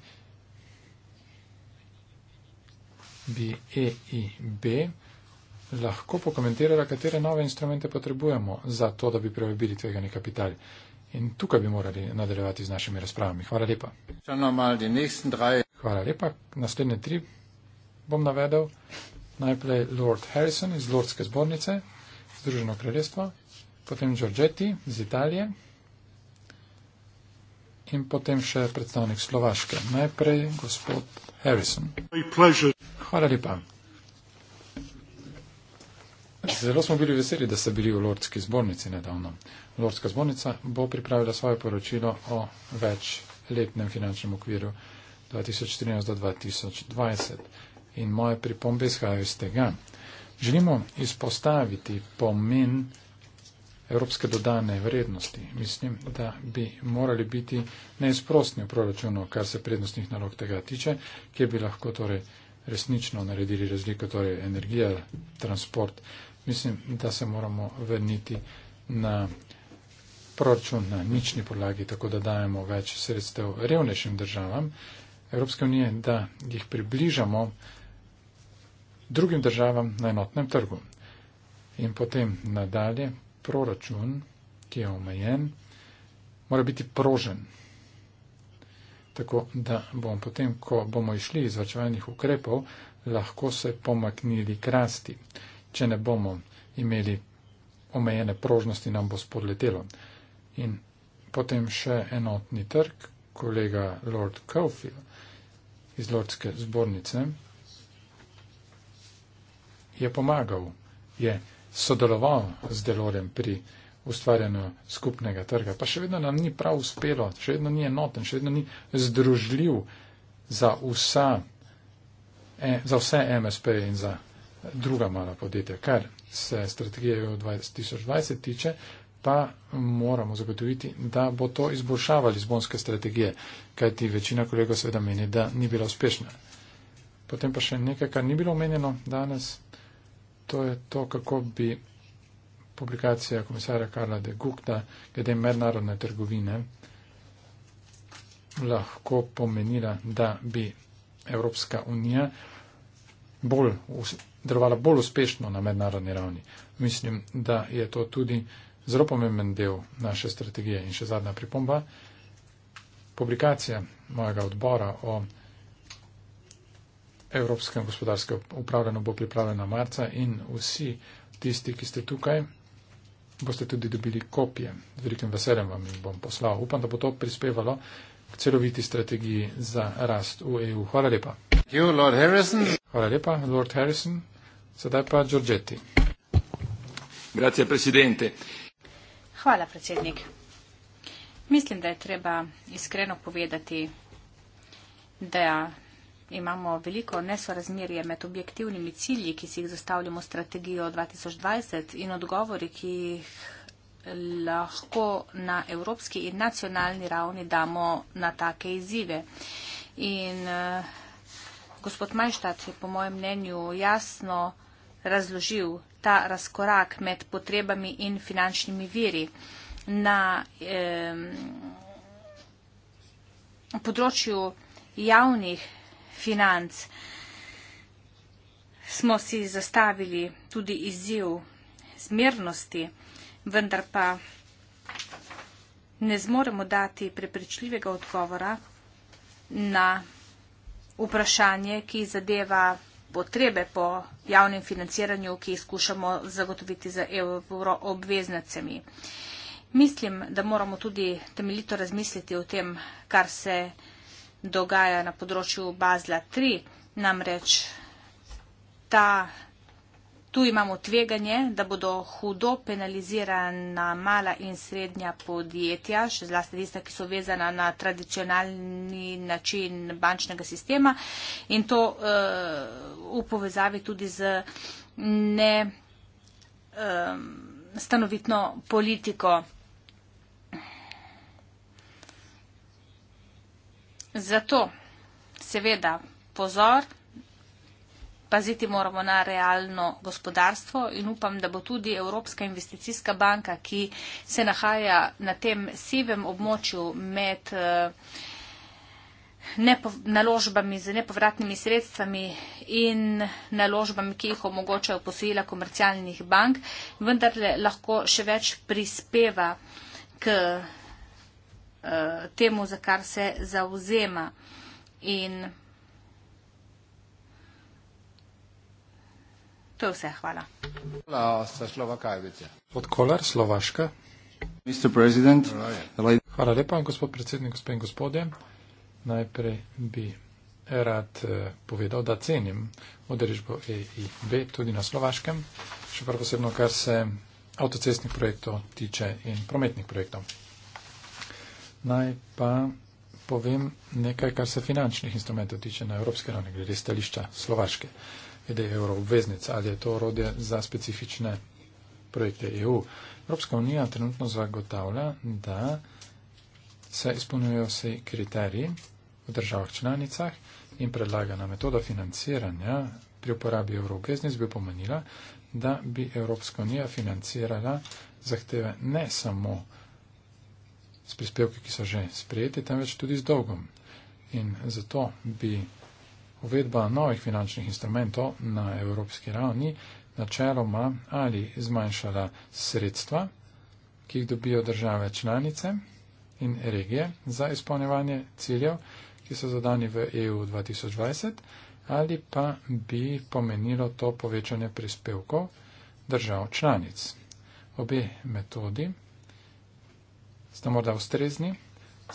bi EIB lahko pokomentirala, katere nove instrumente potrebujemo za to, da bi prevabili tvegani kapital. In tukaj bi morali nadaljevati z našimi razpravami. Hvala lepa. Hvala lepa. Naslednje tri bom navedel. Najprej Lord Harrison iz Lordske zbornice, Združeno kraljestvo, potem Giorgetti iz Italije in potem še predstavnik Slovaške. Najprej gospod Harrison. Hvala lepa. Zelo smo bili veseli, da ste bili v Lordski zbornici nedavno. Lordska zbornica bo pripravila svoje poročilo o večletnem finančnem okviru 2014 do 2020. In moje pripombe izhajajo iz tega. Želimo izpostaviti pomen evropske dodane vrednosti. Mislim, da bi morali biti neizprostni v proračunu, kar se prednostnih nalog tega tiče, kjer bi lahko torej resnično naredili razliko, torej energija, transport. Mislim, da se moramo vrniti na proračun na nični podlagi, tako da dajemo več sredstev revnejšim državam Evropske unije, da jih približamo drugim državam na enotnem trgu. In potem nadalje proračun, ki je omejen, mora biti prožen. Tako da bomo potem, ko bomo išli iz vrčevalnih ukrepov, lahko se pomaknili krasti. Če ne bomo imeli omejene prožnosti, nam bo spodletelo. In potem še enotni trg, kolega Lord Caulfield iz Lordske zbornice je pomagal. Je sodeloval z Delorem pri ustvarjanju skupnega trga. Pa še vedno nam ni prav uspelo, še vedno ni enoten, še vedno ni združljiv za, vsa, e, za vse MSP in za druga mala podjetja. Kar se strategije 2020 tiče, pa moramo zagotoviti, da bo to izboljšava Lizbonske strategije, kajti večina kolegov seveda meni, da ni bila uspešna. Potem pa še nekaj, kar ni bilo omenjeno danes to je to, kako bi publikacija komisarja Karla de Gukta glede mednarodne trgovine lahko pomenila, da bi Evropska unija bolj, delovala bolj uspešno na mednarodni ravni. Mislim, da je to tudi zelo pomemben del naše strategije. In še zadnja pripomba. Publikacija mojega odbora o Evropskem gospodarskem upravljanju bo pripravljena marca in vsi tisti, ki ste tukaj, boste tudi dobili kopije. Z velikim veseljem vam jih bom poslal. Upam, da bo to prispevalo k celoviti strategiji za rast v EU. Hvala lepa. You, Lord Hvala lepa, Lord Harrison. Sedaj pa Giorgetti. Grazie, presidente. Hvala, predsednik. Mislim, da je treba iskreno povedati, da imamo veliko nesorazmerje med objektivnimi cilji, ki si jih zastavljamo strategijo 2020 in odgovori, ki jih lahko na evropski in nacionalni ravni damo na take izzive. In eh, gospod Majštat je po mojem mnenju jasno razložil ta razkorak med potrebami in finančnimi viri. Na eh, področju javnih financ. Smo si zastavili tudi izziv zmernosti, vendar pa ne zmoremo dati prepričljivega odgovora na vprašanje, ki zadeva potrebe po javnem financiranju, ki jih skušamo zagotoviti za evro obveznicami. Mislim, da moramo tudi temeljito razmisliti o tem, kar se je dogaja na področju Bazla 3. Namreč ta, tu imamo tveganje, da bodo hudo penalizirana mala in srednja podjetja, še zlasti tista, ki so vezana na tradicionalni način bančnega sistema in to uh, v povezavi tudi z ne. Um, stanovitno politiko. Zato, seveda, pozor, paziti moramo na realno gospodarstvo in upam, da bo tudi Evropska investicijska banka, ki se nahaja na tem sivem območju med eh, naložbami z nepovratnimi sredstvami in naložbami, ki jih omogočajo posojila komercialnih bank, vendar lahko še več prispeva k uh, temu, za kar se zauzema. In to je vse, hvala. Hvala, Osta Slovakajvice. Od Kolar, Slovaška. Ja. Hvala lepa, gospod predsednik, gospod in gospodje. Najprej bi rad eh, povedal, da cenim odrežbo EIB tudi na Slovaškem, še prav posebno, kar se avtocestnih projektov tiče in prometnih projektov. Naj pa povem nekaj, kar se finančnih instrumentov tiče na evropske ravni, glede stališča Slovaške, glede euroobveznic, ali je to orodje za specifične projekte EU. Evropska unija trenutno zagotavlja, da se izpolnjujejo vsi kriteriji v državah članicah in predlagana metoda financiranja pri uporabi euroobveznic bi pomenila, da bi Evropska unija financirala zahteve ne samo s prispevki, ki so že sprejeti, temveč tudi z dolgom. In zato bi uvedba novih finančnih instrumentov na evropski ravni načeloma ali zmanjšala sredstva, ki jih dobijo države članice in regije za izpolnjevanje ciljev, ki so zadani v EU 2020, ali pa bi pomenilo to povečanje prispevkov držav članic. Obe metodi sta morda ustrezni,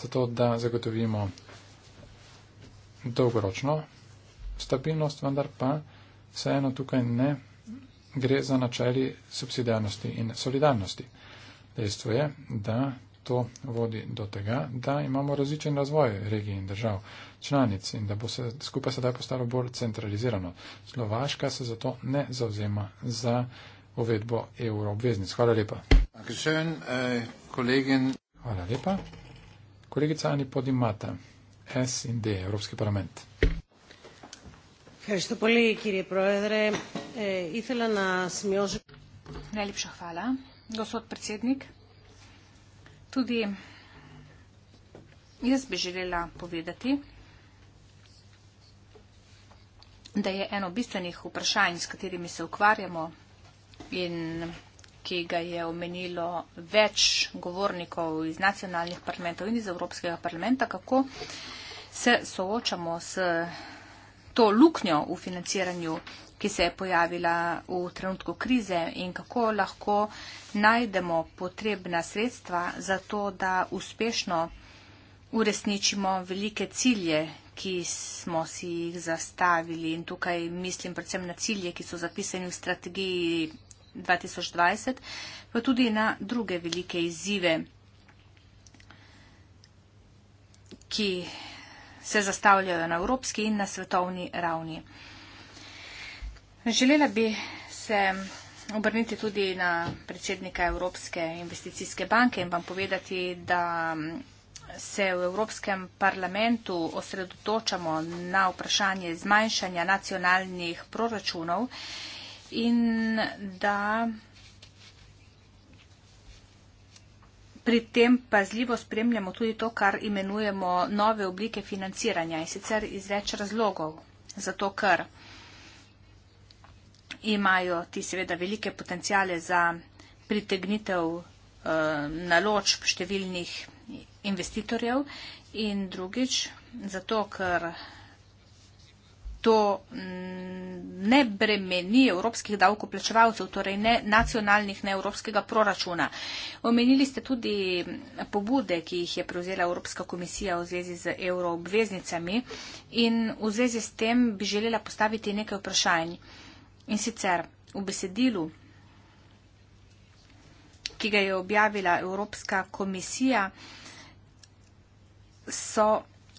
zato da zagotovimo dolgoročno stabilnost, vendar pa vseeno tukaj ne gre za načeli subsidijarnosti in solidarnosti. Dejstvo je, da to vodi do tega, da imamo različen razvoj regij in držav članic in da bo se skupaj sedaj postalo bolj centralizirano. Slovaška se zato ne zavzema za uvedbo evroobveznic. Hvala lepa. Hvala eh, lepa. Hvala lepa. Kolegica Ani Podimata, S in D, Evropski parlament. Hvala lepa, Itala na smiožu. Najlepša hvala, gospod predsednik. Tudi jaz bi želela povedati, da je eno bistvenih vprašanj, s katerimi se ukvarjamo in ki ga je omenilo več govornikov iz nacionalnih parlamentov in iz Evropskega parlamenta, kako se soočamo s to luknjo v financiranju, ki se je pojavila v trenutku krize in kako lahko najdemo potrebna sredstva za to, da uspešno uresničimo velike cilje, ki smo si jih zastavili. In tukaj mislim predvsem na cilje, ki so zapisani v strategiji 2020, pa tudi na druge velike izzive, ki se zastavljajo na evropski in na svetovni ravni. Želela bi se obrniti tudi na predsednika Evropske investicijske banke in vam povedati, da se v Evropskem parlamentu osredotočamo na vprašanje zmanjšanja nacionalnih proračunov in da pri tem pazljivo spremljamo tudi to, kar imenujemo nove oblike financiranja in sicer iz več razlogov. Zato, ker imajo ti seveda velike potencijale za pritegnitev eh, naločb številnih investitorjev in drugič, zato, ker to mm, ne bremeni evropskih davkoplačevalcev, torej ne nacionalnih, ne evropskega proračuna. Omenili ste tudi pobude, ki jih je prevzela Evropska komisija v zvezi z euroobveznicami in v zvezi s tem bi želela postaviti nekaj vprašanj. In sicer v besedilu, ki ga je objavila Evropska komisija, so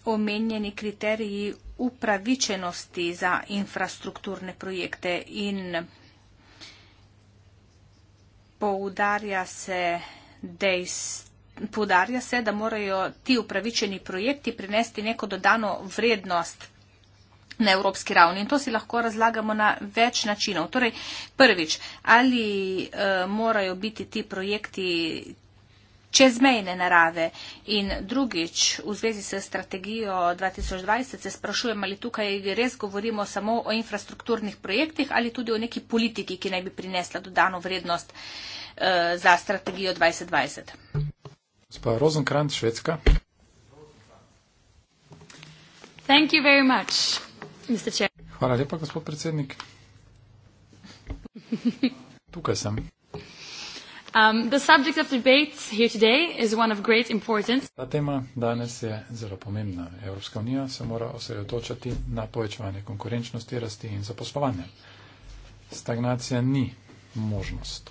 omenjeni kriteriji upravičenosti za infrastrukturne projekte in poudarja se dejstvo. Podarja se, da morajo ti upravičeni projekti prinesti neko dodano vrednost na evropski ravni. In to si lahko razlagamo na več načinov. Torej, prvič, ali uh, morajo biti ti projekti čezmejne narave. In drugič, v zvezi s strategijo 2020, se sprašujem, ali tukaj res govorimo samo o infrastrukturnih projektih ali tudi o neki politiki, ki naj bi prinesla dodano vrednost eh, za strategijo 2020. Gospa Rozenkrant, Švedska. Thank you very much, Mr. Hvala lepa, gospod predsednik. Tukaj sem. Um, the subject of debate here today is one of great importance. Ta tema danes je zelo pomembna. Evropska unija se mora osredotočati na povečevanje konkurenčnosti, rasti in zaposlovanja. Stagnacija ni možnost.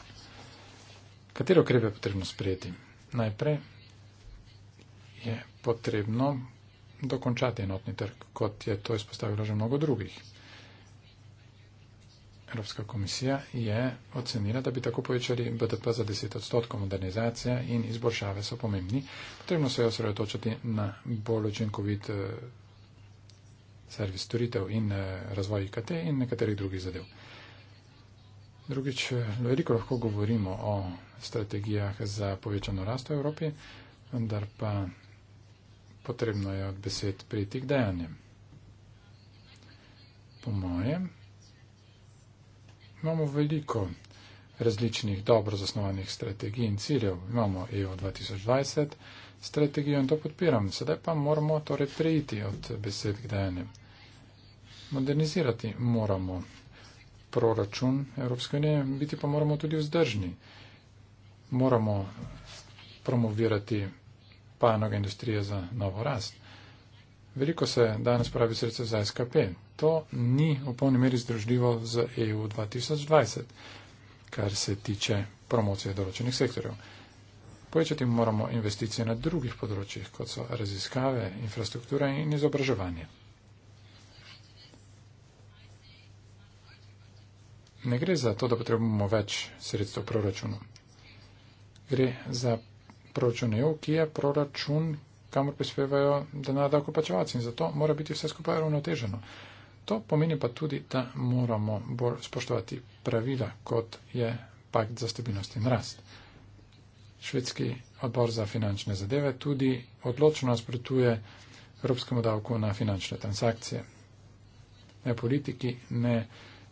Katero ukrepe je potrebno sprejeti? Najprej je potrebno dokončati enotni trg, kot je to izpostavilo že mnogo drugih. Evropska komisija je ocenila, da bi tako povečali BDP za 10 odstotkov. Modernizacija in izboljšave so pomembni. Potrebno se je osredotočiti na bolj učinkovit eh, servis storitev in eh, razvoj IKT in nekaterih drugih zadev. Drugič, eh, veliko lahko govorimo o strategijah za povečano rast v Evropi, vendar pa potrebno je od besed priti k dejanjem. Po mojem, Imamo veliko različnih dobro zasnovanih strategij in ciljev. Imamo EU 2020 strategijo in to podpiram. Sedaj pa moramo torej preiti od besed k dejanjem. Modernizirati moramo proračun Evropske unije, biti pa moramo tudi vzdržni. Moramo promovirati panoge industrije za novo rast. Veliko se danes pravi sredstev za SKP. To ni v polni meri združljivo z EU 2020, kar se tiče promocije določenih sektorjev. Povečati moramo investicije na drugih področjih, kot so raziskave, infrastruktura in izobraževanje. Ne gre za to, da potrebujemo več sredstev v proračunu. Gre za proračun EU, ki je proračun, kamor prispevajo denar davkoplačevalci in zato mora biti vse skupaj ravnoteženo. To pomeni pa tudi, da moramo bolj spoštovati pravila, kot je pakt za stabilnost in rast. Švedski odbor za finančne zadeve tudi odločno nasprotuje evropskemu davku na finančne transakcije. Ne politiki, ne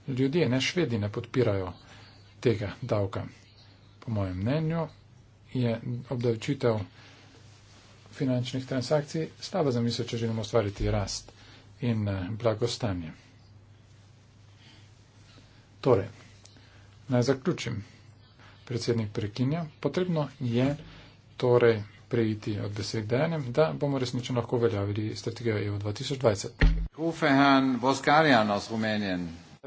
ljudje, ne švedi ne podpirajo tega davka. Po mojem mnenju je obdavčitev finančnih transakcij slaba zamisel, če želimo ustvariti rast in eh, blagostanje. Torej, naj zaključim. Predsednik prekinja. Potrebno je torej preiti od besed dejanjem, da bomo resnično lahko veljavili strategijo EU 2020.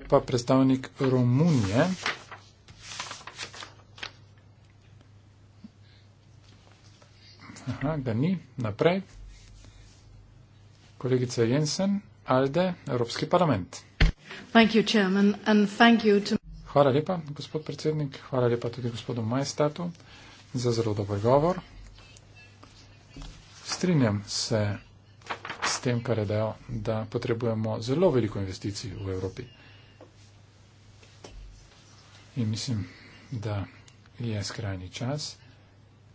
Pa predstavnik Romunije. Aha, ga ni. Naprej. Kolegica Jensen, Alde, Evropski parlament. Thank you, chairman, and thank you to... Hvala lepa, gospod predsednik. Hvala lepa tudi gospodu Majstatu za zelo dober govor. Strinjam se s tem, kar je dejal, da potrebujemo zelo veliko investicij v Evropi. In mislim, da je skrajni čas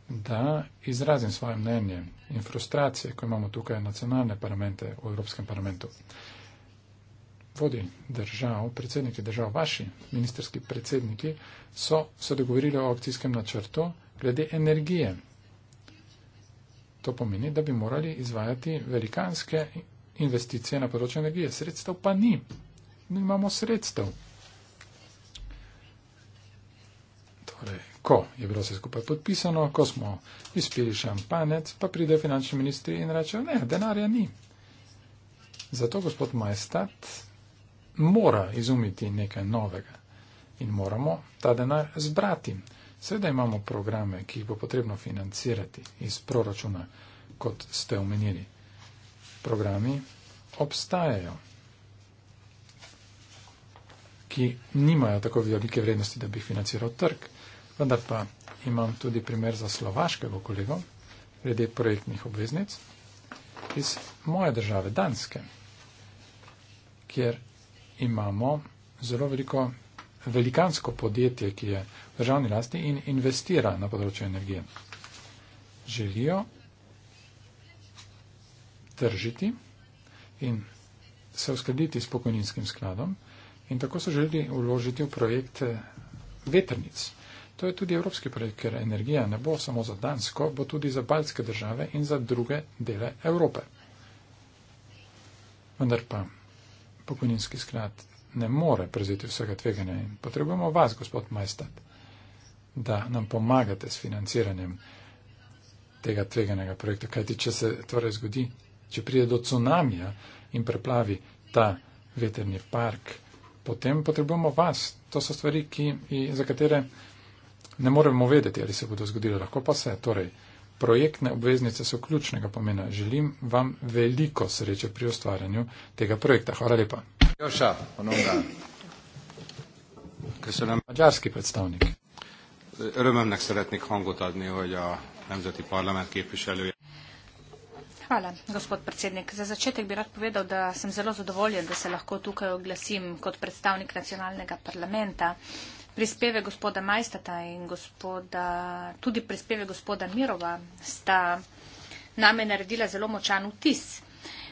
da izrazim svoje mnenje in frustracije, ko imamo tukaj nacionalne parlamente v Evropskem parlamentu. Vodi držav, predsedniki držav, vaši ministerski predsedniki so se dogovorili o akcijskem načrtu glede energije. To pomeni, da bi morali izvajati velikanske investicije na področju energije. Sredstev pa ni. Nimamo sredstev. Torej, ko je bilo vse skupaj podpisano, ko smo izpili šampanec, pa pridejo finančni ministri in rečejo, ne, denarja ni. Zato gospod Majestat mora izumiti nekaj novega in moramo ta denar zbrati. Sedaj imamo programe, ki jih bo potrebno financirati iz proračuna, kot ste omenili. Programi obstajajo, ki nimajo tako velike vrednosti, da bi financiral trg. Vendar pa imam tudi primer za slovaškega kolego, glede projektnih obveznic iz moje države, Danske, kjer imamo zelo veliko, velikansko podjetje, ki je v državni lasti in investira na področju energije. Želijo tržiti in se uskladiti s pokojninskim skladom in tako so želeli vložiti v projekt vetrnic. To je tudi evropski projekt, ker energija ne bo samo za Dansko, bo tudi za baljske države in za druge dele Evrope. Vendar pa pokojninski sklad ne more prezeti vsega tveganja in potrebujemo vas, gospod Majstad, da nam pomagate s financiranjem tega tveganega projekta. Kajti, če se torej zgodi, če pride do cunamija in preplavi ta veterni park, potem potrebujemo vas. To so stvari, ki, za katere ne moremo vedeti, ali se bodo zgodile, lahko pa se. Torej, projektne obveznice so ključnega pomena. Želim vam veliko sreče pri ustvarjanju tega projekta. Hvala lepa. Joša, ponovno. Kaj so nam mađarski predstavnik? Örömömnek szeretnék hangot adni, hogy a Nemzeti Parlament képviselője. Hvala, gospod predsednik. Za začetek bi rad povedal, da sem zelo zadovoljen, da se lahko tukaj oglasim kot predstavnik nacionalnega parlamenta. Uh, prispeve gospoda Majstata in gospoda, tudi prispeve gospoda Mirova sta name naredila zelo močan vtis.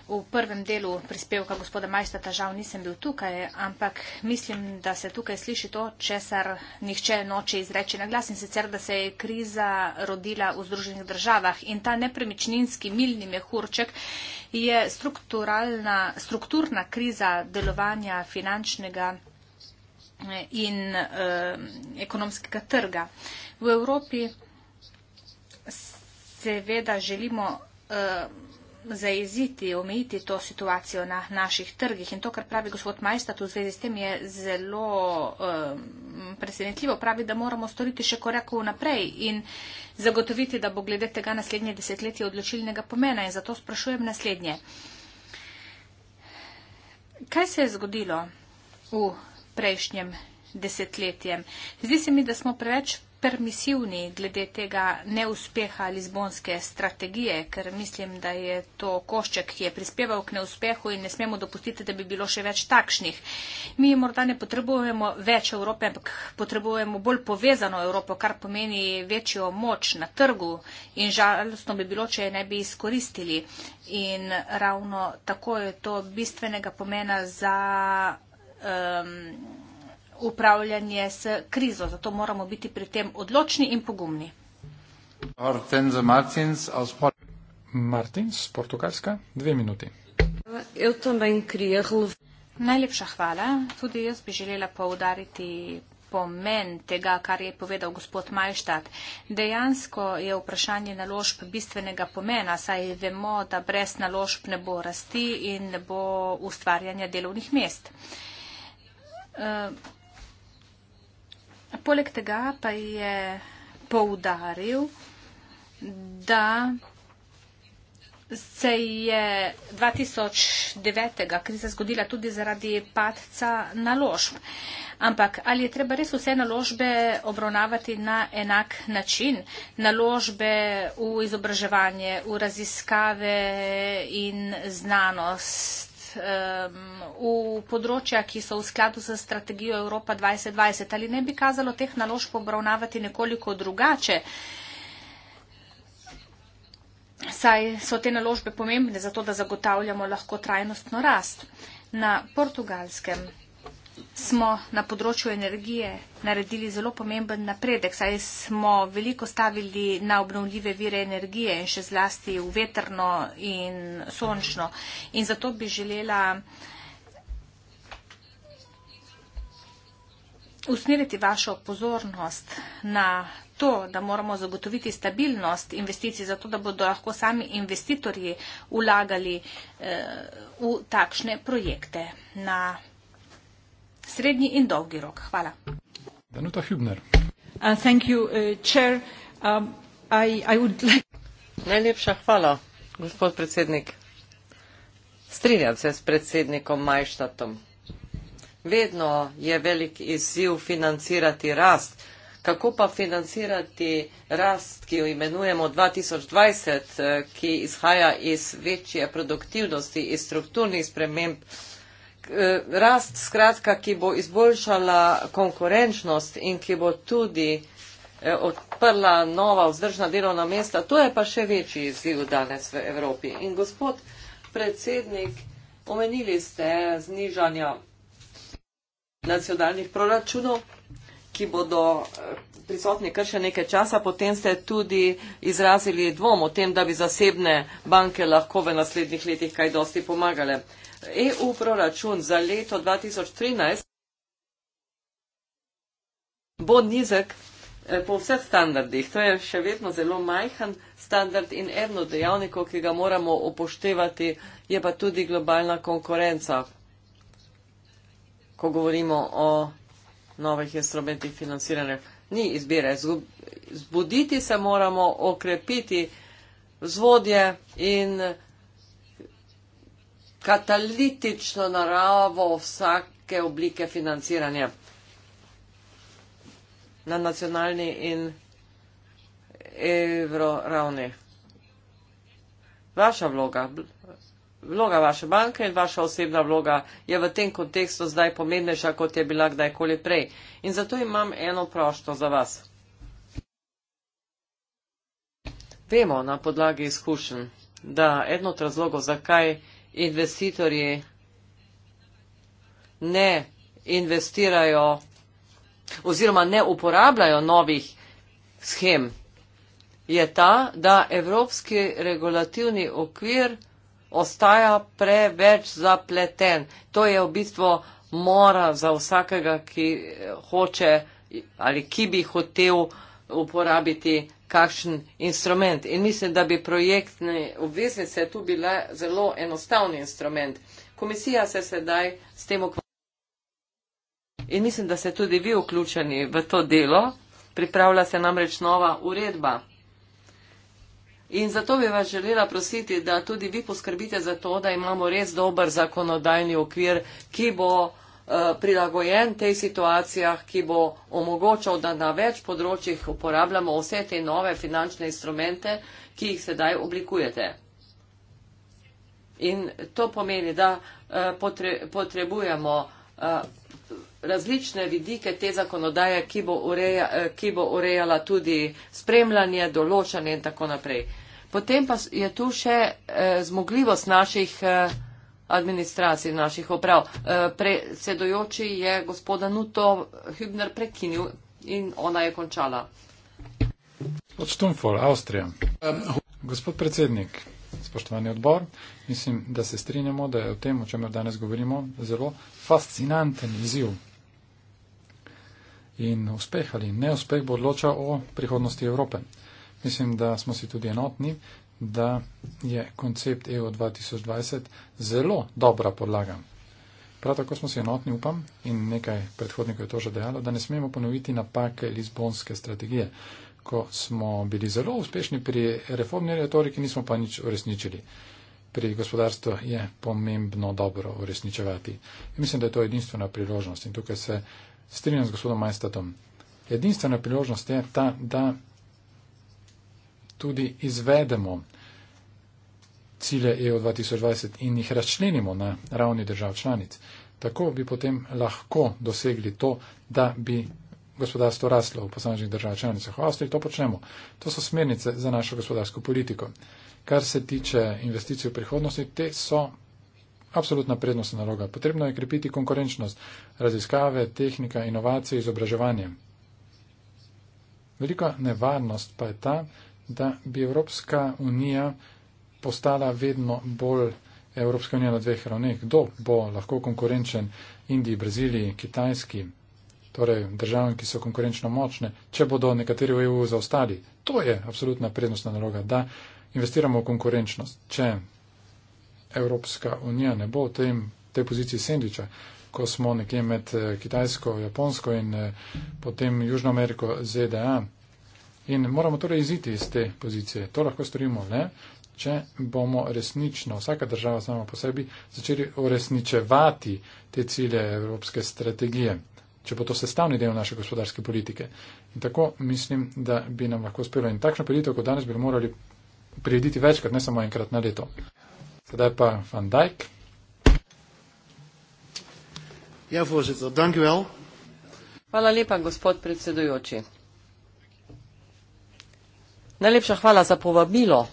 V prvem delu prispevka gospoda Majstata žal nisem bil tukaj, ampak mislim, da se tukaj sliši to, česar nihče noče izreči na glas in sicer, da se je kriza rodila v Združenih državah in ta nepremičninski milni mehurček je strukturna kriza delovanja finančnega in eh, ekonomskega trga. V Evropi seveda želimo eh, zaeziti, omejiti to situacijo na naših trgih in to, kar pravi gospod Majstat v zvezi s tem, je zelo eh, presenetljivo. Pravi, da moramo storiti še korak vnaprej in zagotoviti, da bo glede tega naslednje desetletje odločilnega pomena in zato sprašujem naslednje. Kaj se je zgodilo v. Uh prejšnjem desetletjem. Zdi se mi, da smo preveč permisivni glede tega neuspeha Lizbonske strategije, ker mislim, da je to košček, ki je prispeval k neuspehu in ne smemo dopustiti, da bi bilo še več takšnih. Mi morda ne potrebujemo več Evrope, ampak potrebujemo bolj povezano Evropo, kar pomeni večjo moč na trgu in žalostno bi bilo, če je ne bi izkoristili. In ravno tako je to bistvenega pomena za um, upravljanje s krizo. Zato moramo biti pri tem odločni in pogumni. Martins, portugalska, dve minuti. Najlepša hvala. Tudi jaz bi želela poudariti pomen tega, kar je povedal gospod Majštad. Dejansko je vprašanje naložb bistvenega pomena, saj vemo, da brez naložb ne bo rasti in ne bo ustvarjanja delovnih mest. Uh, Eh, poleg tega pa je poudaril, da se je 2009. kriza zgodila tudi zaradi padca naložb. Ampak ali je treba res vse naložbe obravnavati na enak način? Naložbe v izobraževanje, v raziskave in znanost, um, v področja, ki so v skladu z strategijo Evropa 2020, ali ne bi kazalo teh naložb obravnavati nekoliko drugače? Saj so te naložbe pomembne zato, da zagotavljamo lahko trajnostno rast. Na portugalskem smo na področju energije naredili zelo pomemben napredek, saj smo veliko stavili na obnovljive vire energije in še zlasti v veterno in sončno. In zato bi želela usmeriti vašo pozornost na to, da moramo zagotoviti stabilnost investicij, zato da bodo lahko sami investitorji vlagali eh, v takšne projekte na srednji in dolgi rok. Hvala. Danuta Hübner. Uh, thank you, uh, chair. Um, I, I would like... Najlepša hvala, gospod predsednik. Strinjam se s predsednikom Majštatom. Vedno je velik izziv financirati rast. Kako pa financirati rast, ki jo imenujemo 2020, eh, ki izhaja iz večje produktivnosti, iz strukturnih sprememb? Eh, rast, skratka, ki bo izboljšala konkurenčnost in ki bo tudi eh, odprla nova vzdržna delovna mesta, to je pa še večji izziv danes v Evropi. In gospod predsednik, omenili ste znižanja nacionalnih proračunov, ki bodo eh, prisotni kar še nekaj časa, potem ste tudi izrazili dvom o tem, da bi zasebne banke lahko v naslednjih letih kaj dosti pomagale. EU proračun za leto 2013 bo nizek eh, po vseh standardih. To je še vedno zelo majhen standard in eno dejavniko, ki ga moramo upoštevati, je pa tudi globalna konkurenca, ko govorimo o novih instrumentih financiranja. Ni izbire. Zbuditi se moramo, okrepiti vzvodje in katalitično naravo vsake oblike financiranja na nacionalni in evroravni. Vaša vloga, vloga vaše banke in vaša osebna vloga je v tem kontekstu zdaj pomembnejša, kot je bila kdajkoli prej. In zato imam eno prošto za vas. Vemo na podlagi izkušenj, da eden od razlogov, zakaj investitorji ne investirajo oziroma ne uporabljajo novih schem, je ta, da evropski regulativni okvir ostaja preveč zapleten. To je v bistvu mora za vsakega, ki hoče ali ki bi hotel uh, uporabiti kakšen instrument. In mislim, da bi projektne obveznice tu bila zelo enostaven instrument. Komisija se sedaj s tem ukvarja. In mislim, da ste tudi vi vključeni v to delo. Pripravlja se namreč nova uredba. In zato bi vas želela prositi, da tudi vi poskrbite za to, da imamo res dober zakonodajni okvir, ki bo Eh, prilagojen tej situacijah, ki bo omogočal, da na več področjih uporabljamo vse te nove finančne instrumente, ki jih sedaj oblikujete. In to pomeni, da eh, potre, potrebujemo eh, različne vidike te zakonodaje, ki bo, ureja, ki bo urejala tudi spremljanje, določanje in tako naprej. Potem pa je tu še zmogljivost naših administracij naših oprav. E, predsedujoči je gospoda Nuto Hübner prekinil in ona je končala. Odštumfol, Avstrija. Um, Gospod predsednik, spoštovani odbor, mislim, da se strinjamo, da je o tem, o čemer danes govorimo, zelo fascinanten izziv. In uspeh ali neuspeh bo odločal o prihodnosti Evrope. Mislim, da smo si tudi enotni, da je koncept EU 2020 zelo dobra podlaga. Prav tako smo si enotni, upam, in nekaj predhodnikov je to že dejalo, da ne smemo ponoviti napake Lizbonske strategije, ko smo bili zelo uspešni pri reformni retoriki, nismo pa nič uresničili. Pri gospodarstvu je pomembno dobro uresničevati. In mislim, da je to edinstvena priložnost in tukaj se strinjam z gospodom Majstatom. Edinstvena priložnost je ta, da tudi izvedemo cilje EU 2020 in jih razčlenimo na ravni držav članic, tako bi potem lahko dosegli to, da bi gospodarstvo raslo v posameznih državah članicah. V Avstriji to počnemo. To so smernice za našo gospodarsko politiko. Kar se tiče investicij v prihodnosti, te so absolutna prednostna naloga. Potrebno je krepiti konkurenčnost, raziskave, tehnika, inovacije, izobraževanje. Velika nevarnost pa je ta, da bi Evropska unija postala vedno bolj Evropska unija na dveh ravneh. Kdo bo lahko konkurenčen Indiji, Braziliji, Kitajski, torej državam, ki so konkurenčno močne, če bodo nekateri v EU zaostali? To je absolutna prednostna naloga, da investiramo v konkurenčnost. Če Evropska unija ne bo v tem, tej poziciji sendviča, ko smo nekje med eh, Kitajsko, Japonsko in eh, potem Južno Ameriko, ZDA, In moramo torej iziti iz te pozicije. To lahko storimo le, če bomo resnično, vsaka država sama po sebi, začeli uresničevati te cilje evropske strategije, če bo to sestavni del naše gospodarske politike. In tako mislim, da bi nam lahko uspelo. In takšno preditev, kot danes, bi morali prijediti večkrat, ne samo enkrat na leto. Sedaj pa Van Dijk. Ja, voorzitter, dank u wel. Hvala lepa, gospod predsedujoči. Najlepša hvala za povabilo.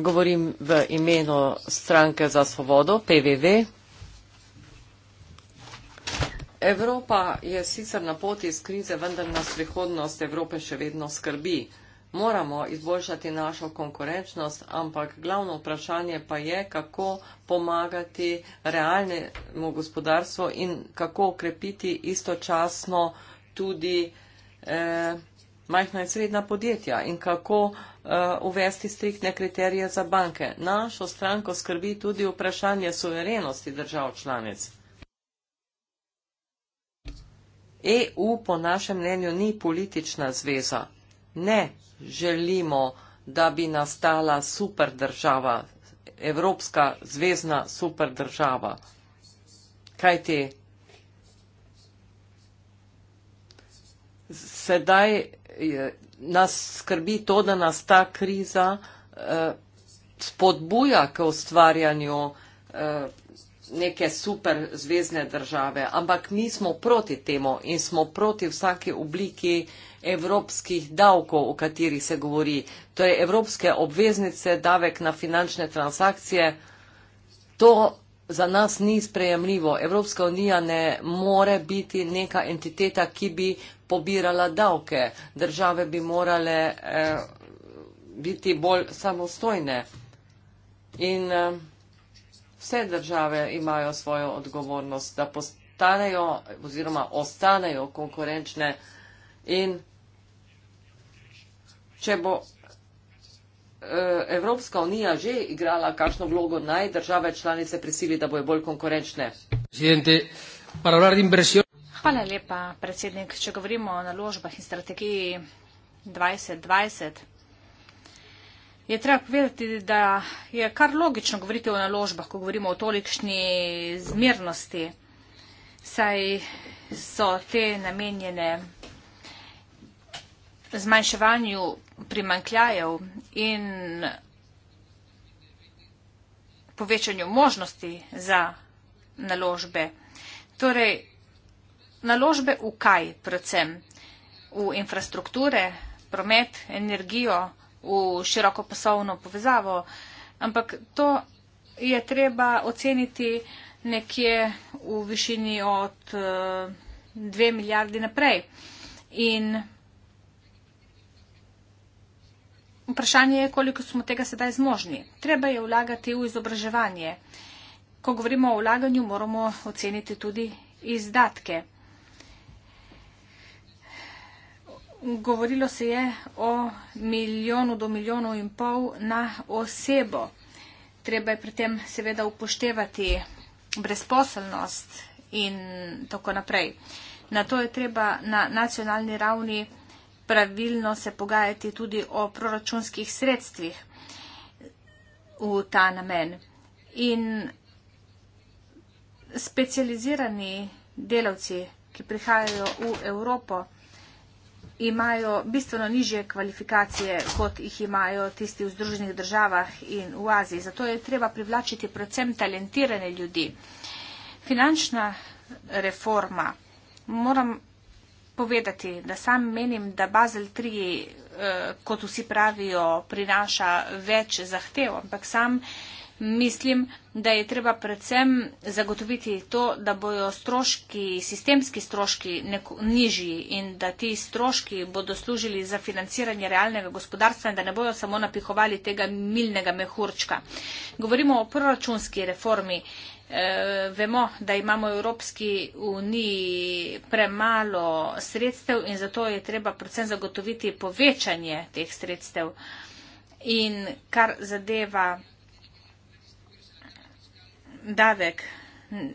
Govorim v imenu stranke za svobodo, PVV. Evropa je sicer na poti iz krize, vendar nas prihodnost Evrope še vedno skrbi. Moramo izboljšati našo konkurenčnost, ampak glavno vprašanje pa je, kako pomagati realnemu gospodarstvu in kako ukrepiti istočasno tudi uh, eh, majhna in srednja podjetja in kako eh, uvesti striktne kriterije za banke. Našo stranko skrbi tudi vprašanje suverenosti držav članic. EU po našem mnenju ni politična zveza. Ne želimo, da bi nastala super država, evropska zvezna super država. Kaj ti? Te... sedaj eh, nas skrbi to, da nas ta kriza eh, spodbuja k ustvarjanju eh, neke super zvezdne države, ampak mi smo proti temu in smo proti vsake obliki evropskih davkov, o katerih se govori. To je evropske obveznice, davek na finančne transakcije. To za nas ni sprejemljivo. Evropska unija ne more biti neka entiteta, ki bi pobirala davke. Države bi morale eh, biti bolj samostojne. In eh, vse države imajo svojo odgovornost, da postanejo oziroma ostanejo konkurenčne. In če bo Eh, Evropska unija že igrala kakšno vlogo naj države članice prisili, da bojo bolj konkurenčne? Hvala lepa, predsednik. Če govorimo o naložbah in strategiji 2020, je treba povedati, da je kar logično govoriti o naložbah, ko govorimo o tolikšni zmernosti, saj so te namenjene zmanjševanju primankljajev in povečanju možnosti za naložbe. Torej, naložbe v kaj predvsem? V infrastrukture, promet, energijo, v široko poslovno povezavo, ampak to je treba oceniti nekje v višini od 2 eh, milijardi naprej. In Vprašanje je, koliko smo tega sedaj zmožni. Treba je vlagati v izobraževanje. Ko govorimo o vlaganju, moramo oceniti tudi izdatke. Govorilo se je o milijonu do milijonu in pol na osebo. Treba je pri tem seveda upoštevati brezposelnost in tako naprej. Na to je treba na nacionalni ravni pravilno se pogajati tudi o proračunskih sredstvih v ta namen. In specializirani delavci, ki prihajajo v Evropo, imajo bistveno nižje kvalifikacije, kot jih imajo tisti v Združenih državah in v Aziji. Zato je treba privlačiti predvsem talentirane ljudi. Finančna reforma. Moram povedati, da sam menim, da Basel III, eh, kot vsi pravijo, prinaša več zahtev, ampak sam mislim, da je treba predvsem zagotoviti to, da bojo stroški, sistemski stroški neko, nižji in da ti stroški bodo služili za financiranje realnega gospodarstva in da ne bojo samo napihovali tega milnega mehurčka. Govorimo o proračunski reformi. Eh, vemo, da imamo v Evropski uniji premalo sredstev in zato je treba predvsem zagotoviti povečanje teh sredstev. In kar zadeva davek,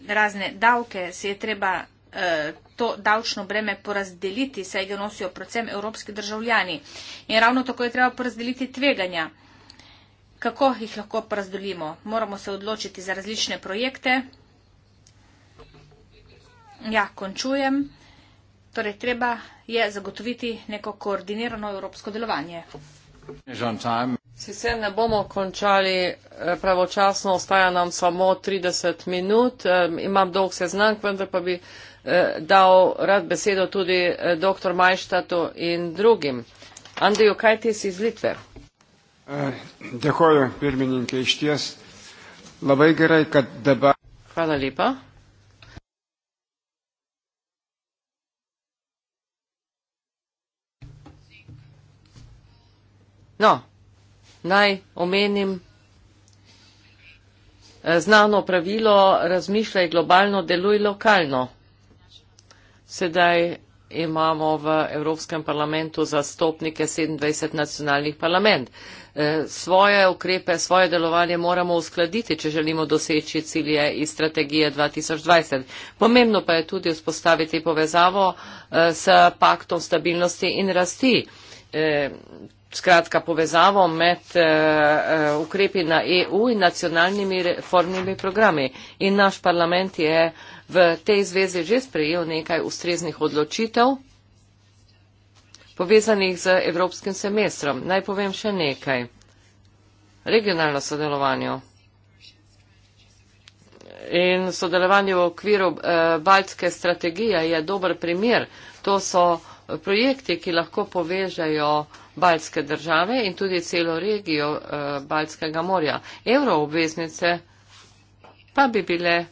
razne davke, se je treba eh, to davčno breme porazdeliti, saj ga nosijo predvsem evropski državljani. In ravno tako je treba porazdeliti tveganja kako jih lahko porazdelimo. Moramo se odločiti za različne projekte. Ja, končujem. Torej, treba je zagotoviti neko koordinirano evropsko delovanje. Sicer ne bomo končali eh, pravočasno, ostaja nam samo 30 minut. Eh, imam dolg seznam, vendar pa bi eh, dal rad besedo tudi dr. Majštatu in drugim. Andrej, kaj ti si iz Litve? E, dėkoju, pirmininkai, iš ties. Labai gerai, kad dabar. Hvala lepa. No, naj omenim e, znano pravilo, razmišljaj globalno, deluj lokalno. Sedaj imamo v Evropskem parlamentu zastopnike 27 nacionalnih parlament. E, svoje ukrepe, svoje delovanje moramo uskladiti, če želimo doseči cilje iz strategije 2020. Pomembno pa je tudi vzpostaviti povezavo e, s paktom stabilnosti in rasti. E, skratka povezavo med eh, eh, ukrepi na EU in nacionalnimi reformnimi programi. In naš parlament je v tej zvezi že sprejel nekaj ustreznih odločitev povezanih z evropskim semestrom. Naj povem še nekaj. Regionalno sodelovanje in sodelovanje v okviru eh, Baltske strategije je dober primer. To so projekti, ki lahko povežajo baljske države in tudi celo regijo eh, Baljskega morja. Euroobveznice pa bi bile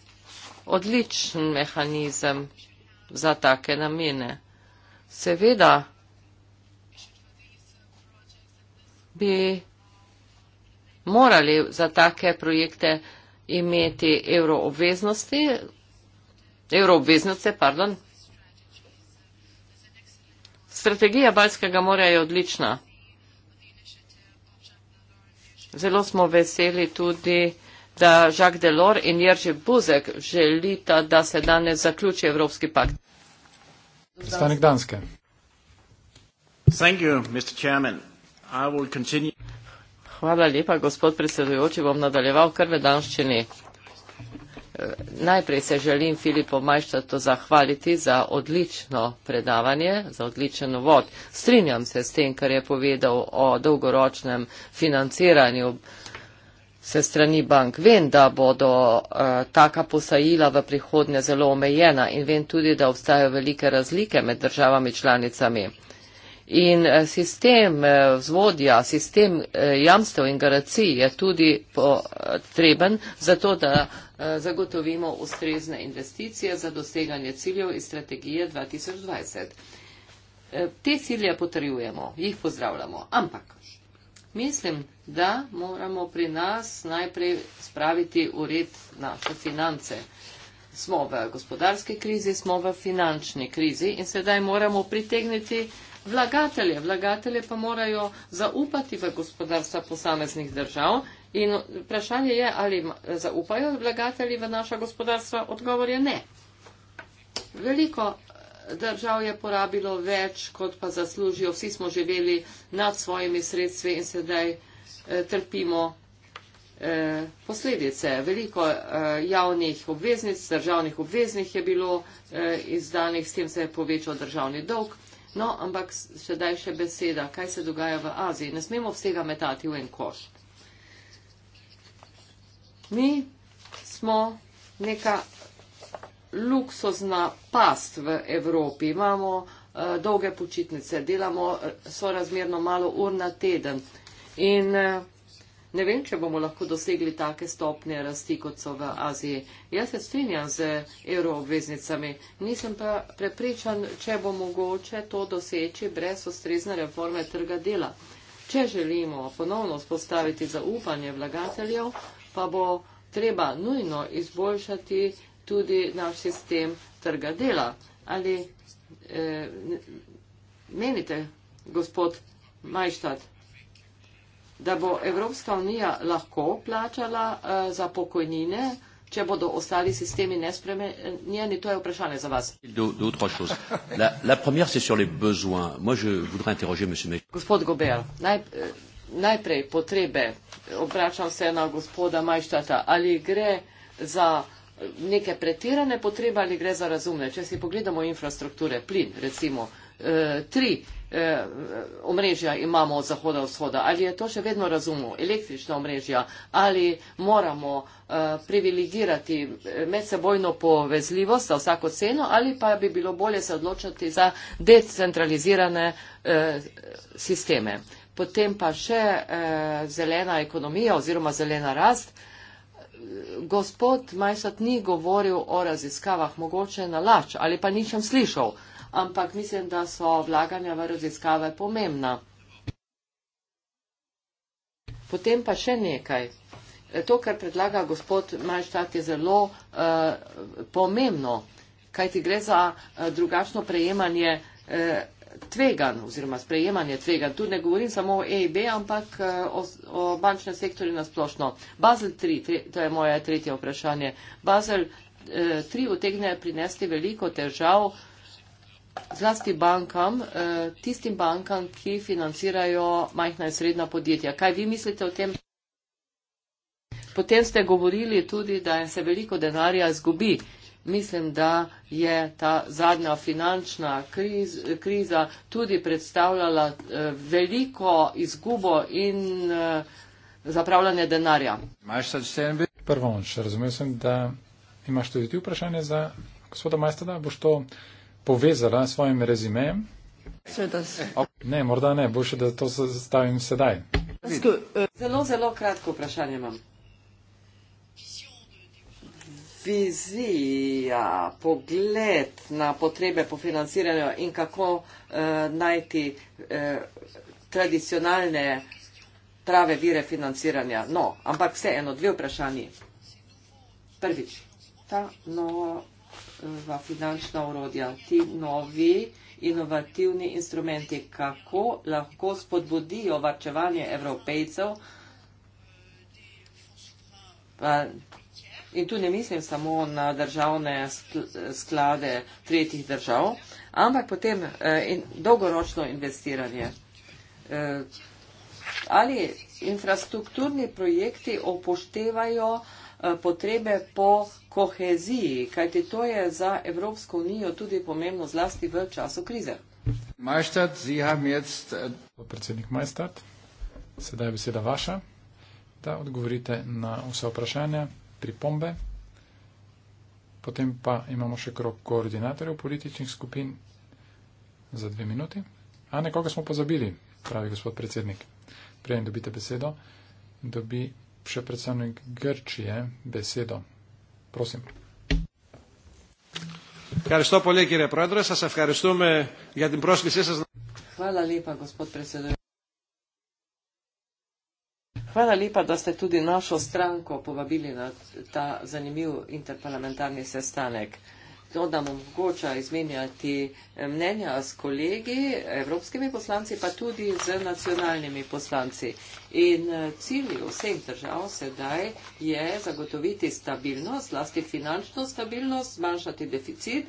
odličen mehanizem za take namene. Seveda bi morali za take projekte imeti euroobveznosti, euroobveznice, pardon, Strategija Baljskega morja je odlična. Zelo smo veseli tudi, da Jacques Delors in Jerži Buzek želita, da se danes zaključi Evropski pakt. Predstavnik Danske. Thank you, Mr. Chairman. I will continue. Hvala lepa, gospod predsedujoči, bom nadaljeval kar v danščini najprej se želim Filipu Majštatu zahvaliti za odlično predavanje, za odličen uvod. Strinjam se s tem, kar je povedal o dolgoročnem financiranju se strani bank. Vem, da bodo uh, taka posajila v prihodnje zelo omejena in vem tudi, da obstajajo velike razlike med državami članicami. In eh, sistem eh, vzvodja, sistem eh, jamstev in garancij je tudi potreben za to, da zagotovimo ustrezne investicije za doseganje ciljev iz strategije 2020. Te cilje potrjujemo, jih pozdravljamo, ampak mislim, da moramo pri nas najprej spraviti ured naše finance. Smo v gospodarski krizi, smo v finančni krizi in sedaj moramo pritegniti vlagatelje. Vlagatelje pa morajo zaupati v gospodarstva posameznih držav. In vprašanje je, ali zaupajo vlagatelji v naša gospodarstva. Odgovor je ne. Veliko eh, držav je porabilo več, kot pa zaslužijo. Vsi smo živeli nad svojimi sredstvi in sedaj eh, trpimo eh, posledice. Veliko eh, javnih obveznic, državnih obveznic je bilo eh, izdanih, s tem se je povečal državni dolg. No, ampak sedaj še beseda, kaj se dogaja v Aziji. Ne smemo vsega metati v en koš. Mi smo neka luksuzna past v Evropi. Imamo uh, dolge počitnice, delamo eh, sorazmerno malo ur na teden. In uh, ne vem, če bomo lahko dosegli take stopnje rasti, kot so v Aziji. Jaz se strinjam z euroobveznicami, nisem pa prepričan, če bo mogoče to doseči brez ustrezne reforme trga dela. Če želimo ponovno spostaviti zaupanje vlagateljev, pa bo treba nujno izboljšati tudi naš sistem trga dela. Ali eh, menite, gospod Majštad, da bo Evropska unija lahko plačala uh, za pokojnine, če bodo ostali sistemi nespremenjeni? To je vprašanje za vas. Gospod Gober, naj, najprej potrebe. Obračam se na gospoda Majštata. Ali gre za neke pretirane potrebe ali gre za razumne? Če si pogledamo infrastrukture, plin recimo, uh, tri Eh, omrežja imamo od zahoda v shoda, ali je to še vedno razumno, električna omrežja, ali moramo eh, privilegirati eh, medsebojno povezljivost za vsako ceno, ali pa bi bilo bolje se odločiti za decentralizirane sisteme. Potem pa še zelena ekonomija oziroma zelena rast. Gospod Majsat ni govoril o raziskavah, mogoče na lač ali pa ničem slišal ampak mislim, da so vlaganja v raziskave pomembna. Potem pa še nekaj. To, kar predlaga gospod Majštat, je zelo uh, pomembno, kaj ti gre za uh, drugačno prejemanje uh, eh, tvegan oziroma sprejemanje tvegan. Tu ne govorim samo o EIB, ampak uh, o, o bančnem sektorju na splošno. Bazel 3, to je moje tretje vprašanje. Bazel 3 uh, utegne prinesti veliko težav uh, zlasti bankam, eh, tistim bankam, ki financirajo majhna in srednja podjetja. Kaj vi mislite o tem? Potem ste govorili tudi, da se veliko denarja izgubi. Mislim, da je ta zadnja finančna kriz, kriza tudi predstavljala eh, veliko izgubo in eh, zapravljanje denarja. Prvo, še razumel sem, da imaš tudi ti vprašanje za gospoda Majstada. Boš to povezala s svojim rezimejem? Ne, morda ne, boljše, da to zastavim sedaj. Eh, zelo, zelo kratko vprašanje imam. Vizija, pogled na potrebe po financiranju in kako eh, najti eh, tradicionalne prave vire financiranja. No, ampak vseeno, dve vprašanje. Prvič, ta nova dva finančna urodja, ti novi inovativni instrumenti, kako lahko spodbudijo varčevanje evropejcev. In tu ne mislim samo na državne sklade tretjih držav, ampak potem eh, in dolgoročno investiranje. Eh, ali infrastrukturni projekti upoštevajo eh, potrebe po koheziji, kajti to je za Evropsko unijo tudi pomembno zlasti v času krize. Majstat, Sie haben jetzt... Äh, Podpredsednik Majstat, sedaj je beseda vaša, da odgovorite na vse vprašanja, pripombe. Potem pa imamo še krok koordinatorjev političnih skupin za dve minuti. A nekoga smo pozabili, pravi gospod predsednik. Prej dobite besedo, dobi še predstavnik Grčije besedo. Prosim. Ευχαριστώ πολύ κύριε Πρόεδρε. Σας ευχαριστούμε για την πρόσκλησή σας. Hvala lepa, gospod predsedujoči. Hvala lepa, da ste tudi našo stranko povabili na ta zanimiv interparlamentarni sestanek to, da mu mogoče izmenjati eh, mnenja s kolegi, evropskimi poslanci, pa tudi z nacionalnimi poslanci. In eh, cilj vseh držav sedaj je zagotoviti stabilnost, lasti finančno stabilnost, zmanjšati deficit,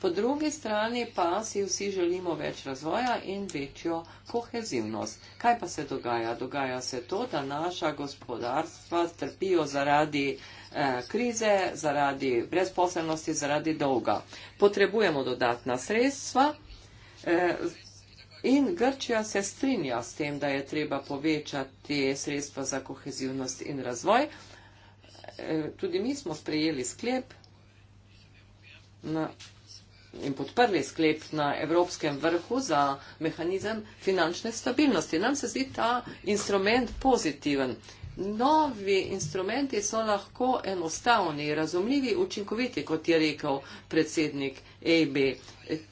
po drugi strani pa si vsi želimo več razvoja in večjo kohezivnost. Kaj pa se dogaja? Dogaja se to, da naša gospodarstva trpijo zaradi Eh, krize, zaradi brezposelnosti, zaradi dolga. Potrebujemo dodatna sredstva eh, in Grčija se strinja s tem, da je treba povečati sredstva za kohezivnost in razvoj. Eh, tudi mi smo sprejeli sklep na in podprli sklep na Evropskem vrhu za mehanizem finančne stabilnosti. Nam se zdi ta instrument pozitiven novi instrumenti so lahko enostavni, razumljivi, učinkoviti, kot je rekel predsednik EB.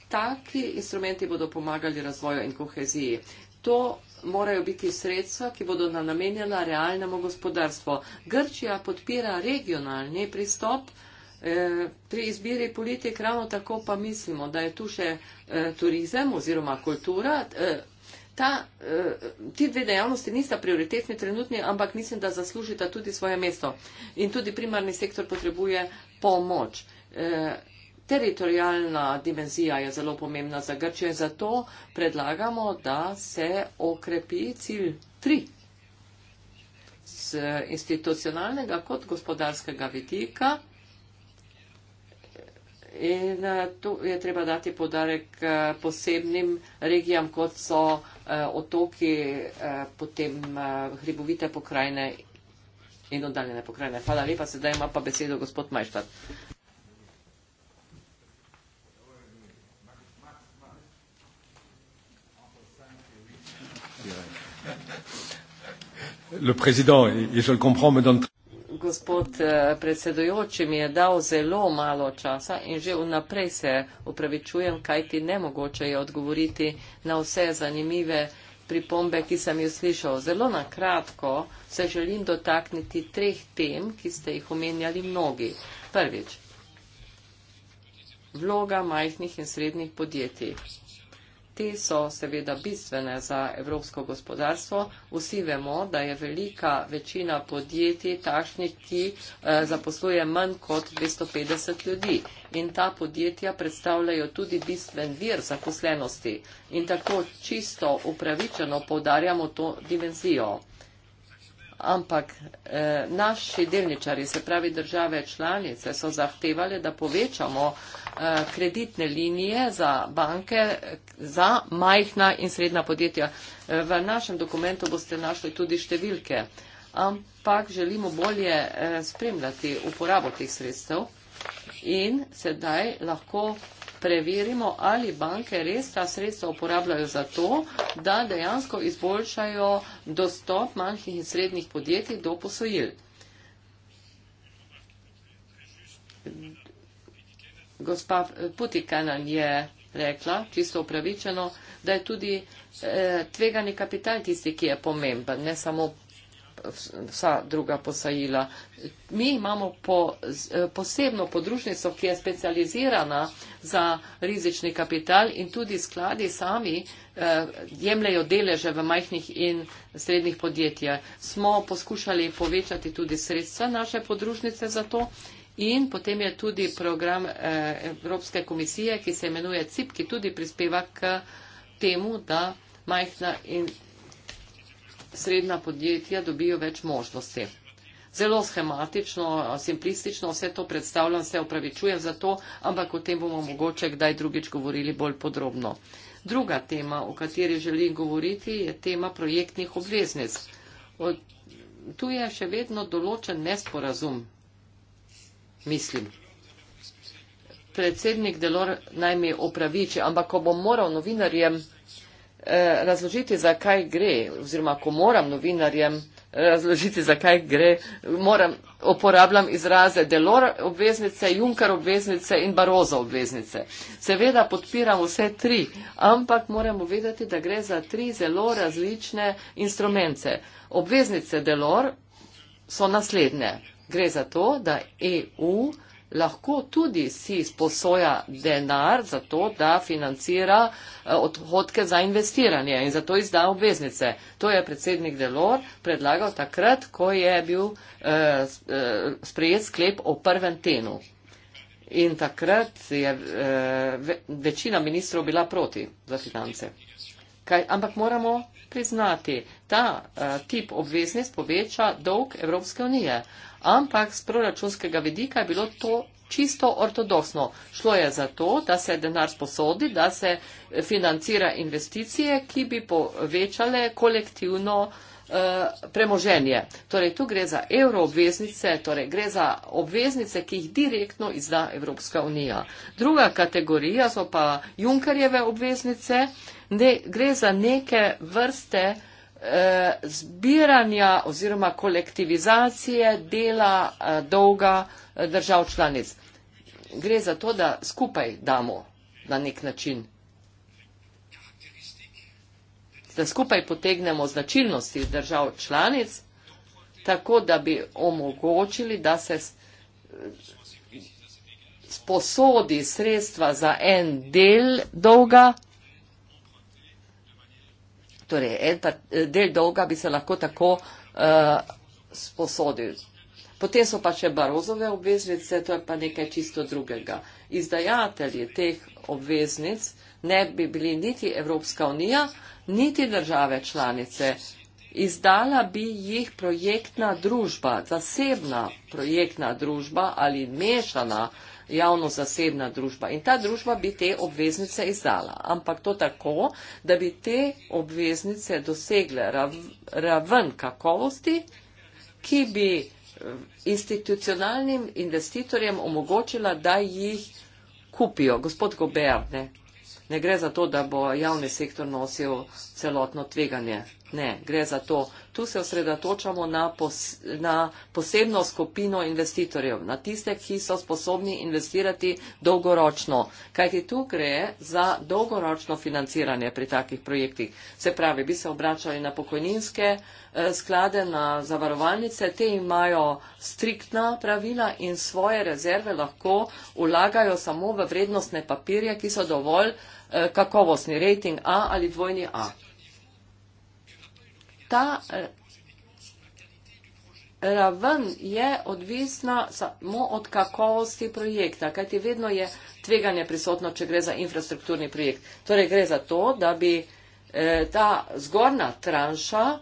Taki instrumenti bodo pomagali razvoju in koheziji. To morajo biti sredstva, ki bodo namenjena realnemu gospodarstvu. Grčija podpira regionalni pristop eh, pri izbiri politik, ravno tako pa mislimo, da je tu še eh, turizem oziroma kultura, eh, ta, eh, ti dve dejavnosti nista prioritetni trenutni, ampak mislim, da zaslužita tudi svoje mesto. In tudi primarni sektor potrebuje pomoč. Eh, Teritorijalna dimenzija je zelo pomembna za Grčijo in zato predlagamo, da se okrepi cilj 3 z institucionalnega kot gospodarskega vidika. In eh, tu je treba dati podarek posebnim regijam, kot so Eh, otoki, eh, potem eh, hribovite pokrajine in oddaljene pokrajine. Hvala lepa, sedaj ima pa besedo gospod Majštad. Le président, et je le comprends, me donne gospod eh, predsedujoči mi je dal zelo malo časa in že vnaprej se upravičujem, kaj ti nemogoče je odgovoriti na vse zanimive pripombe, ki sem jo slišal. Zelo nakratko se želim dotakniti treh tem, ki ste jih omenjali mnogi. Prvič, vloga majhnih in srednjih podjetij te so seveda bistvene za evropsko gospodarstvo. Vsi vemo, da je velika večina podjetij takšnih, ki eh, zaposluje manj kot 250 ljudi. In ta podjetja predstavljajo tudi bistven vir zaposlenosti. In tako čisto upravičeno povdarjamo to dimenzijo ampak eh, naši delničari, se pravi države članice, so zahtevali, da povečamo eh, kreditne linije za banke, za majhna in srednja podjetja. Eh, v našem dokumentu boste našli tudi številke, ampak želimo bolje eh, spremljati uporabo teh sredstev in sedaj lahko preverimo, ali banke res ta sredstva uporabljajo za to, da dejansko izboljšajo dostop manjših in srednjih podjetij do posojil. Gospa Putikanan je rekla, čisto upravičeno, da je tudi eh, tvegani kapital tisti, ki je pomemben, ne samo vsa druga posajila. Mi imamo po, eh, posebno podružnico, ki je specializirana za rizični kapital in tudi skladi sami eh, jemljajo deleže v majhnih in srednjih podjetjih. Smo poskušali povečati tudi sredstva naše podružnice za to. In potem je tudi program eh, Evropske komisije, ki se imenuje CIP, ki tudi prispeva k temu, da majhna in srednja podjetja dobijo več možnosti. Zelo schematično, simplistično vse to predstavljam, se opravičujem za to, ampak o tem bomo mogoče kdaj drugič govorili bolj podrobno. Druga tema, o kateri želim govoriti, je tema projektnih obveznic. Tu je še vedno določen nesporazum, mislim. Predsednik Delor naj mi opraviči, ampak ko bom moral novinarjem Eh, razložiti, zakaj gre, oziroma ko moram novinarjem eh, razložiti, zakaj gre, moram, uporabljam izraze Delor obveznice, Junker obveznice in Barozo obveznice. Seveda podpiram vse tri, ampak moramo vedeti, da gre za tri zelo različne instrumente. Obveznice Delor so naslednje. Gre za to, da EU lahko tudi si sposoja denar za to, da financira eh, odhodke za investiranje in zato izda obveznice. To je predsednik Delor predlagal takrat, ko je bil eh, eh sprejet sklep o prvem tenu. In takrat je eh, večina ministrov bila proti za finance. Kaj, ampak moramo priznati, ta a, eh, tip obveznost poveča dolg Evropske unije. Ampak z proračunskega vidika je bilo to čisto ortodoksno. Šlo je za to, da se denar sposodi, da se financira investicije, ki bi povečale kolektivno a, Eh, premoženje. Torej, tu gre za euroobveznice, torej gre za obveznice, ki jih direktno izda Evropska unija. Druga kategorija so pa Junkerjeve obveznice, ne, gre za neke vrste eh, zbiranja oziroma kolektivizacije dela eh, dolga eh, držav članic. Gre za to, da skupaj damo na nek način da skupaj potegnemo značilnosti držav članic, tako da bi omogočili, da se sposodi sredstva za en del dolga, torej en eh, del dolga bi se lahko tako uh, sposodil. Potem so pa še barozove obveznice, to je pa nekaj čisto drugega. Izdajatelji teh obveznic uh, ne bi bili niti Evropska unija, niti države članice. Izdala bi jih projektna družba, zasebna projektna družba ali mešana javno-zasebna družba. In ta družba bi te obveznice izdala. Ampak to tako, da bi te obveznice dosegle rav, raven kakovosti, ki bi eh, institucionalnim investitorjem omogočila, da jih kupijo. Gospod Gobert, ne, Ne gre za to, da bo javni sektor nosil celotno tveganje. Ne, gre za to. Tu se osredotočamo na, pos, na posebno skupino investitorjev, na tiste, ki so sposobni investirati dolgoročno. Kajti tu gre za dolgoročno financiranje pri takih projektih. Se pravi, bi se obračali na pokojninske eh, sklade, na zavarovalnice, te imajo striktna pravila in svoje rezerve lahko ulagajo samo v vrednostne papirje, ki so dovolj Eh, kakovostni rejting A ali dvojni A. Ta eh, raven je odvisna samo od kakovosti projekta, kajti vedno je tveganje prisotno, če gre za infrastrukturni projekt. Torej gre za to, da bi eh, ta zgornja tranša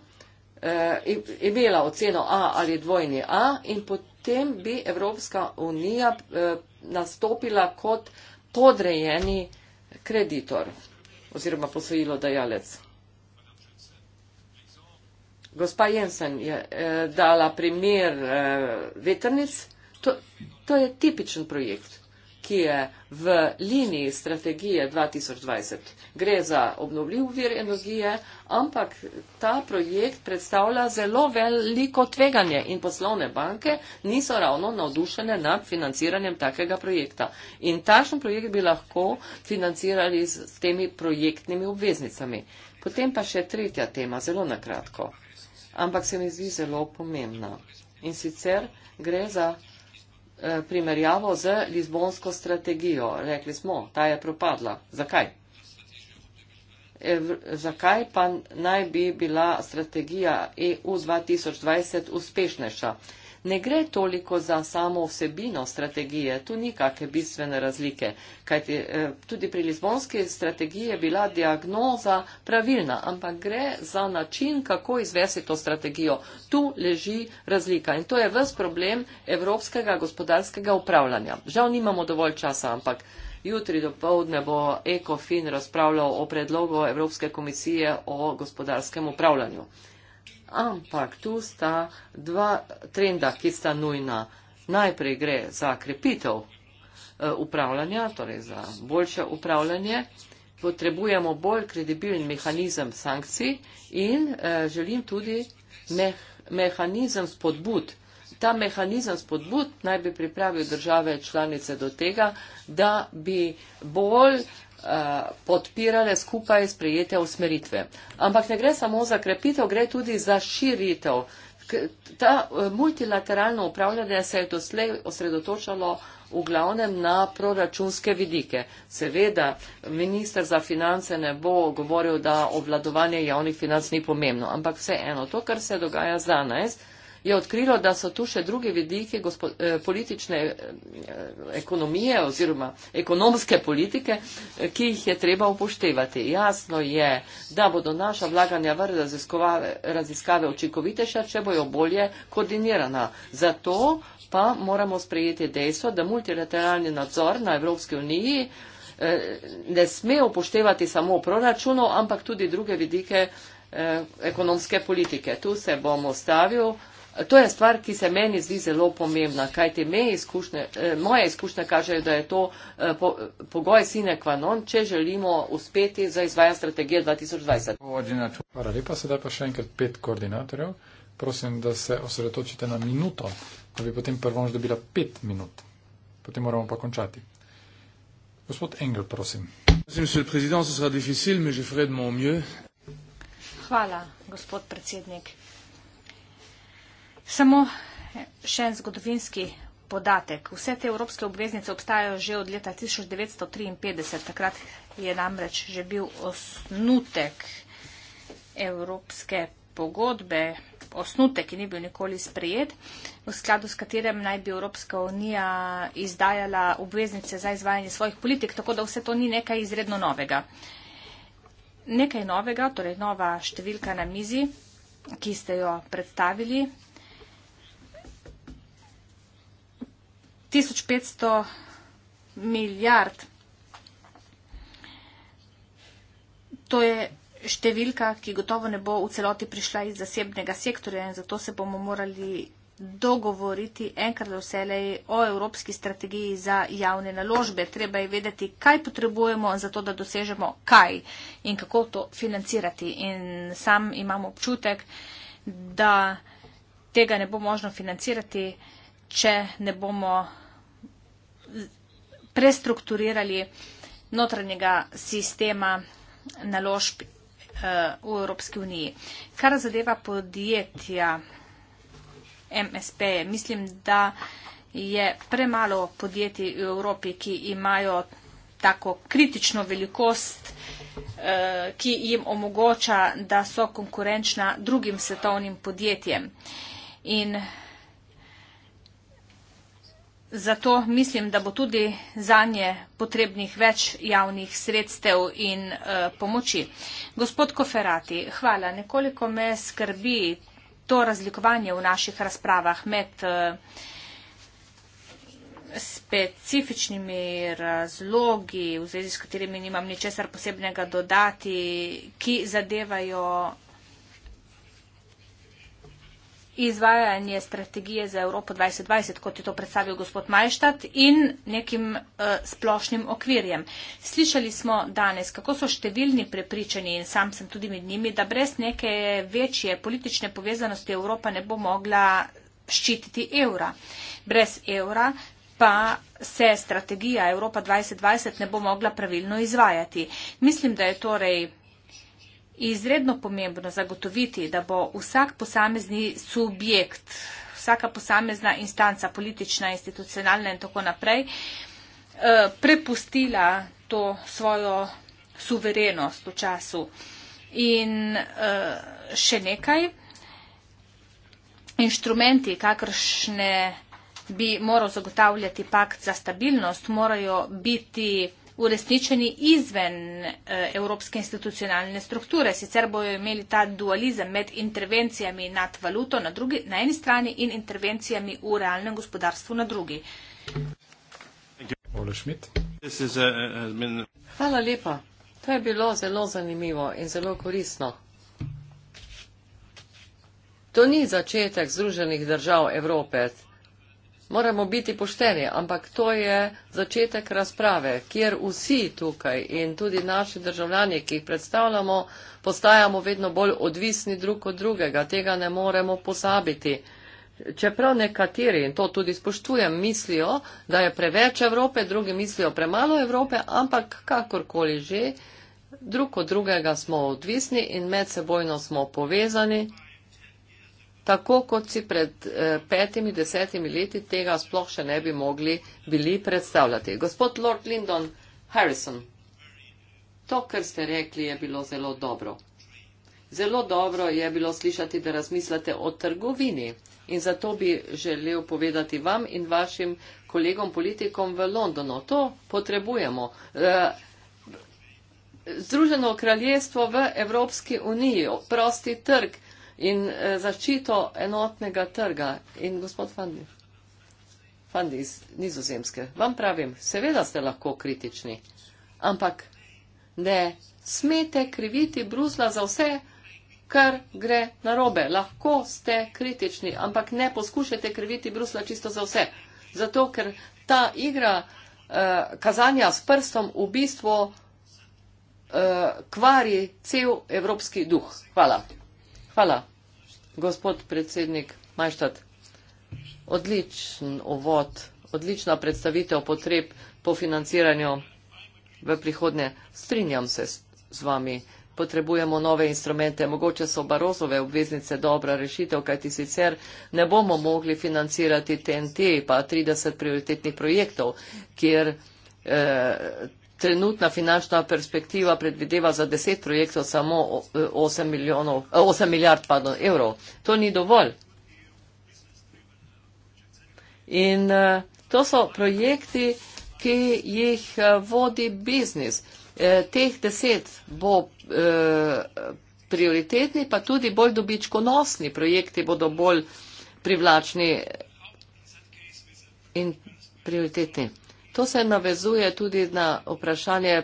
imela oceno A ali dvojni A in potem bi Evropska unija nastopila kot podrejeni projekt kreditor oziroma posojilo dajalec. Gospa Jensen je eh, dala primer eh, vetrnic. To, to je tipičen projekt ki je v liniji strategije 2020. Gre za obnovljiv vir energije, ampak ta projekt predstavlja zelo veliko tveganje in poslovne banke niso ravno navdušene nad financiranjem takega projekta. In takšen projekt bi lahko financirali s temi projektnimi obveznicami. Potem pa še tretja tema, zelo nakratko, ampak se mi zdi zelo pomembna. In sicer gre za Eh, primerjavo z Lizbonsko strategijo. Rekli smo, ta je propadla. Zakaj? Ev, zakaj pa naj bi bila strategija EU 2020 uspešnejša? ne gre toliko za samo vsebino strategije, tu ni kakšne bistvene razlike, kajti eh, tudi pri Lizbonski strategiji je bila diagnoza pravilna, ampak gre za način, kako izvesti to strategijo. Tu leži razlika in to je vse problem evropskega gospodarskega upravljanja. Žal nimamo dovolj časa, ampak. Jutri do povdne bo ECOFIN razpravljal o predlogu Evropske komisije o gospodarskem upravljanju ampak tu sta dva trenda, ki sta nujna. Najprej gre za krepitev eh, upravljanja, torej za boljše upravljanje. Potrebujemo bolj kredibilen mehanizem sankcij in eh, želim tudi me mehanizem spodbud. Ta mehanizem spodbud naj bi pripravil države članice do tega, da bi bolj eh, Eh, podpirale skupaj sprejete usmeritve. Ampak ne gre samo za krepitev, gre tudi za širitev. Ta eh, multilateralno upravljanje se je doslej osredotočalo v glavnem na proračunske vidike. Seveda, minister za finance ne bo govoril, da obvladovanje javnih financ ni pomembno, ampak vseeno, to, kar se dogaja danes, je odkrilo, da so tu še druge vidike eh, politične eh, ekonomije oziroma ekonomske politike, eh, ki jih je treba upoštevati. Jasno je, da bodo naša vlaganja v raziskave očikoviteša, če bojo bolje koordinirana. Zato pa moramo sprejeti dejstvo, da multilateralni nadzor na Evropski uniji ne sme upoštevati samo proračuno, ampak tudi druge vidike ekonomske politike. Tu se bom ostavil. To je stvar, ki se meni zdi zelo pomembna, kajti izkušnje, eh, moja izkušnja kaže, da je to eh, po, pogoj sine qua non, če želimo uspeti za izvaja strategije 2020. Hvala lepa, sedaj pa še enkrat pet koordinatorjev. Prosim, da se osredotočite na minuto, da bi potem prvo že dobila pet minut. Potem moramo pa končati. Gospod Engel, prosim. Hvala, gospod predsednik. Samo še en zgodovinski podatek. Vse te evropske obveznice obstajajo že od leta 1953. Takrat je namreč že bil osnutek evropske pogodbe, osnutek, ki ni bil nikoli sprejet, v skladu s katerem naj bi Evropska unija izdajala obveznice za izvajanje svojih politik, tako da vse to ni nekaj izredno novega. Nekaj novega, torej nova številka na mizi, ki ste jo predstavili, 1500 milijard. To je številka, ki gotovo ne bo v celoti prišla iz zasebnega sektorja in zato se bomo morali dogovoriti enkrat do vselej o evropski strategiji za javne naložbe. Treba je vedeti, kaj potrebujemo za to, da dosežemo kaj in kako to financirati. In sam imam občutek, da tega ne bo možno financirati če ne bomo prestrukturirali notranjega sistema naložb eh, v Evropski uniji. Kar zadeva podjetja MSP, mislim, da je premalo podjetij v Evropi, ki imajo tako kritično velikost, eh, ki jim omogoča, da so konkurenčna drugim svetovnim podjetjem. In Zato mislim, da bo tudi za nje potrebnih več javnih sredstev in e, pomoči. Gospod Koferati, hvala. Nekoliko me skrbi to razlikovanje v naših razpravah med e, specifičnimi razlogi, v zvezi s katerimi nimam ničesar posebnega dodati, ki zadevajo izvajanje strategije za Evropo 2020, kot je to predstavil gospod Majštad, in nekim uh, splošnim okvirjem. Slišali smo danes, kako so številni prepričani in sam sem tudi med njimi, da brez neke večje politične povezanosti Evropa ne bo mogla ščititi evra. Brez evra pa se strategija Evropa 2020 ne bo mogla pravilno izvajati. Mislim, da je torej izredno pomembno zagotoviti, da bo vsak posamezni subjekt, vsaka posamezna instanca, politična, institucionalna in tako naprej, eh, prepustila to svojo suverenost v času. In eh, še nekaj, inštrumenti, kakršne bi moral zagotavljati pakt za stabilnost, morajo biti uresničeni izven eh, evropske institucionalne strukture. Sicer bojo imeli ta dualizem med intervencijami nad valuto na, drugi, na eni strani in intervencijami v realnem gospodarstvu na drugi. Hvala lepa. To je bilo zelo zanimivo in zelo koristno. To ni začetek Združenih držav Evrope moramo biti pošteni, ampak to je začetek razprave, kjer vsi tukaj in tudi naši državljani, ki jih predstavljamo, postajamo vedno bolj odvisni drug od drugega. Tega ne moremo pozabiti. Čeprav nekateri, in to tudi spoštujem, mislijo, da je preveč Evrope, drugi mislijo premalo Evrope, ampak kakorkoli že, drug od drugega smo odvisni in medsebojno smo povezani tako kot si pred eh, petimi, desetimi leti tega sploh še ne bi mogli bili predstavljati. Gospod Lord Lyndon Harrison, to, kar ste rekli, je bilo zelo dobro. Zelo dobro je bilo slišati, da razmislite o trgovini in zato bi želel povedati vam in vašim kolegom politikom v Londonu. To potrebujemo. Eh, Združeno kraljestvo v Evropski uniji, prosti trg, in eh, zaščito enotnega trga. In gospod Fandis, Fandis, nizozemske, vam pravim, seveda ste lahko kritični, ampak ne smete kriviti Bruzla za vse, kar gre narobe. Lahko ste kritični, ampak ne poskušajte kriviti Bruzla čisto za vse. Zato, ker ta igra eh, kazanja s prstom v bistvu eh, kvari cel evropski duh. Hvala. Hvala, gospod predsednik Majštad. Odličen uvod, odlična predstavitev potreb po financiranju v prihodnje. Strinjam se z vami. Potrebujemo nove instrumente, mogoče so Barozove obveznice dobra rešitev, kajti sicer ne bomo mogli financirati TNT pa 30 prioritetnih projektov, kjer eh, Trenutna finančna perspektiva predvideva za deset projektov samo 8, e, milijonov, 8 e, milijard pardon, evrov. To ni dovolj. In e, to so projekti, ki jih vodi biznis. Teh deset bo prioritetni, pa tudi bolj dobičkonosni projekti bodo bolj privlačni in prioritetni. To se navezuje tudi na vprašanje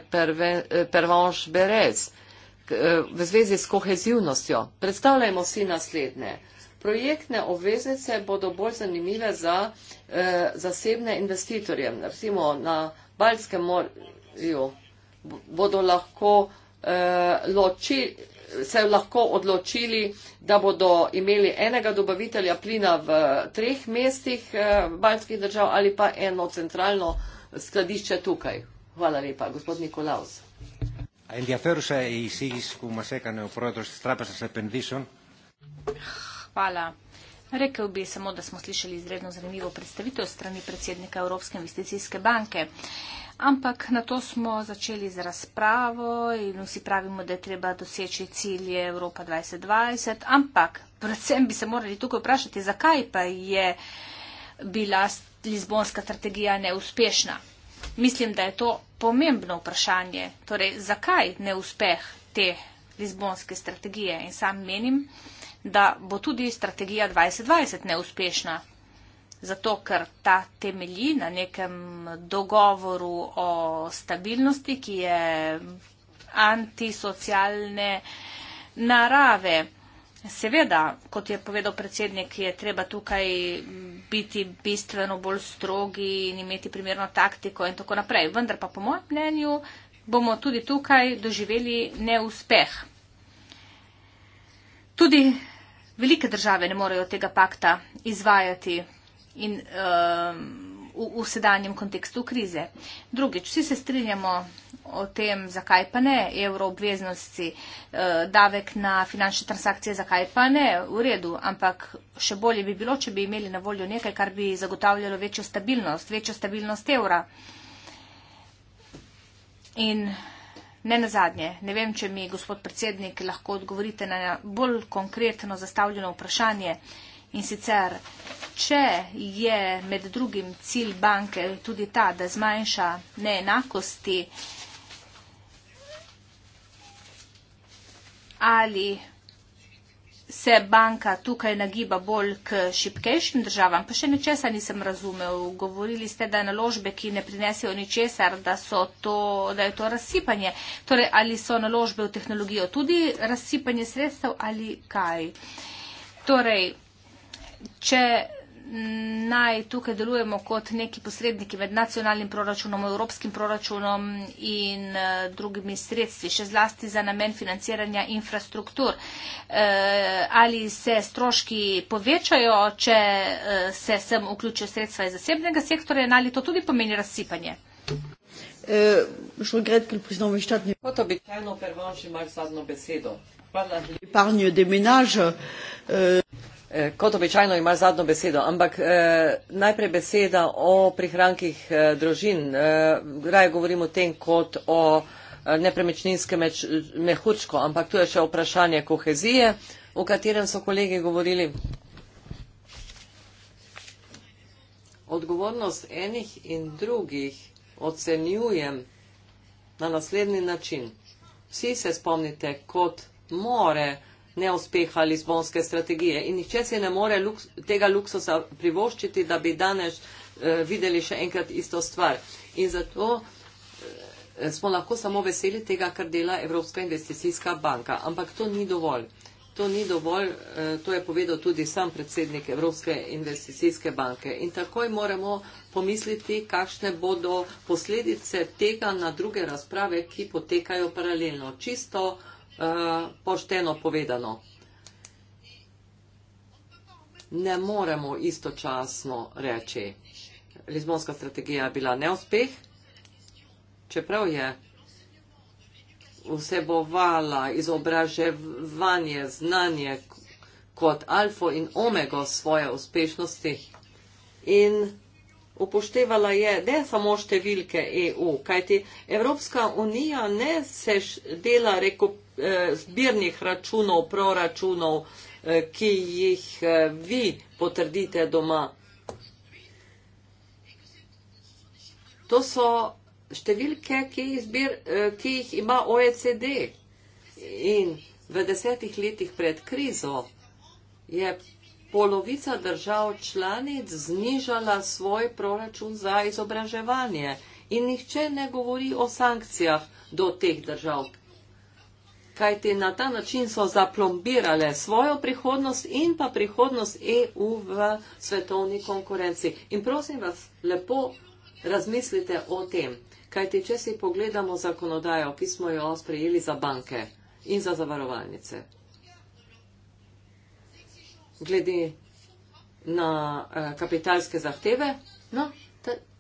Pervanš eh, Berec eh, v zvezi s kohezivnostjo. Predstavljajmo si naslednje. Projektne obveznice bodo bolj zanimive za eh, zasebne investitorje. Recimo na Baljskem morju bodo lahko loči se lahko odločili, da bodo imeli enega dobavitelja plina v treh mestih baljskih držav ali pa eno centralno skladišče tukaj. Hvala lepa, gospod Nikolaus. E Hvala. Rekel bi samo, da smo slišali izredno zanimivo predstavitev strani predsednika Evropske investicijske banke. Ampak na to smo začeli z razpravo in vsi pravimo, da je treba doseči cilje Evropa 2020. Ampak predvsem bi se morali tukaj vprašati, zakaj pa je bila Lizbonska strategija neuspešna? Mislim, da je to pomembno vprašanje. Torej, zakaj neuspeh te Lizbonske strategije? In sam menim, da bo tudi strategija 2020 neuspešna. Zato, ker ta temelji na nekem dogovoru o stabilnosti, ki je antisocialne narave. Seveda, kot je povedal predsednik, je treba tukaj biti bistveno bolj strogi in imeti primerno taktiko in tako naprej. Vendar pa po mojem mnenju bomo tudi tukaj doživeli neuspeh. Tudi velike države ne morejo tega pakta izvajati in um, v, v sedanjem kontekstu krize. Drugič, vsi se strinjamo o tem, zakaj pa ne, evro obveznosti, eh, davek na finančne transakcije, zakaj pa ne, v redu, ampak še bolje bi bilo, če bi imeli na voljo nekaj, kar bi zagotavljalo večjo stabilnost, večjo stabilnost evra. In ne na zadnje, ne vem, če mi, gospod predsednik, lahko odgovorite na bolj konkretno zastavljeno vprašanje. In sicer, če je med drugim cilj banke tudi ta, da zmanjša neenakosti ali se banka tukaj nagiba bolj k šipkejšim državam, pa še ničesar nisem razumel. Govorili ste, da je naložbe, ki ne prinesejo ničesar, da, da je to razsipanje. Torej, ali so naložbe v tehnologijo tudi razsipanje sredstev ali kaj. Torej, če naj tukaj delujemo kot neki posredniki med nacionalnim proračunom, evropskim proračunom in uh, drugimi sredstvi, še zlasti za namen financiranja infrastruktur. Uh, ali se stroški povečajo, če uh, se sem vključijo sredstva iz zasebnega sektorja, ali to tudi pomeni razsipanje? Kot običajno, prvo še mar zadnjo besedo. Hvala. Eh, kot običajno imaš zadnjo besedo, ampak eh, najprej beseda o prihrankih eh, družin. Eh, raje govorimo o tem kot o eh, nepremičninskem mehučku, ampak tu je še vprašanje kohezije, o katerem so kolegi govorili. Odgovornost enih in drugih ocenjujem na naslednji način. Vsi se spomnite kot more neuspeha Lizbonske strategije. In nihče si ne more luks, tega luksusa privoščiti, da bi danes eh, videli še enkrat isto stvar. In zato eh, smo lahko samo veseli tega, kar dela Evropska investicijska banka. Ampak to ni dovolj. To ni dovolj, eh, to je povedal tudi sam predsednik Evropske investicijske banke. In takoj moramo pomisliti, kakšne bodo posledice tega na druge razprave, ki potekajo paralelno. Čisto uh, Eh, pošteno povedano. Ne moremo istočasno reči. Lizbonska strategija je bila neuspeh, čeprav je vsebovala izobraževanje, znanje kot alfo in omego svoje uspešnosti in upoštevala je ne samo številke EU, kajti Evropska unija ne se dela rekopiranja Eh, zbirnih računov, proračunov, eh, ki jih eh, vi potrdite doma. To so številke, ki jih, zbir, ki jih ima OECD. In v desetih letih pred krizo je polovica držav članic znižala svoj proračun za izobraževanje. In nihče ne govori o sankcijah do teh držav kajti na ta način so zaplombirale svojo prihodnost in pa prihodnost EU v svetovni konkurenci. In prosim vas, lepo razmislite o tem, kajti če si pogledamo zakonodajo, ki smo jo sprejeli za banke in za zavarovalnice, glede na eh, kapitalske zahteve, no,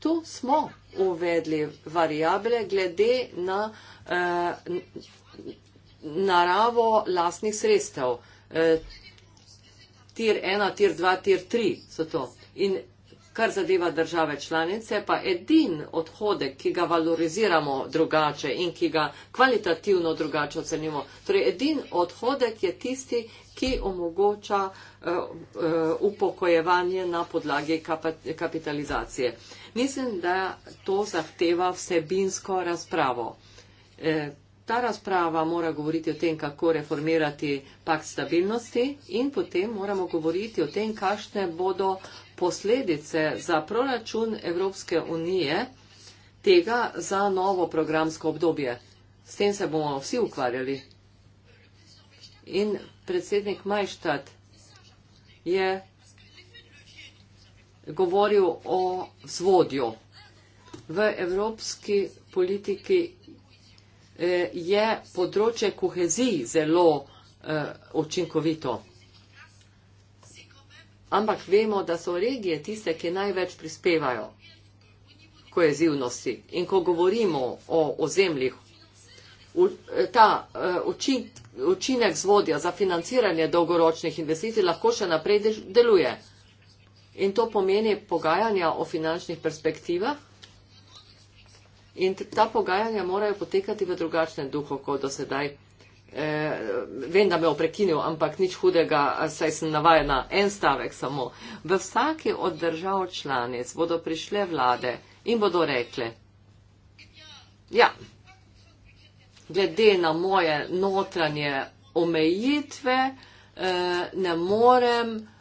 tu smo uvedli variable glede na. Eh, naravo lastnih sredstev. E, tir 1, tir 2, tir 3 so to. In kar zadeva države članice, pa edin odhodek, ki ga valoriziramo drugače in ki ga kvalitativno drugače ocenimo. Torej, edin odhodek je tisti, ki omogoča uh, uh, upokojevanje na podlagi kapitalizacije. Mislim, da to zahteva vsebinsko razpravo. Uh, ta razprava mora govoriti o tem, kako reformirati pak stabilnosti in potem moramo govoriti o tem, kakšne bodo posledice za proračun Evropske unije tega za novo programsko obdobje. S tem se bomo vsi ukvarjali. In predsednik Majštad je govoril o vzvodju. V evropski politiki Eh, je področje koheziji zelo eh, učinkovito. Ampak vemo, da so regije tiste, ki največ prispevajo kohezivnosti. In ko govorimo o ozemljih, eh, ta eh, učinek zvodja za financiranje dolgoročnih investicij lahko še naprej deluje. In to pomeni pogajanja o finančnih perspektivah In ta pogajanja morajo potekati v drugačnem duhu, kot do sedaj. E, vem, da me je prekinil, ampak nič hudega, saj sem navajena en stavek samo. V vsaki od držav članic bodo prišle vlade in bodo rekle, ja, glede na moje notranje omejitve, e, ne morem.